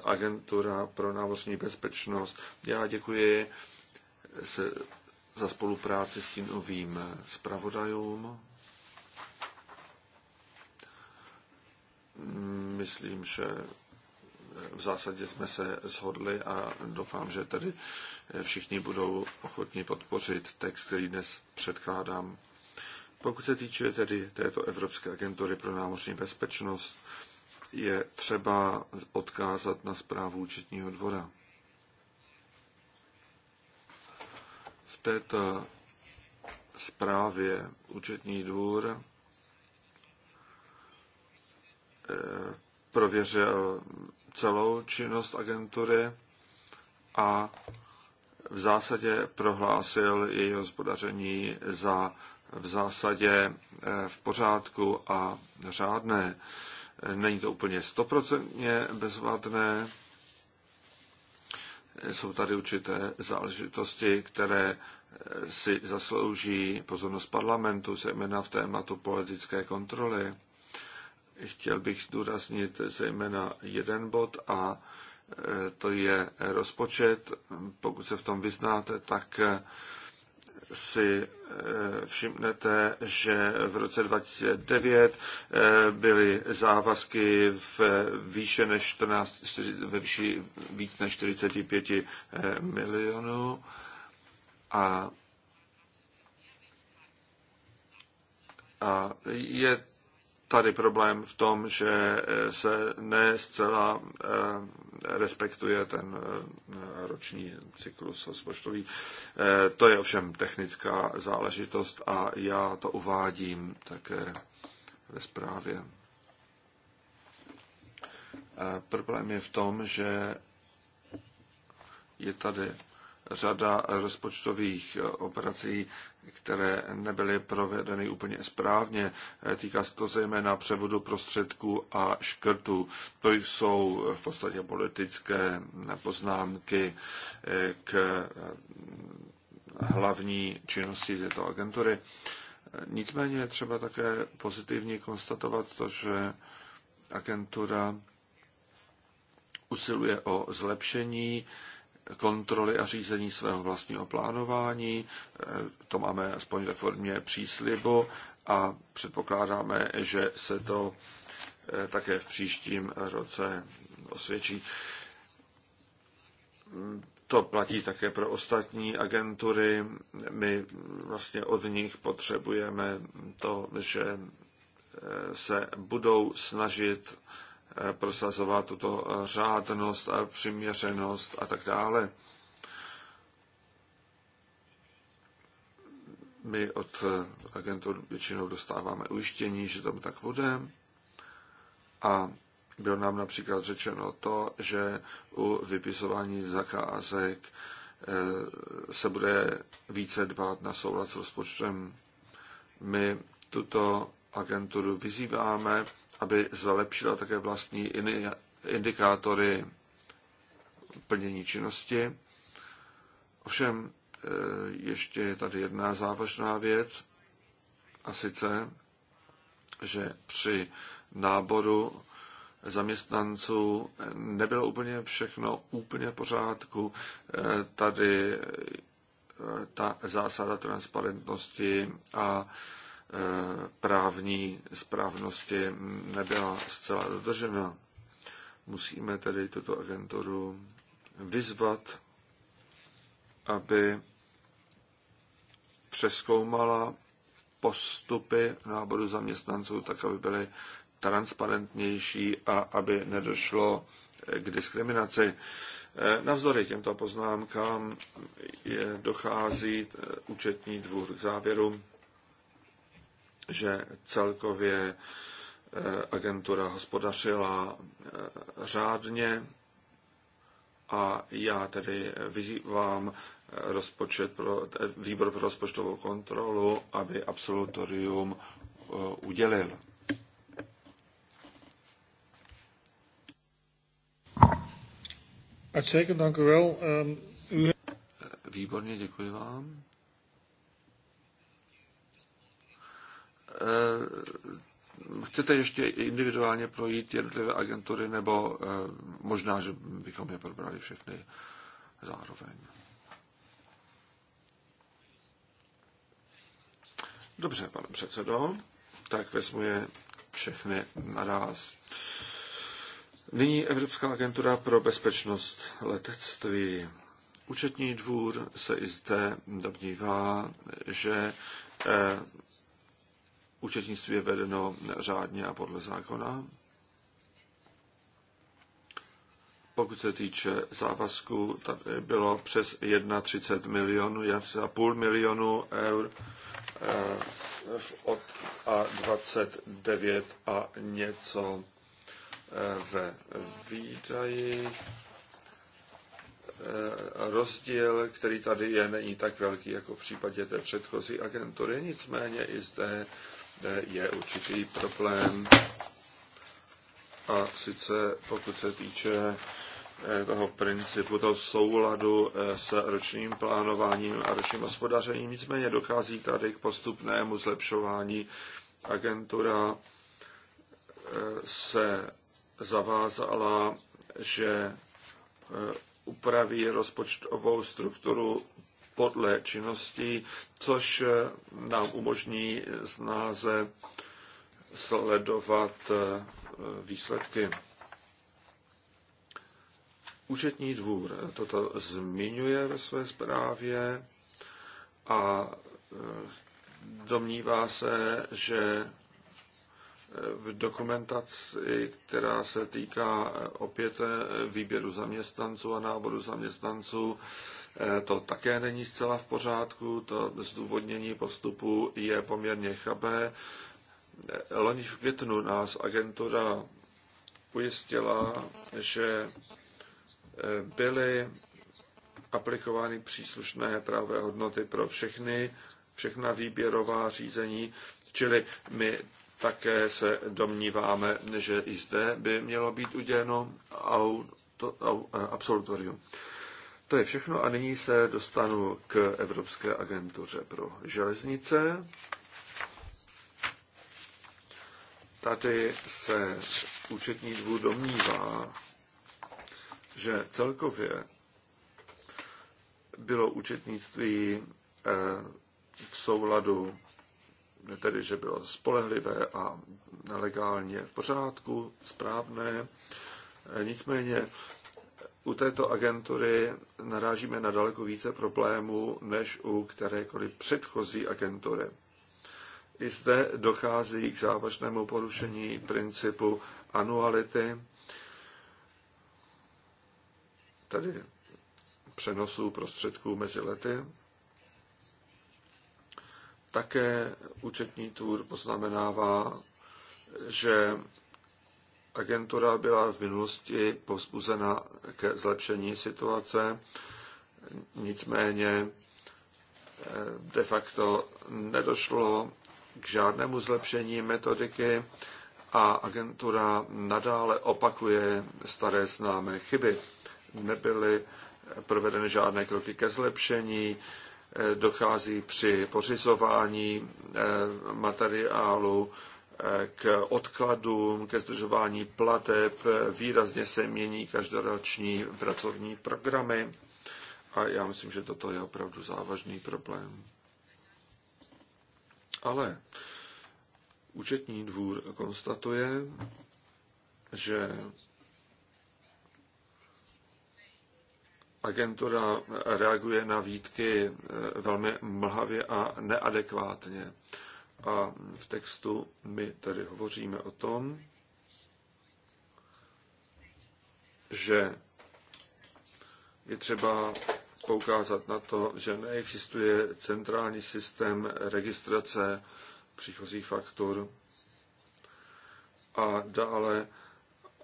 [SPEAKER 2] agentura pro námořní bezpečnost. Já děkuji se za spolupráci s tím novým zpravodajům. Myslím, že v zásadě jsme se shodli a doufám, že tedy eh, všichni budou ochotni podpořit text, který dnes předkládám. Pokud se týče tedy této Evropské agentury pro námořní bezpečnost, je třeba odkázat na zprávu účetního dvora. V této zprávě účetní dvůr eh, prověřil celou činnost agentury a v zásadě prohlásil její hospodaření za v zásadě eh, v pořádku a řádné. Není to úplně stoprocentně bezvadné. Jsou tady určité záležitosti, které eh, si zaslouží pozornost parlamentu, zejména v tématu politické kontroly chtěl bych zdůraznit zejména jeden bod a e, to je rozpočet. Pokud se v tom vyznáte, tak e, si e, všimnete, že v roce 2009 byly závazky v výše než 14, ve výši víc než 45 milionů a a je tady problém v tom, že eh, se ne zcela eh, respektuje ten eh, roční cyklus rozpočtový. To je ovšem technická záležitost a já to uvádím také ve zprávě. Problém je v tom, že je tady řada rozpočtových operací, které nebyly provedeny úplně správně. Týká se to zejména převodu prostředků a škrtů. To jsou v podstatě politické poznámky k hlavní činnosti této agentury. Nicméně je třeba také pozitivně konstatovat to, že agentura usiluje o zlepšení kontroly a řízení svého vlastního plánování. E, to máme aspoň ve formě příslibu a předpokládáme, že se to e, také v příštím roce osvědčí. To platí také pro ostatní agentury. My vlastně od nich potřebujeme to, že e, se budou snažit prosazovat tuto řádnost a přiměřenost a tak dále. My od agentů většinou dostáváme ujištění, že tomu tak bude. A bylo nám například řečeno to, že u vypisování zakázek eh, se bude více dbát na soulad s rozpočtem. My tuto agenturu vyzýváme, aby zlepšila také vlastní indikátory plnění činnosti. Ovšem, e, ještě je tady jedna závažná věc, a sice, že při náboru zaměstnanců nebylo úplně všechno úplně v pořádku. E, tady e, ta zásada transparentnosti a Eh, právní správnosti nebyla zcela dodržena. Musíme tedy tuto agenturu vyzvat, aby přeskoumala postupy náboru zaměstnanců tak, aby byly transparentnější a aby nedošlo k diskriminaci. Eh, navzdory těmto poznámkám je, dochází eh, účetní dvůr k závěru, že celkově eh, agentura hospodařila eh, řádně a já tedy vyzývám eh, rozpočet pro, výbor pro rozpočtovou kontrolu, aby absolutorium udělil.
[SPEAKER 1] Uitstekend, dank u wel. Ehm,
[SPEAKER 2] výborně, děkuji vám. Eh, chcete ještě individuálně projít jednotlivé agentury, nebo eh, možná, že bychom je probrali všechny zároveň? Dobře, pane předsedo, tak vezmu je všechny naraz. Nyní Evropská agentura pro bezpečnost letectví. Účetní dvůr se i zde domnívá, že eh, účetnictví je vedeno řádně a podle zákona. Pokud se týče závazku, tady bylo přes 31 milionů, za půl milionu eur eh, od a 29 a něco eh, ve výdaji. Eh, rozdíl, který tady je, není tak velký jako v případě té předchozí agentury, nicméně i zde je určitý problém. A sice pokud se týče eh, toho principu, toho souladu eh, s ročním plánováním a ročním hospodařením. Nicméně dochází tady k postupnému zlepšování. Agentura eh, se zavázala, že upraví rozpočtovou strukturu podle činností, což nám umožní snáze sledovat eh, výsledky. Účetní dvůr toto zmiňuje ve své zprávě a eh, domnívá se, že eh, v dokumentaci, která se týká opět výběru zaměstnanců a náboru zaměstnanců, Eh, to také není zcela v pořádku, to zdůvodnění postupu je poměrně chabé. Eh, loni v květnu nás agentura ujistila, že eh, byly aplikovány příslušné právé hodnoty pro všechny, všechna výběrová řízení, čili my také se domníváme, že i zde by mělo být uděleno absolutorium. To je všechno a nyní se dostanu k Evropské agentuře pro železnice. Tady se účetní dvůr domnívá, že celkově bylo účetnictví eh, v souladu, tedy že bylo spolehlivé a legálně v pořádku, správné. Eh, nicméně u této agentury narážíme na daleko více problémů než u kterékoliv předchozí agentury. I zde dochází k závažnému porušení principu anuality, tedy přenosu prostředků mezi lety. Také účetní tůr poznamenává, že Agentura byla v minulosti povzbuzena ke zlepšení situace, nicméně eh, de facto nedošlo k žádnému zlepšení metodiky a agentura nadále opakuje staré známé chyby. Nebyly provedeny žádné kroky ke zlepšení, eh, dochází při pořizování eh, materiálu k odkladům, ke zdržování plateb, výrazně se mění každoroční pracovní programy a já myslím, že toto je opravdu závažný problém. Ale účetní dvůr konstatuje, že agentura reaguje na výtky velmi mlhavě a neadekvátně. A v textu my tedy hovoříme o tom, že je třeba poukázat na to, že neexistuje centrální systém registrace příchozích faktur. A dále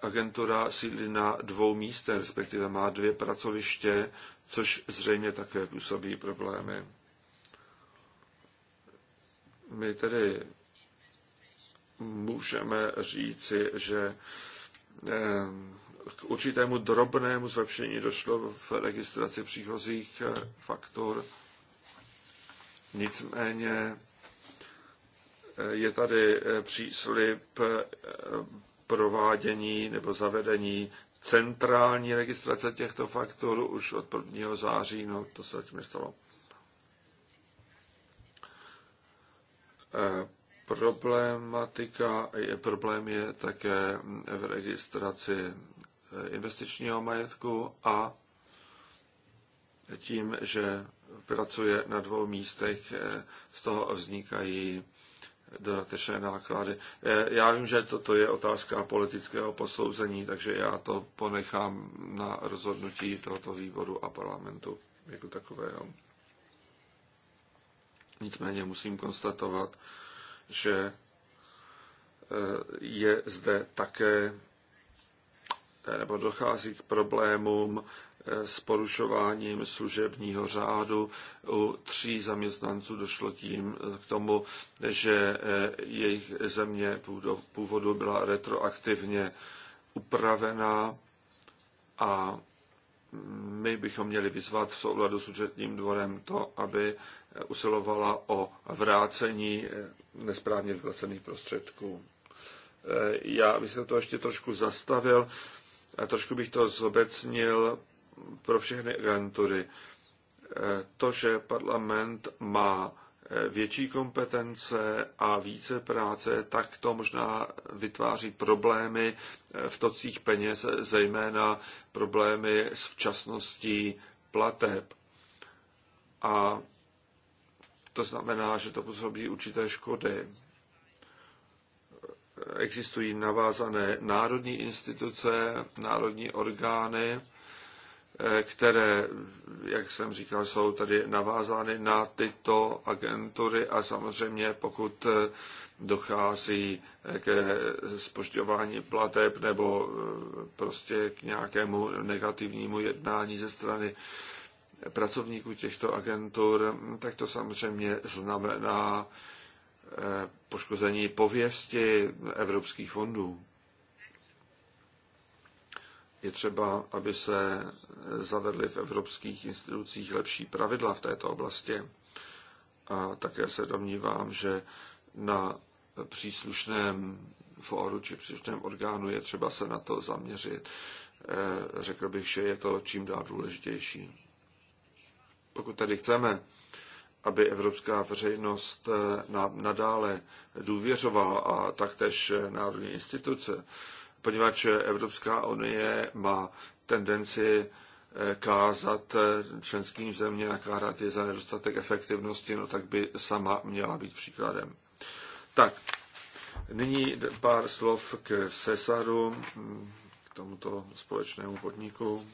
[SPEAKER 2] agentura sídlí na dvou místech, respektive má dvě pracoviště, což zřejmě také působí problémy. My tedy můžeme říci, že eh, k určitému drobnému zlepšení došlo v registraci příchozích eh, faktur. Nicméně eh, je tady příslip provádění nebo zavedení centrální registrace těchto faktur už od 1. září, no to se zatím nestalo. Eh, problematika, problém je také v registraci eh, investičního majetku a tím, že pracuje na dvou místech, eh, z toho vznikají dodatečné náklady. Já vím, že toto je otázka politického posouzení, takže já to ponechám na rozhodnutí tohoto výboru a parlamentu jako takového. Nicméně musím konstatovat, že eh, je zde také, eh, nebo dochází k problémům eh, s porušováním služebního řádu. U tří zaměstnanců došlo tím k tomu, že jejich země původu byla retroaktivně upravená a my bychom měli vyzvat v souladu s účetním dvorem to, aby usilovala o vrácení eh, nesprávně vyplacených prostředků. Eh, já bych se to ještě trošku zastavil a trošku bych to zobecnil pro všechny agentury. Eh, to, že parlament má větší kompetence a více práce, tak to možná vytváří problémy v tocích peněz, zejména problémy s včasností plateb. A to znamená, že to působí určité škody. Existují navázané národní instituce, národní orgány, které, jak jsem říkal, jsou tady navázány na tyto agentury a samozřejmě pokud dochází ke spožďování plateb nebo prostě k nějakému negativnímu jednání ze strany pracovníků těchto agentur, tak to samozřejmě znamená eh, poškození pověsti evropských fondů. Je třeba, aby se zavedly v evropských institucích lepší pravidla v této oblasti. A také se domnívám, že na příslušném fóru či příslušném orgánu je třeba se na to zaměřit. Eh, řekl bych, že je to čím dál důležitější. Pokud tedy chceme, aby evropská veřejnost eh, nadále důvěřovala a taktéž eh, národní instituce, poněvadž eh, Evropská unie má tendenci kázat členským země a kárat je za nedostatek efektivnosti, no tak by sama měla být příkladem. Tak, nyní pár slov k Cesaru, hm, k tomuto společnému podniku.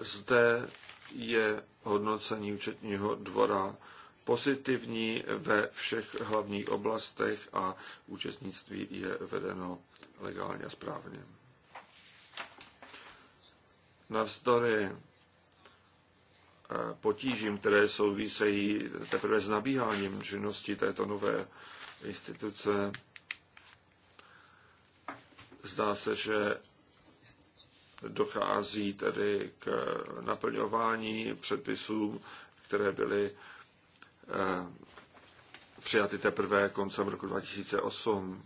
[SPEAKER 2] Zde je hodnocení účetního dvora pozitivní ve všech hlavních oblastech a účastnictví je vedeno legálně a správně. Navzdory eh, potížím, které souvisejí teprve s nabíháním činnosti této nové instituce, zdá se, že dochází tedy k naplňování předpisů, které byly eh, přijaty teprve koncem roku 2008.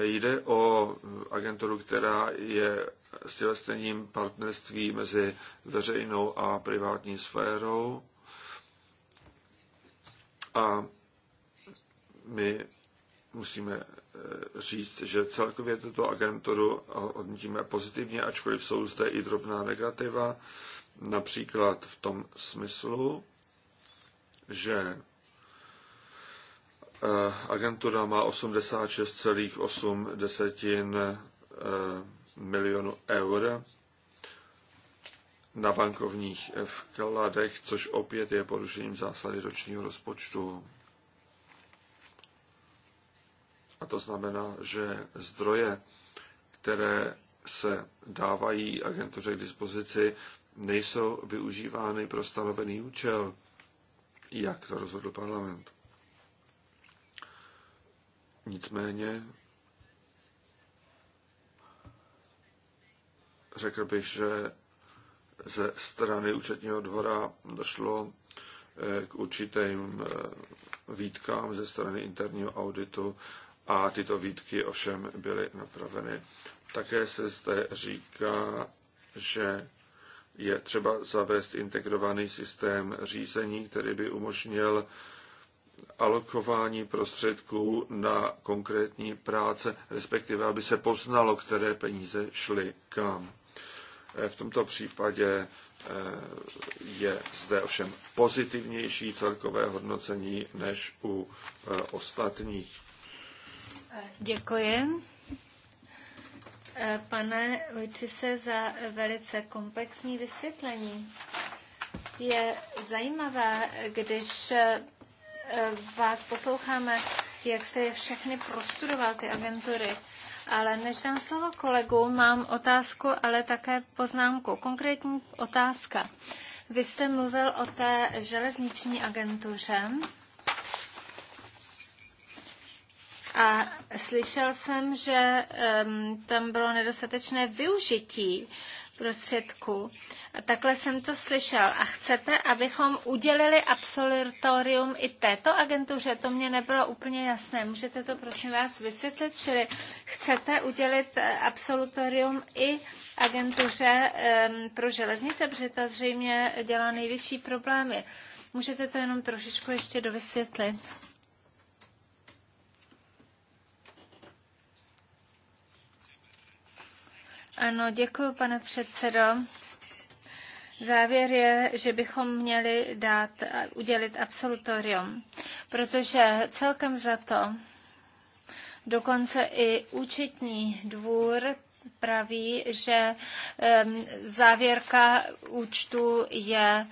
[SPEAKER 2] Jde o agenturu, která je stělesněním partnerství mezi veřejnou a privátní sférou. A my musíme Eh, říct, že celkově tuto agenturu odnítíme pozitivně, ačkoliv jsou zde i drobná negativa, například v tom smyslu, že eh, agentura má 86,8 desetin eh, milionu eur na bankovních vkladech, což opět je porušením zásady ročního rozpočtu. A to znamená, že zdroje, které se dávají agentuře k dispozici, nejsou využívány pro stanovený účel, jak to rozhodl parlament. Nicméně řekl bych, že ze strany účetního dvora došlo eh, k určitým eh, výtkám ze strany interního auditu a tyto výtky ovšem byly napraveny. Také se zde říká, že je třeba zavést integrovaný systém řízení, který by umožnil alokování prostředků na konkrétní práce, respektive aby se poznalo, které peníze šly kam. V tomto případě eh, je zde ovšem pozitivnější celkové hodnocení než u eh, ostatních.
[SPEAKER 5] Děkuji, eh, pane Vojčise, za velice komplexní vysvětlení. Je zajímavé, když eh, vás posloucháme, jak jste je všechny prostudoval, ty agentury. Ale než dám slovo kolegům, mám otázku, ale také poznámku. Konkrétní otázka. Vy jste mluvil o té železniční agentuře A slyšel jsem, že um, tam bylo nedostatečné využití prostředku. A takhle jsem to slyšel. A chcete, abychom udělili absolutorium i této agentuře? To mě nebylo úplně jasné. Můžete to prosím vás vysvětlit? Čili chcete udělit eh, absolutorium i agentuře um, pro železnice, protože ta zřejmě dělá největší problémy. Můžete to jenom trošičku ještě dovysvětlit? Ano, děkuji, pane předsedo. Závěr je, že bychom měli dát, udělit absolutorium, protože celkem za to dokonce i účetní dvůr praví, že závěrka účtu je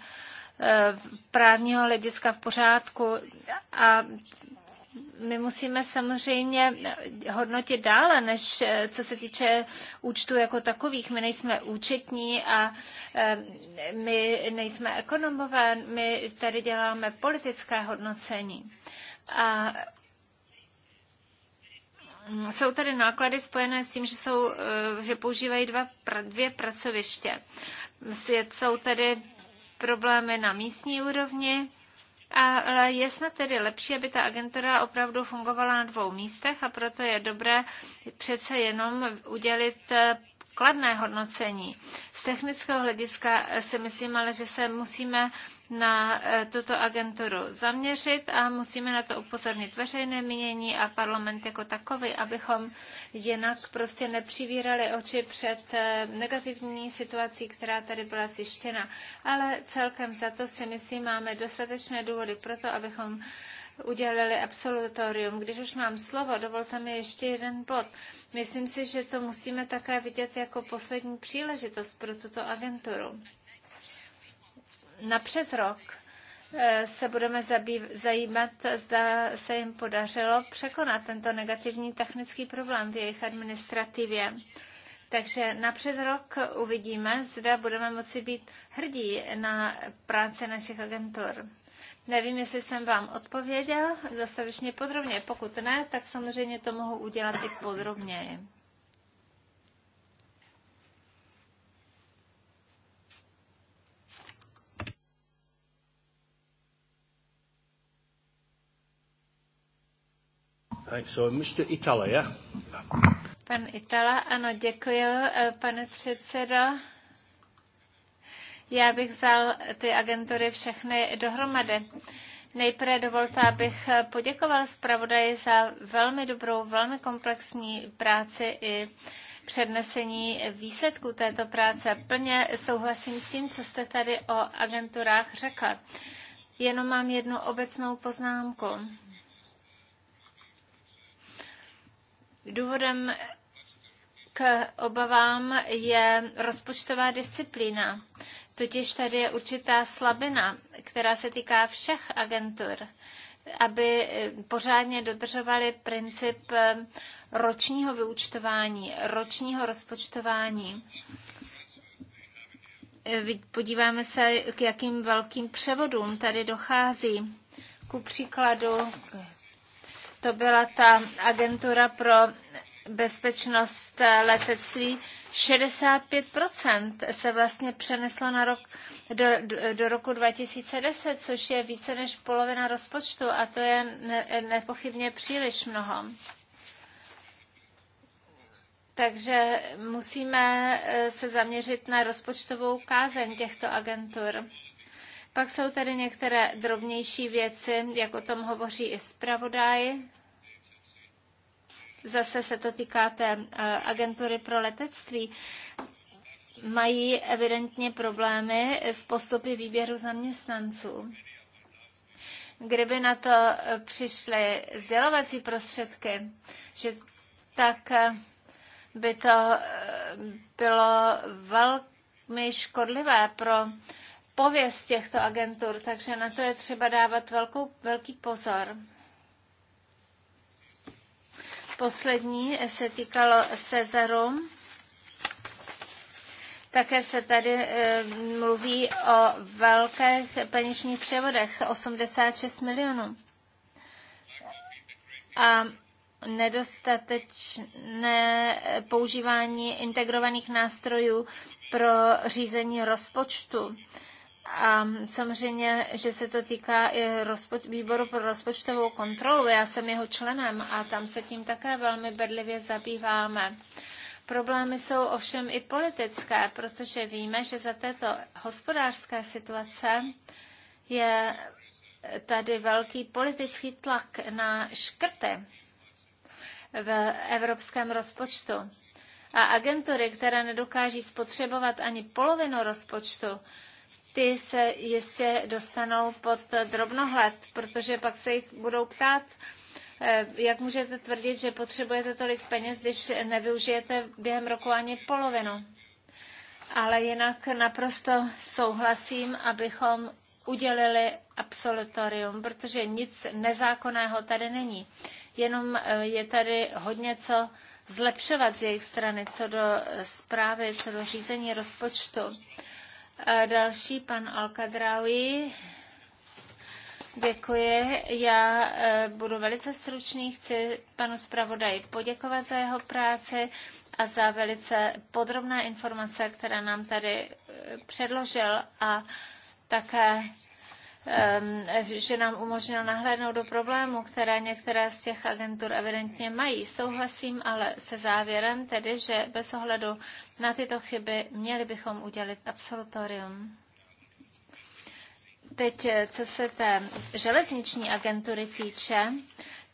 [SPEAKER 5] eh, právního hlediska v pořádku a my musíme samozřejmě hodnotit dále, než eh, co se týče účtu jako takových. My nejsme účetní a eh, my nejsme ekonomové, my tady děláme politické hodnocení. A jsou tady náklady spojené s tím, že, jsou, eh, že používají dva, dvě pracoviště. Jsou tady problémy na místní úrovni, ale je snad tedy lepší, aby ta agentura opravdu fungovala na dvou místech a proto je dobré přece jenom udělit eh, kladné hodnocení. Z technického hlediska eh, si myslím ale, že se musíme na eh, tuto agenturu zaměřit a musíme na to upozornit veřejné mínění a parlament jako takový, abychom jinak prostě nepřivírali oči před eh, negativní situací, která tady byla zjištěna. Ale celkem za to si myslím, máme dostatečné důvody pro to, abychom udělali absolutorium. Když už mám slovo, dovolte mi ještě jeden bod. Myslím si, že to musíme také vidět jako poslední příležitost pro tuto agenturu na přes rok eh, se budeme zajímat, zda se jim podařilo překonat tento negativní technický problém v jejich administrativě. Takže napřed rok uvidíme, zda budeme moci být hrdí na práci našich agentur. Nevím, jestli jsem vám odpověděl dostatečně podrobně. Pokud ne, tak samozřejmě to mohu udělat i podrobněji.
[SPEAKER 1] Right, so Mr. Itala, yeah?
[SPEAKER 5] Pan Itala, ano, děkuji, eh, pane předsedo. Já bych vzal ty agentury všechny dohromady. Nejprve dovolte, abych eh, poděkoval zpravodaji za velmi dobrou, velmi komplexní práci i přednesení výsledků této práce. Plně souhlasím s tím, co jste tady o agenturách řekla. Jenom mám jednu obecnou poznámku. Důvodem k obavám je rozpočtová disciplína. Totiž tady je určitá slabina, která se týká všech agentur, aby eh, pořádně dodržovali princip eh, ročního vyučtování, ročního rozpočtování. Eh, podíváme se, k jakým velkým převodům tady dochází. Ku příkladu to byla ta agentura pro bezpečnost letectví. 65% se vlastně přeneslo na rok, do, do, roku 2010, což je více než polovina rozpočtu a to je ne, nepochybně příliš mnoho. Takže musíme eh, se zaměřit na rozpočtovou kázeň těchto agentur. Pak jsou tady některé drobnější věci, jak o tom hovoří i zpravodaj. Zase se to týká té eh, agentury pro letectví. Mají evidentně problémy s postupy výběru zaměstnanců. Kdyby na to eh, přišly sdělovací prostředky, že tak eh, by to bylo velmi škodlivé pro pověst těchto agentur, takže na to je třeba dávat velkou, velký pozor. Poslední se týkalo Cezaru. Také se tady eh, mluví o velkých peněžních převodech 86 milionů. A nedostatečné používání integrovaných nástrojů pro řízení rozpočtu. A samozřejmě, že se to týká i rozpoč- výboru pro rozpočtovou kontrolu. Já jsem jeho členem a tam se tím také velmi bedlivě zabýváme. Problémy jsou ovšem i politické, protože víme, že za této hospodářské situace je tady velký politický tlak na škrty v evropském rozpočtu. A agentury, které nedokáží spotřebovat ani polovinu rozpočtu, ty se jistě dostanou pod drobnohled, protože pak se jich budou ptát, eh, jak můžete tvrdit, že potřebujete tolik peněz, když nevyužijete během roku ani polovinu. Ale jinak naprosto souhlasím, abychom udělili absolutorium, protože nic nezákonného tady není. Jenom eh, je tady hodně co zlepšovat z jejich strany, co do eh, zprávy, co do řízení rozpočtu. Další pan Alkadraui. Děkuji. Já e, budu velice stručný. Chci panu zpravodaji poděkovat za jeho práci a za velice podrobné informace, které nám tady e, předložil a také Ehm, že nám umožnil nahlédnout do problému, které některé z těch agentur evidentně mají. Souhlasím ale se závěrem, tedy, že bez ohledu na tyto chyby měli bychom udělit absolutorium. Teď, eh, co se té železniční agentury týče,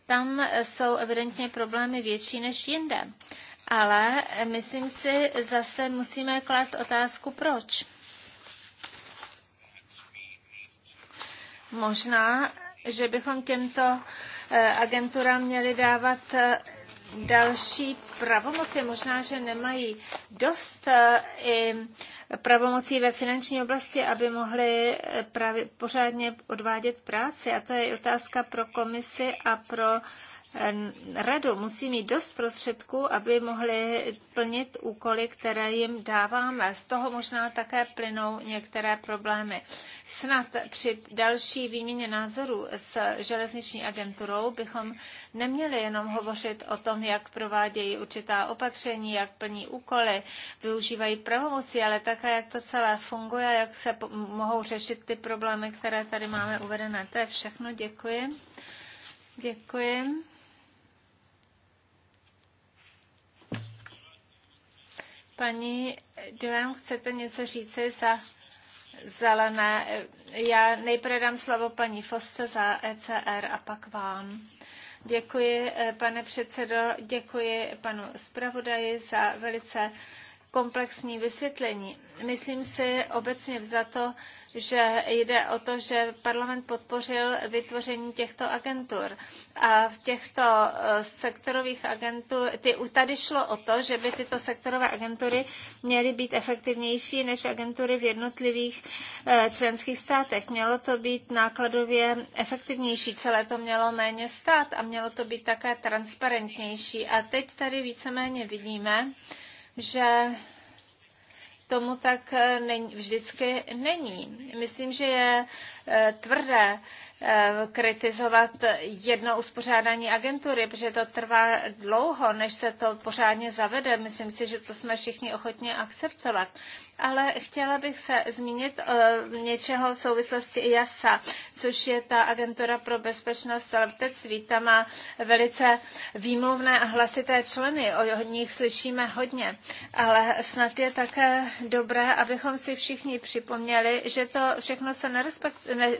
[SPEAKER 5] tam jsou evidentně problémy větší než jinde. Ale myslím si, zase musíme klást otázku, proč. Možná, že bychom těmto eh, agenturám měli dávat eh, další pravomoci. Možná, že nemají dost eh, i pravomocí ve finanční oblasti, aby mohli právě pořádně odvádět práci. A to je otázka pro komisi a pro radu musí mít dost prostředků, aby mohli plnit úkoly, které jim dáváme. Z toho možná také plynou některé problémy. Snad při další výměně názorů s železniční agenturou bychom neměli jenom hovořit o tom, jak provádějí určitá opatření, jak plní úkoly, využívají pravomoci, ale také, jak to celé funguje, jak se mohou řešit ty problémy, které tady máme uvedené. To je všechno. Děkuji. Děkuji. Paní Dilem, chcete něco říci za zelené? Já nejprve dám slovo paní Foste za ECR a pak vám. Děkuji, eh, pane předsedo, děkuji panu zpravodaji za velice komplexní vysvětlení. Myslím si obecně vzato, že jde o to, že parlament podpořil vytvoření těchto agentur. A v těchto eh, sektorových agentur, ty, tady šlo o to, že by tyto sektorové agentury měly být efektivnější než agentury v jednotlivých eh, členských státech. Mělo to být nákladově efektivnější, celé to mělo méně stát a mělo to být také transparentnější. A teď tady víceméně vidíme, že tomu tak eh, vždycky není. Myslím, že je eh, tvrdé eh, kritizovat jedno uspořádání agentury, protože to trvá dlouho, než se to pořádně zavede. Myslím si, že to jsme všichni ochotně akceptovat ale chtěla bych se zmínit o eh, něčeho v souvislosti IASA, což je ta agentura pro bezpečnost letectví. Ta má velice výmluvné a hlasité členy, o nich slyšíme hodně, ale snad je také dobré, abychom si všichni připomněli, že to všechno se ne,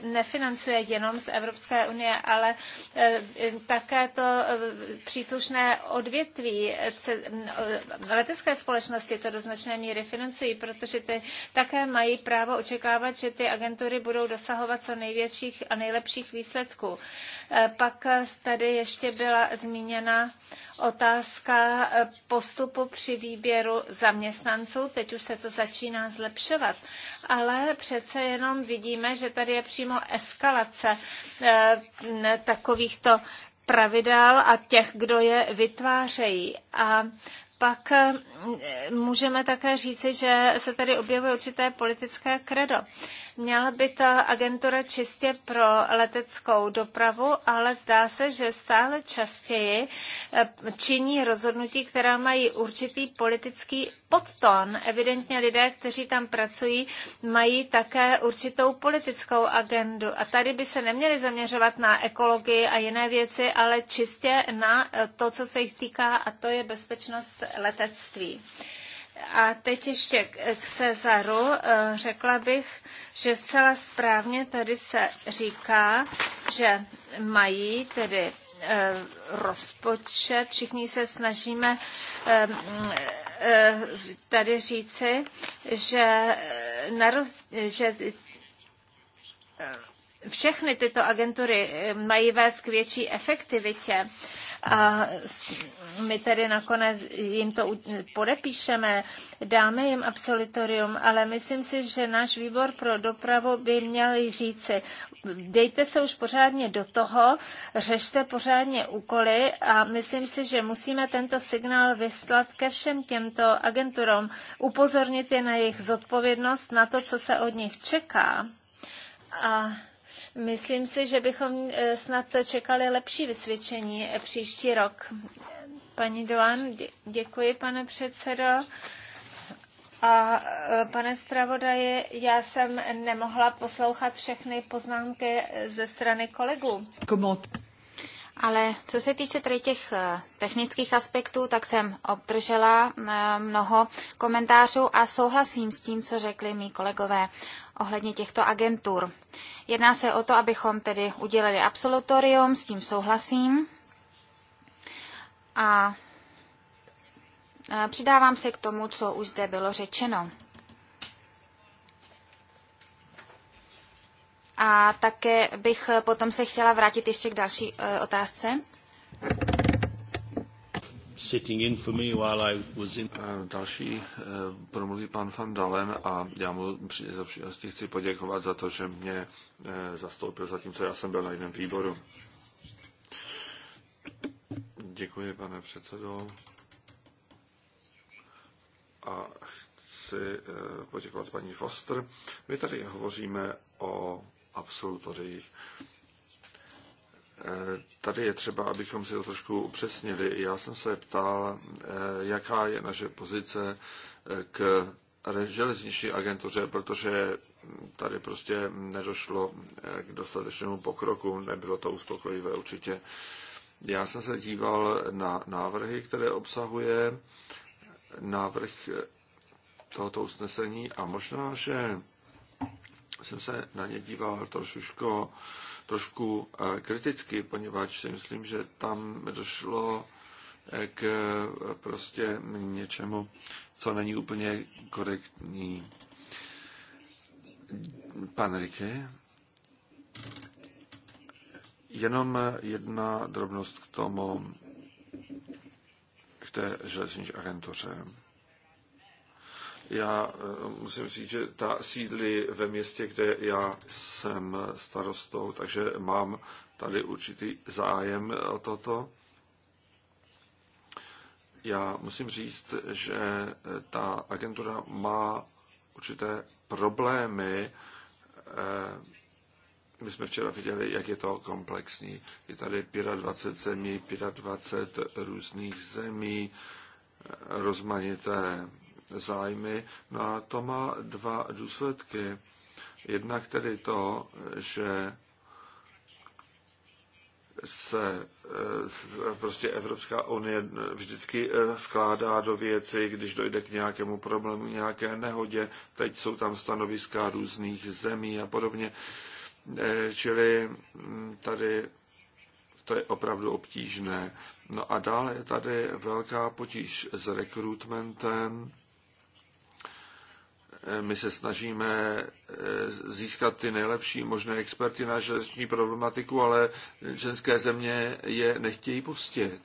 [SPEAKER 5] nefinancuje jenom z Evropské unie, ale eh, také to eh, příslušné odvětví letecké společnosti to do značné míry financují, proto protože ty také mají právo očekávat, že ty agentury budou dosahovat co největších a nejlepších výsledků. Eh, pak tady ještě byla zmíněna otázka eh, postupu při výběru zaměstnanců. Teď už se to začíná zlepšovat, ale přece jenom vidíme, že tady je přímo eskalace eh, takovýchto pravidel a těch, kdo je vytvářejí. A pak eh, můžeme také říci, že se tady objevuje určité politické kredo. Měla by ta agentura čistě pro leteckou dopravu, ale zdá se, že stále častěji eh, činí rozhodnutí, která mají určitý politický podton. Evidentně lidé, kteří tam pracují, mají také určitou politickou agendu. A tady by se neměli zaměřovat na ekologii a jiné věci, ale čistě na eh, to, co se jich týká, a to je bezpečnost letectví. A teď ještě k Cezaru. Eh, řekla bych, že zcela správně tady se říká, že mají tedy eh, rozpočet. Všichni se snažíme eh, tady říci, že, roz, že všechny tyto agentury mají vést k větší efektivitě a my tedy nakonec jim to podepíšeme, dáme jim absolutorium, ale myslím si, že náš výbor pro dopravu by měl říci, dejte se už pořádně do toho, řešte pořádně úkoly a myslím si, že musíme tento signál vyslat ke všem těmto agenturám, upozornit je na jejich zodpovědnost, na to, co se od nich čeká. A Myslím si, že bychom eh, snad čekali lepší vysvědčení eh, příští rok. Paní Doan, děkuji, pane předsedo. A eh, pane zpravodaji, já jsem nemohla poslouchat všechny
[SPEAKER 3] poznámky ze strany kolegů. Komod. Ale co se týče tady těch eh, technických aspektů, tak jsem obdržela eh, mnoho komentářů a souhlasím s tím, co řekli mý kolegové ohledně těchto agentur. Jedná se o to, abychom tedy udělali absolutorium, s tím souhlasím. A eh, přidávám se k tomu, co už zde bylo řečeno. A také bych potom se chtěla vrátit ještě k další eh, otázce.
[SPEAKER 1] Eh, další eh,
[SPEAKER 2] promluví pan Van Dalen a já mu při příležitosti chci poděkovat za to, že mě zastoupil, zatímco já jsem byl na jiném výboru. Děkuji, pane předsedo. A chci poděkovat paní Foster. My tady hovoříme o absolutoři. Eh, tady je třeba, abychom si to trošku upřesnili. Já jsem se ptal, eh, jaká je naše pozice eh, k železniční agentuře, protože tady prostě nedošlo k dostatečnému pokroku, nebylo to uspokojivé určitě. Já jsem se díval na návrhy, které obsahuje návrh tohoto usnesení a možná, že jsem se na ně díval trošičko, trošku eh, kriticky, poněvadž si myslím, že tam došlo eh, k eh, prostě něčemu, co není úplně korektní. Pan Riky, jenom jedna drobnost k tomu, k té železniční agentuře. Já eh, musím říct, že ta sídlí ve městě, kde já jsem starostou, takže mám tady určitý zájem o toto. Já musím říct, že ta agentura má určité problémy. Eh, my jsme včera viděli, jak je to komplexní. Je tady 25 zemí, 25 různých zemí, eh, rozmanité zájmy. No a to má dva důsledky. Jednak tedy to, že se e, prostě Evropská unie vždycky e, vkládá do věci, když dojde k nějakému problému, nějaké nehodě. Teď jsou tam stanoviska různých zemí a podobně. E, čili tady to je opravdu obtížné. No a dále je tady velká potíž s rekrutmentem Eh, my se snažíme eh, získat ty nejlepší možné experty na železniční problematiku, ale členské země je nechtějí pustit.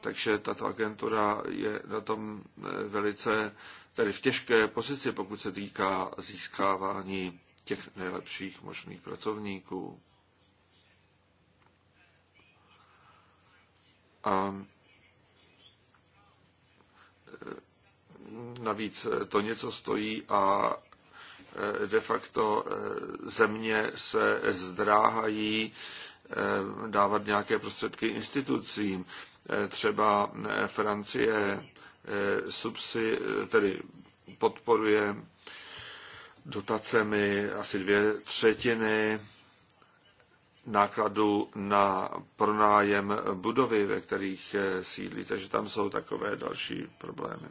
[SPEAKER 2] Takže tato agentura je na tom eh, velice, tedy v těžké pozici, pokud se týká získávání těch nejlepších možných pracovníků. A Navíc eh, to něco stojí a eh, de facto eh, země se zdráhají dávat nějaké prostředky institucím. Třeba Francie subsi, tedy podporuje dotacemi asi dvě třetiny nákladu na pronájem budovy, ve kterých sídlí, takže tam jsou takové další problémy.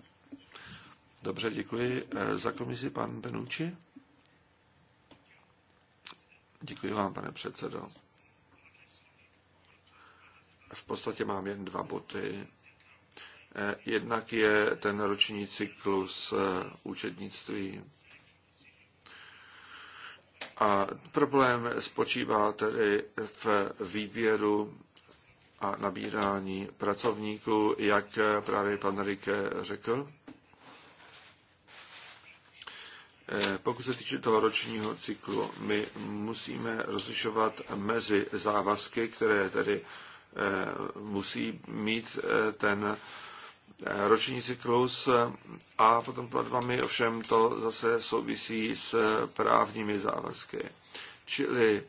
[SPEAKER 2] Dobře, děkuji. Eh, za komisi pan Benucci? Děkuji vám, pane předsedo. V podstatě mám jen dva boty. Eh, jednak je ten roční cyklus eh, účetnictví. A problém spočívá tedy v výběru a nabírání pracovníků, jak právě pan Rike řekl. Eh, pokud se týče toho ročního cyklu, my musíme rozlišovat mezi závazky, které tedy eh, musí mít eh, ten roční cyklus a potom platbami, ovšem to zase souvisí s právními závazky. Čili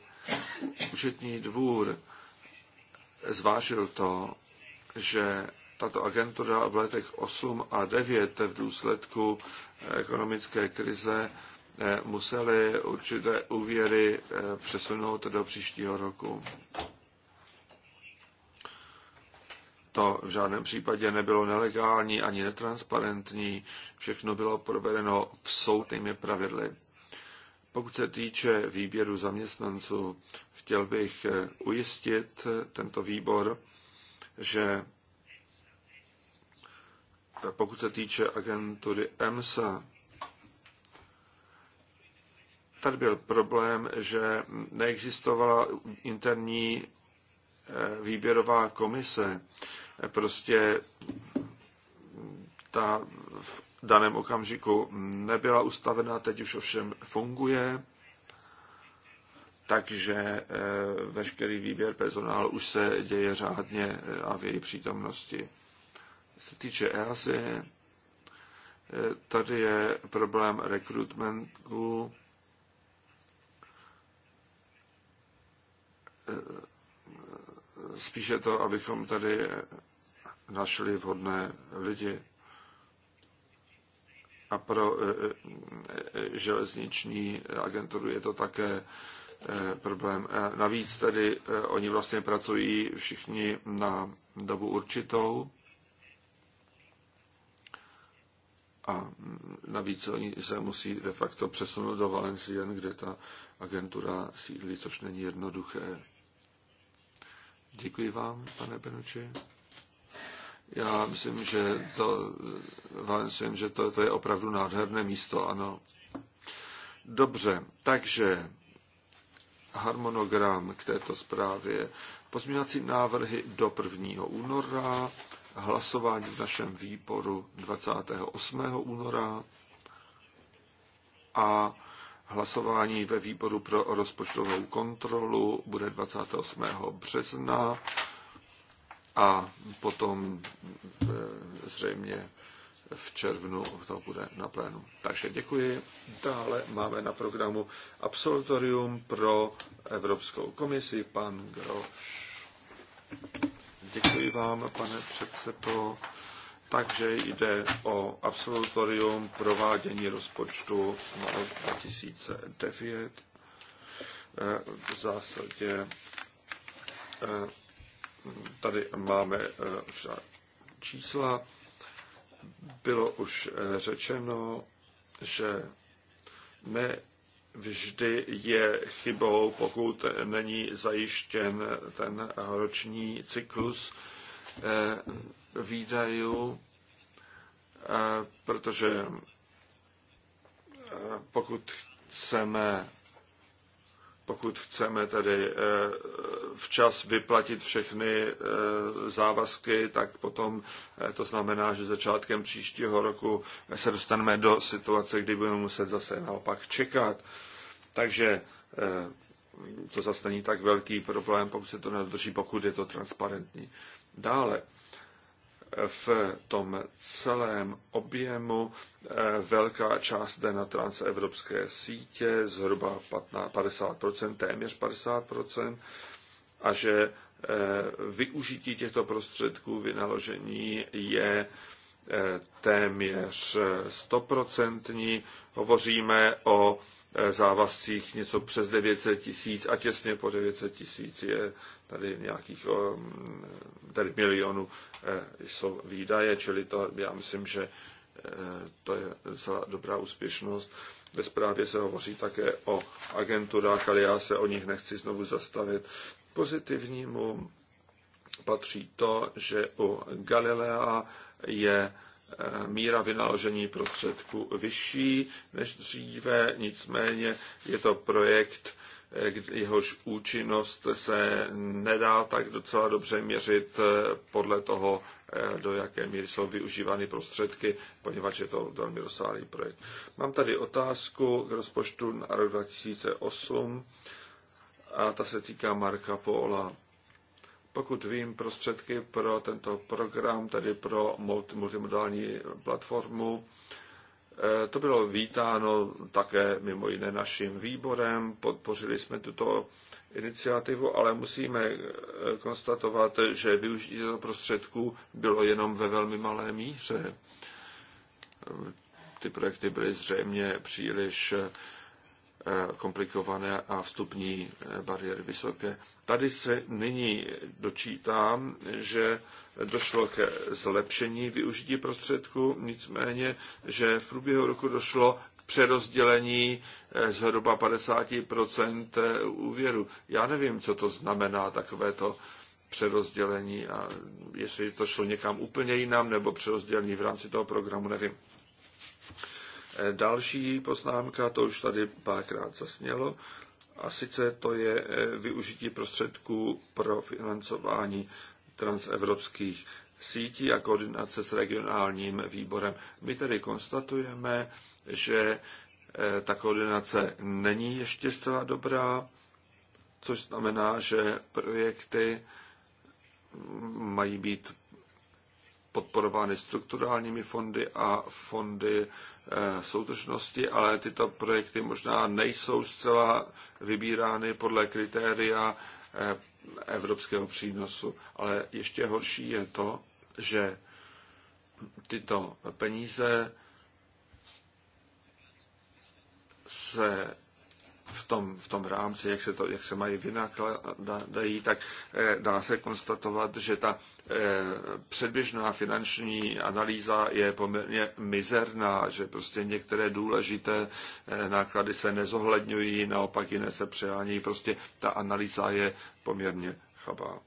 [SPEAKER 2] účetní dvůr zvážil to, že tato agentura v letech 8 a 9 v důsledku ekonomické krize eh, museli určité úvěry eh, přesunout do příštího roku. To v žádném případě nebylo nelegální ani netransparentní, všechno bylo provedeno v soudnými pravidly. Pokud se týče výběru zaměstnanců, chtěl bych eh, ujistit tento výbor, že pokud se týče agentury EMSA, tady byl problém, že neexistovala interní eh, výběrová komise. Prostě ta v daném okamžiku nebyla ustavená, teď už ovšem funguje, takže eh, veškerý výběr personálu už se děje řádně eh, a v její přítomnosti se týče EASY, tady je problém rekrutmentu. Spíše to, abychom tady našli vhodné lidi. A pro e, e, železniční agenturu je to také e, problém. Navíc tedy oni vlastně pracují všichni na dobu určitou A navíc oni se musí de facto přesunout do Valencien, kde ta agentura sídlí, což není jednoduché. Děkuji vám, pane Benuči. Já myslím, že to, Valencien, že to, to je opravdu nádherné místo, ano. Dobře, takže harmonogram k této zprávě. Pozměňovací návrhy do 1. února, hlasování v našem výboru 28. února a hlasování ve výboru pro rozpočtovou kontrolu bude 28. března a potom e, zřejmě v červnu to bude na plénu. Takže děkuji. Dále máme na programu absolutorium pro Evropskou komisi pan Groš. Děkuji vám, pane předsedo. Takže jde o absolutorium provádění rozpočtu na rok 2009. Eh, v zásadě eh, tady máme už eh, čísla. Bylo už řečeno, že my vždy je chybou, pokud není zajištěn ten roční cyklus eh, výdajů, eh, protože eh, pokud chceme pokud chceme tedy eh, včas vyplatit všechny eh, závazky, tak potom eh, to znamená, že začátkem příštího roku se dostaneme do situace, kdy budeme muset zase naopak čekat. Takže to zase není tak velký problém, pokud se to nedodrží, pokud je to transparentní. Dále, v tom celém objemu eh, velká část jde na transevropské sítě, zhruba 50%, téměř 50%, a že eh, využití těchto prostředků vynaložení je eh, téměř stoprocentní. Hovoříme o závazcích něco přes 900 tisíc a těsně po 900 tisíc je tady nějakých eh, tady milionů eh, jsou výdaje, čili to já myslím, že eh, to je docela dobrá úspěšnost. Ve zprávě se hovoří také o agenturách, ale já se o nich nechci znovu zastavit. Pozitivnímu patří to, že u Galilea je míra vynaložení prostředků vyšší než dříve, nicméně je to projekt, Eh, jehož účinnost se nedá tak docela dobře měřit eh, podle toho, eh, do jaké míry jsou využívány prostředky, poněvadž je to velmi rozsáhlý projekt. Mám tady otázku k rozpočtu na rok 2008 a ta se týká Marka Pola. Pokud vím, prostředky pro tento program, tedy pro multimodální platformu, Eh, to bylo vítáno také mimo jiné naším výborem, podpořili jsme tuto iniciativu, ale musíme eh, konstatovat, že využití těchto prostředků bylo jenom ve velmi malé míře. Eh, ty projekty byly zřejmě příliš Eh, komplikované a vstupní eh, bariéry vysoké. Tady se nyní dočítám, že došlo ke zlepšení využití prostředků, nicméně, že v průběhu roku došlo k přerozdělení eh, zhruba 50% úvěru. Já nevím, co to znamená takovéto přerozdělení a jestli to šlo někam úplně jinam nebo přerozdělení v rámci toho programu, nevím. Další poznámka, to už tady párkrát zasnělo, a sice to je eh, využití prostředků pro financování transevropských sítí a koordinace s regionálním výborem. My tedy konstatujeme, že eh, ta koordinace není ještě zcela dobrá, což znamená, že projekty mm, mají být podporovány strukturálními fondy a fondy eh, soudržnosti, ale tyto projekty možná nejsou zcela vybírány podle kritéria eh, evropského přínosu. Ale ještě horší je to, že tyto peníze se v tom, v tom rámci, jak se, to, jak se mají vynakladají, tak eh, dá se konstatovat, že ta eh, předběžná finanční analýza je poměrně mizerná, že prostě některé důležité eh, náklady se nezohledňují, naopak jiné se přehání. Prostě ta analýza je poměrně chabá.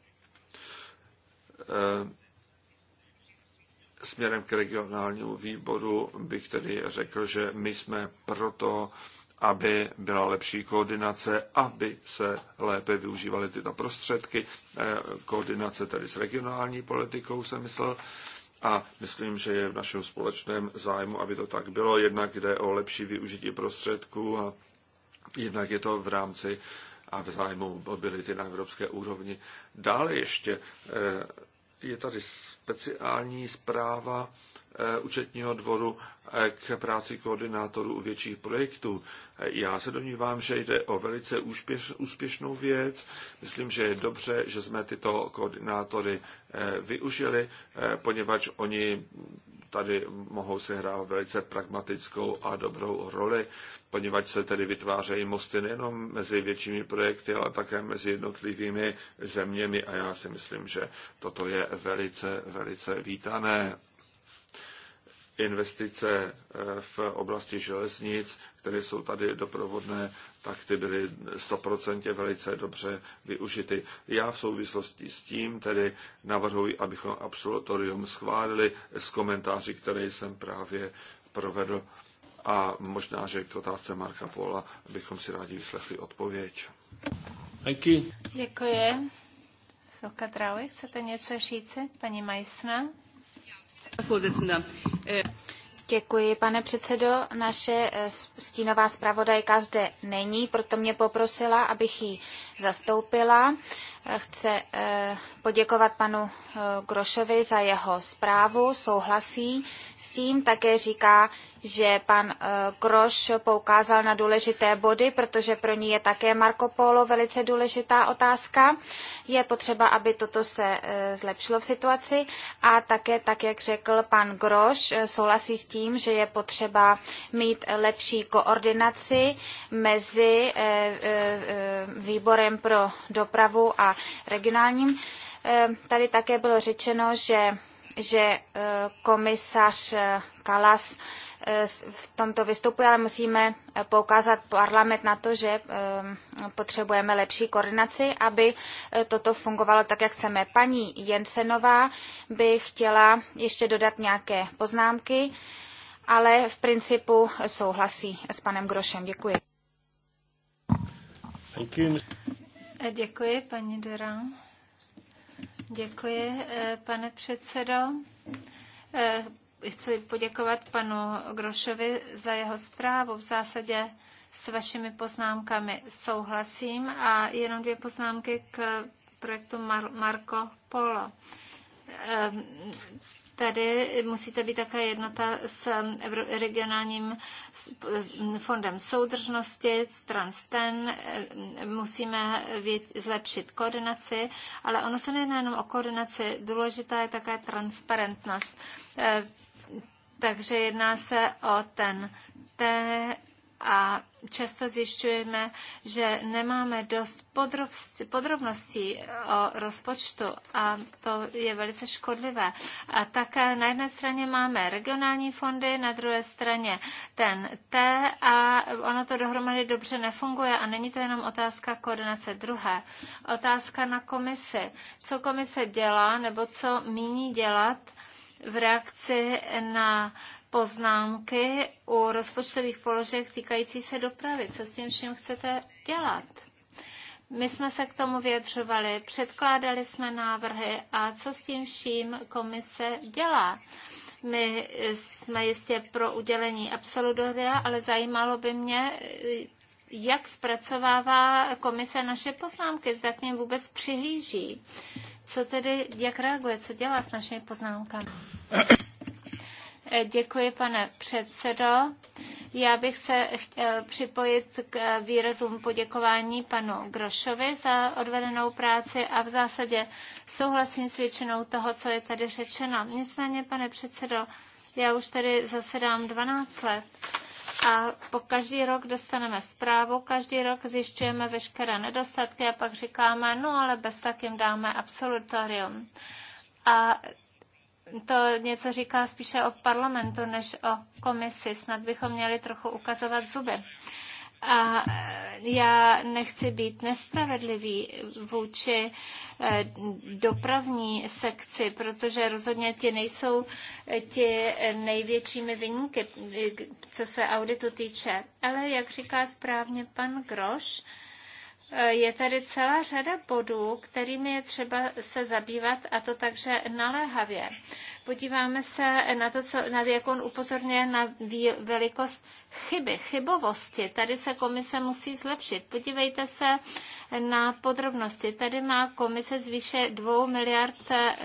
[SPEAKER 2] Směrem k regionálnímu výboru bych tedy řekl, že my jsme proto, aby byla lepší koordinace, aby se lépe využívaly tyto prostředky. Eh, koordinace tedy s regionální politikou jsem myslel. A myslím, že je v našem společném zájmu, aby to tak bylo. Jednak jde o lepší využití prostředků a jednak je to v rámci a v zájmu mobility na evropské úrovni. Dále ještě eh, je tady speciální zpráva Eh, účetního dvoru eh, k práci koordinátorů u větších projektů. Eh, já se domnívám, že jde o velice úspěš, úspěšnou věc. Myslím, že je dobře, že jsme tyto koordinátory využili, poněvadž oni tady mohou hrát velice pragmatickou a dobrou roli, poněvadž se tedy vytvářejí mosty nejenom mezi většími projekty, ale také mezi jednotlivými zeměmi a já si myslím, že toto je velice, velice vítané investice eh, v oblasti železnic, které jsou tady doprovodné, tak ty byly 100% velice dobře využity. Já v souvislosti s tím tedy navrhuji, abychom absolutorium schválili s komentáři, které jsem právě provedl a možná, že k otázce Marka Pola bychom si rádi vyslechli odpověď.
[SPEAKER 1] Děkuji.
[SPEAKER 5] Děkuji. Silka chcete něco říci? Paní Majsna?
[SPEAKER 3] Děkuji, pane předsedo. Naše eh, stínová zpravodajka zde není, proto mě poprosila, abych ji zastoupila. Eh, chce eh, poděkovat panu Grošovi za jeho zprávu, souhlasí s tím, také říká, že pan eh, Groš poukázal na důležité body, protože pro ní je také Marco Polo velice důležitá otázka. Je potřeba, aby toto se eh, zlepšilo v situaci a také, tak jak řekl pan Groš, eh, souhlasí s tím, že je potřeba mít lepší koordinaci mezi výborem pro dopravu a regionálním. Tady také bylo řečeno, že že e, komisař e, Kalas e, v tomto vystupuje, ale musíme poukázat parlament na to, že potřebujeme lepší koordinaci, aby toto fungovalo tak, jak chceme. Paní Jensenová by chtěla ještě dodat nějaké poznámky, ale v principu souhlasí s panem Grošem. Děkuji.
[SPEAKER 5] Děkuji, paní Durand. Děkuji, eh, pane předsedo. Eh, chci poděkovat panu Grošovi za jeho zprávu. V zásadě s vašimi poznámkami souhlasím a jenom dvě poznámky k projektu Marco Polo eh, Tady musíte být také jednota s um, regionálním fondem soudržnosti, stran STEN, musíme zlepšit koordinaci, ale ono se nejde jenom o koordinaci, důležitá je také transparentnost. Eh, takže jedná se o ten T a často zjišťujeme, že nemáme dost podrobností o rozpočtu a to je velice škodlivé. A tak na jedné straně máme regionální fondy, na druhé straně ten T a ono to dohromady dobře nefunguje a není to jenom otázka koordinace druhé. Otázka na komisi. Co komise dělá nebo co míní dělat v reakci na poznámky u rozpočtových položek týkající se dopravy. Co s tím vším chcete dělat? My jsme se k tomu vyjadřovali, předkládali jsme návrhy a co s tím vším komise dělá. My jsme jistě pro udělení absolutoria, ale zajímalo by mě, jak zpracovává komise naše poznámky, zda k něm vůbec přihlíží. Co tedy, jak reaguje, co dělá s našimi poznámkami? Eh, děkuji, pane předsedo. Já bych se chtěl připojit k eh, výrazům poděkování panu Grošovi za odvedenou práci a v zásadě souhlasím s většinou toho, co je tady řečeno. Nicméně, pane předsedo, já už tady zasedám 12 let a po každý rok dostaneme zprávu, každý rok zjišťujeme veškeré nedostatky a pak říkáme, no ale bez tak jim dáme absolutorium. A to něco říká spíše o parlamentu než o komisi. Snad bychom měli trochu ukazovat zuby. A e, já nechci být nespravedlivý vůči e, dopravní sekci, protože rozhodně ti nejsou e, ti největšími vyníky, co se auditu týče. Ale jak říká správně pan Groš, Eh, je tady celá řada bodů, kterými je třeba se zabývat a to takže naléhavě. Podíváme se na to, co, na, jak on upozorňuje na vý, velikost chyby, chybovosti. Tady se komise musí zlepšit. Podívejte se na podrobnosti. Tady má komise zvýše 2 miliard eh,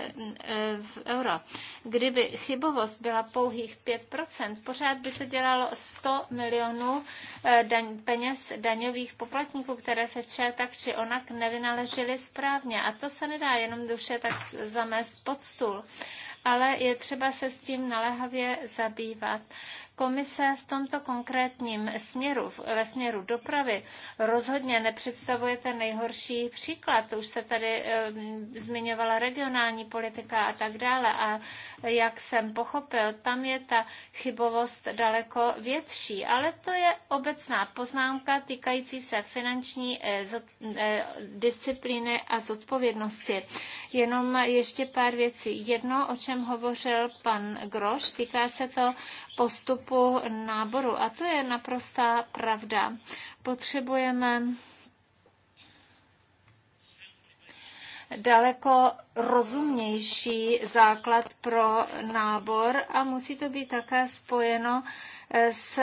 [SPEAKER 5] eh, euro. Kdyby chybovost byla pouhých 5%, pořád by to dělalo 100 milionů eh, daň, peněz daňových poplatníků, které se třeba tak či onak nevynaležily správně. A to se nedá jenom duše tak zamést pod stůl ale je třeba se s tím naléhavě zabývat komise v tomto konkrétním směru, ve směru dopravy, rozhodně nepředstavuje ten nejhorší příklad. Už se tady zmiňovala regionální politika a tak dále. A jak jsem pochopil, tam je ta chybovost daleko větší. Ale to je obecná poznámka týkající se finanční e, e, disciplíny a zodpovědnosti. Jenom ještě pár věcí. Jedno, o čem hovořil pan Groš, týká se to postupu náboru. A to je naprostá pravda. Potřebujeme daleko rozumnější základ pro nábor a musí to být také spojeno s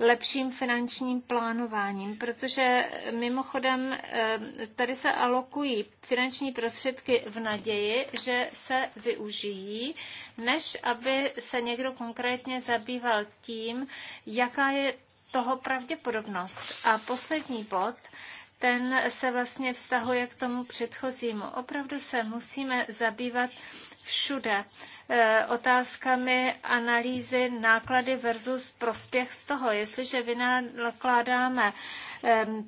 [SPEAKER 5] lepším finančním plánováním, protože mimochodem eh, tady se alokují finanční prostředky v naději, že se využijí, než aby se někdo konkrétně zabýval tím, jaká je toho pravděpodobnost. A poslední bod, ten se vlastně vztahuje k tomu předchozímu. Opravdu se musíme zabývat všude Eh, otázkami analýzy náklady versus prospěch z toho. Jestliže vynakládáme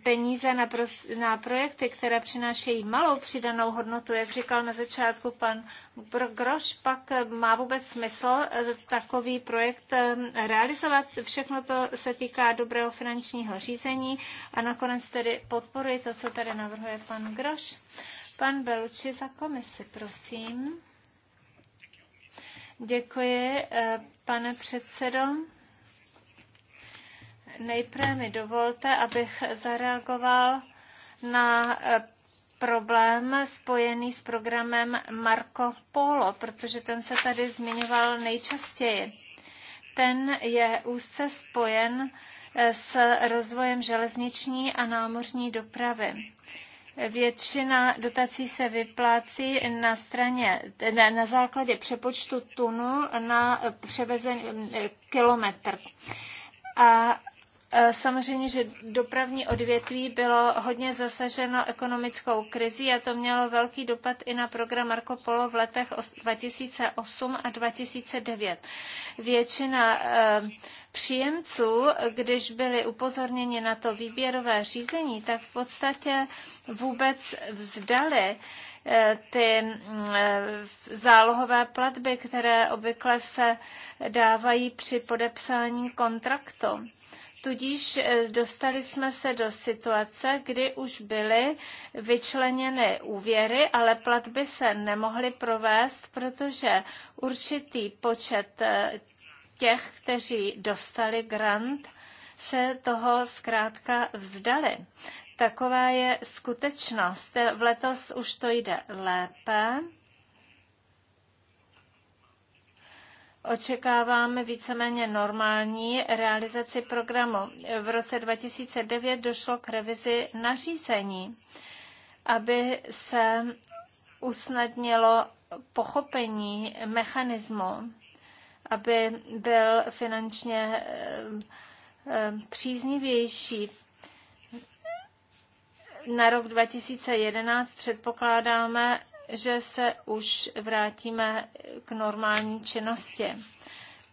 [SPEAKER 5] peníze na, pro, na projekty, které přinášejí malou přidanou hodnotu, jak říkal na začátku pan Groš, pak eh, má vůbec smysl eh, takový projekt realizovat. Všechno to se týká dobrého finančního řízení a nakonec tedy podporuji to, co tady navrhuje pan Groš. Pan Beluči za komisi, prosím. Děkuji, eh, pane předsedo. Nejprve mi dovolte, abych zareagoval na eh, problém spojený s programem Marco Polo, protože ten se tady zmiňoval nejčastěji. Ten je úzce spojen eh, s rozvojem železniční a námořní dopravy. Většina dotací se vyplácí na straně, na, na základě přepočtu tunu na převezen eh, kilometr. A eh, Samozřejmě, že dopravní odvětví bylo hodně zasaženo ekonomickou krizí a to mělo velký dopad i na program Marco Polo v letech 2008 a 2009. Většina eh, příjemců, když byli upozorněni na to výběrové řízení, tak v podstatě vůbec vzdali eh, ty mm, eh, zálohové platby, které obvykle se dávají při podepsání kontraktu. Tudíž eh, dostali jsme se do situace, kdy už byly vyčleněny úvěry, ale platby se nemohly provést, protože určitý počet těch, kteří dostali grant, se toho zkrátka vzdali. Taková je skutečnost. V letos už to jde lépe. Očekáváme víceméně normální realizaci programu. V roce 2009 došlo k revizi nařízení, aby se usnadnilo pochopení mechanismu aby byl finančně eh, eh, příznivější. Na rok 2011 předpokládáme, že se už vrátíme k normální činnosti.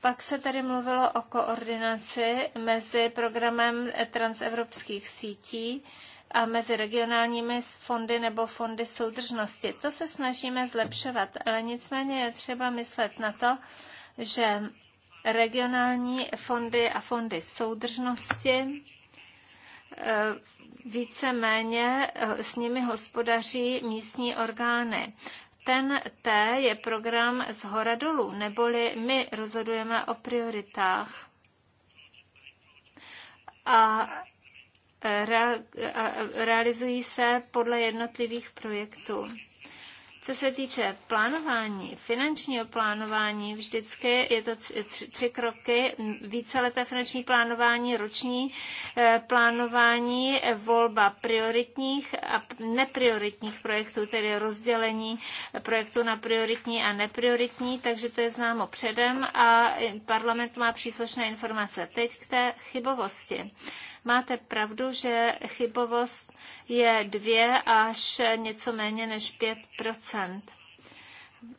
[SPEAKER 5] Pak se tady mluvilo o koordinaci mezi programem transevropských sítí a mezi regionálními fondy nebo fondy soudržnosti. To se snažíme zlepšovat, ale nicméně je třeba myslet na to, že regionální fondy a fondy soudržnosti eh, víceméně eh, s nimi hospodaří místní orgány. Ten T je program z hora dolů, neboli my rozhodujeme o prioritách. A eh, realizují se podle jednotlivých projektů. Co se týče plánování, finančního plánování, vždycky je to tři kroky, víceleté finanční plánování, roční eh, plánování, volba prioritních a neprioritních projektů, tedy rozdělení projektů na prioritní a neprioritní, takže to je známo předem a parlament má příslušné informace. Teď k té chybovosti. Máte pravdu, že chybovost je 2 až něco méně než 5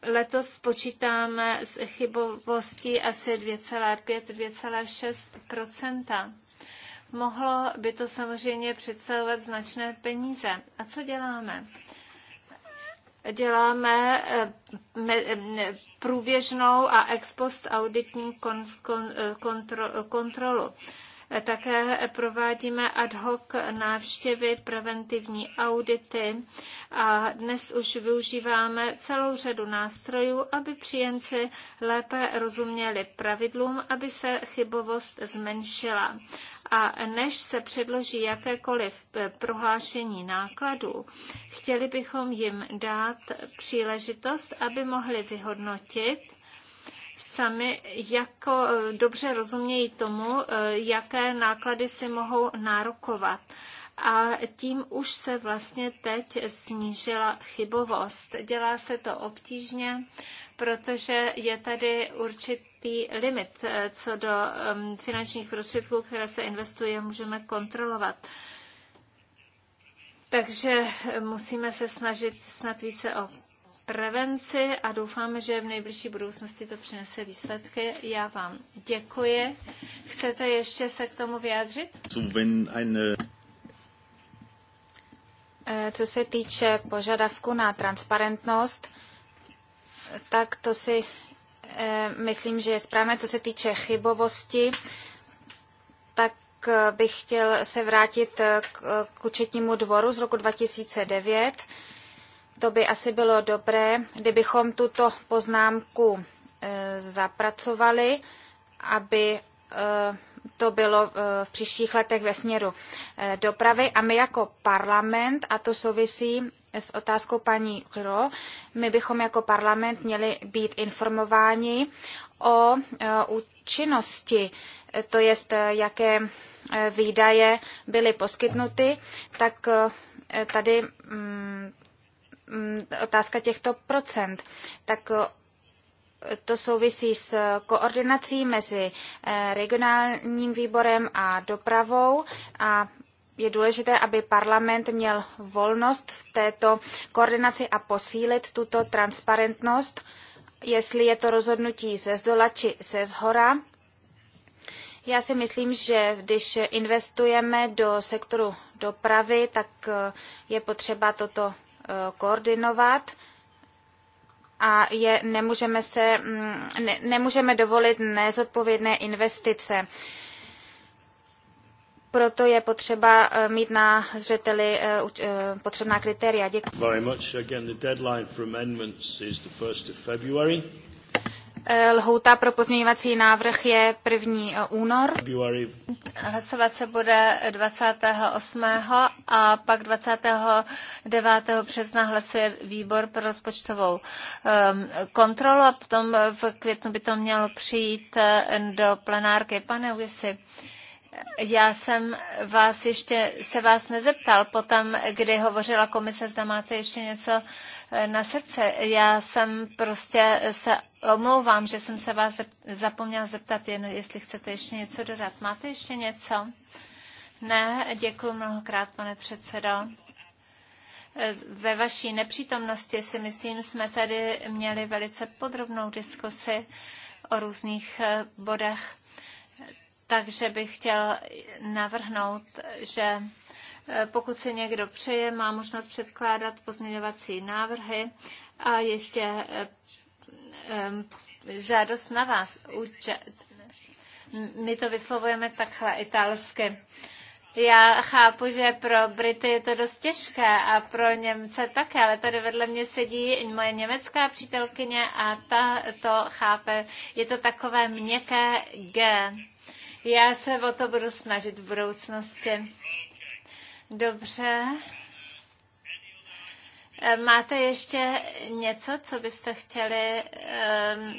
[SPEAKER 5] Letos počítáme s chybovostí asi 2,5-2,6 Mohlo by to samozřejmě představovat značné peníze. A co děláme? děláme eh, eh, průběžnou a ex post auditní eh, kontrolu. Také provádíme ad hoc návštěvy, preventivní audity a dnes už využíváme celou řadu nástrojů, aby příjemci lépe rozuměli pravidlům, aby se chybovost zmenšila. A než se předloží jakékoliv eh, prohlášení nákladů, chtěli bychom jim dát příležitost, aby mohli vyhodnotit, sami jako e, dobře rozumějí tomu, e, jaké náklady si mohou nárokovat a tím už se vlastně teď snížila chybovost. Dělá se to obtížně, protože je tady určitý limit e, co do finančních prostředků, které se investuje můžeme kontrolovat. Takže musíme se snažit snad více o prevenci a doufáme, že v nejbližší budoucnosti to přinese výsledky. Já vám děkuji. Chcete ještě se k tomu
[SPEAKER 3] vyjádřit? Eh, co se týče požadavku na transparentnost, tak to si eh, myslím, že je správné. Co se týče chybovosti, tak eh, bych chtěl se vrátit k, k účetnímu dvoru z roku 2009 to by asi bylo dobré, kdybychom tuto poznámku e, zapracovali, aby e, to bylo e, v příštích letech ve směru dopravy. A my jako parlament, a to souvisí s otázkou paní Hro, my bychom jako parlament měli být informováni o účinnosti, to jest jaké výdaje byly poskytnuty, tak tady mm, Mm, otázka těchto procent. Tak eh, to souvisí s koordinací mezi eh, regionálním výborem a dopravou a je důležité, aby parlament měl volnost v této koordinaci a posílit tuto transparentnost, jestli je to rozhodnutí ze zdola či ze zhora. Já si myslím, že když investujeme do sektoru dopravy, tak eh, je potřeba toto Eh, koordinovat a je, nemůžeme, se, mm, ne, nemůžeme dovolit nezodpovědné investice. Proto je potřeba eh, mít na zřeteli eh, potřebná kritéria. Děkuji. Eh, lhouta pro pozměňovací návrh je 1. Eh, únor. Hlasovat se bude 28. a pak 29.
[SPEAKER 5] března hlasuje výbor pro rozpočtovou ehm, kontrolu a potom v květnu by to mělo přijít eh, do plenárky. Pane Uisi, já jsem vás ještě, se vás nezeptal potom, kdy hovořila komise, zda máte ještě něco na srdce. Já jsem prostě se omlouvám, že jsem se vás zapomněla zeptat, jen jestli chcete ještě něco dodat. Máte ještě něco? Ne, děkuji mnohokrát, pane předsedo ve vaší nepřítomnosti si myslím, jsme tady měli velice podrobnou diskusi o různých eh, bodech. Takže bych chtěl navrhnout, že Eh, pokud se někdo přeje, má možnost předkládat pozměňovací návrhy a ještě eh, žádost na vás. My to vyslovujeme takhle italsky. Já chápu, že pro Brity je to dost těžké a pro Němce také, ale tady vedle mě sedí moje německá přítelkyně a ta to chápe. Je to takové měkké G. Já se o to budu snažit v budoucnosti. Dobře. Eh, máte ještě něco, co byste chtěli ehm,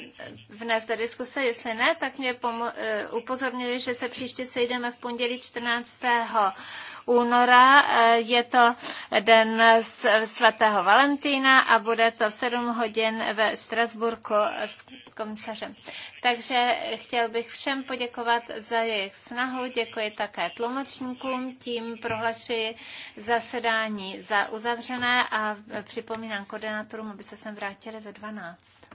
[SPEAKER 5] vnést do diskuse? Jestli ne, tak mě eh, upozornili, že se příště sejdeme v pondělí 14 února. Eh, Je to den svatého Valentína a bude to v 7 hodin ve Strasburku s komisařem. Takže chtěl bych všem poděkovat za jejich snahu, děkuji také tlumočníkům, tím prohlašuji zasedání za uzavřené a připomínám koordinátorům, aby se sem vrátili ve 12.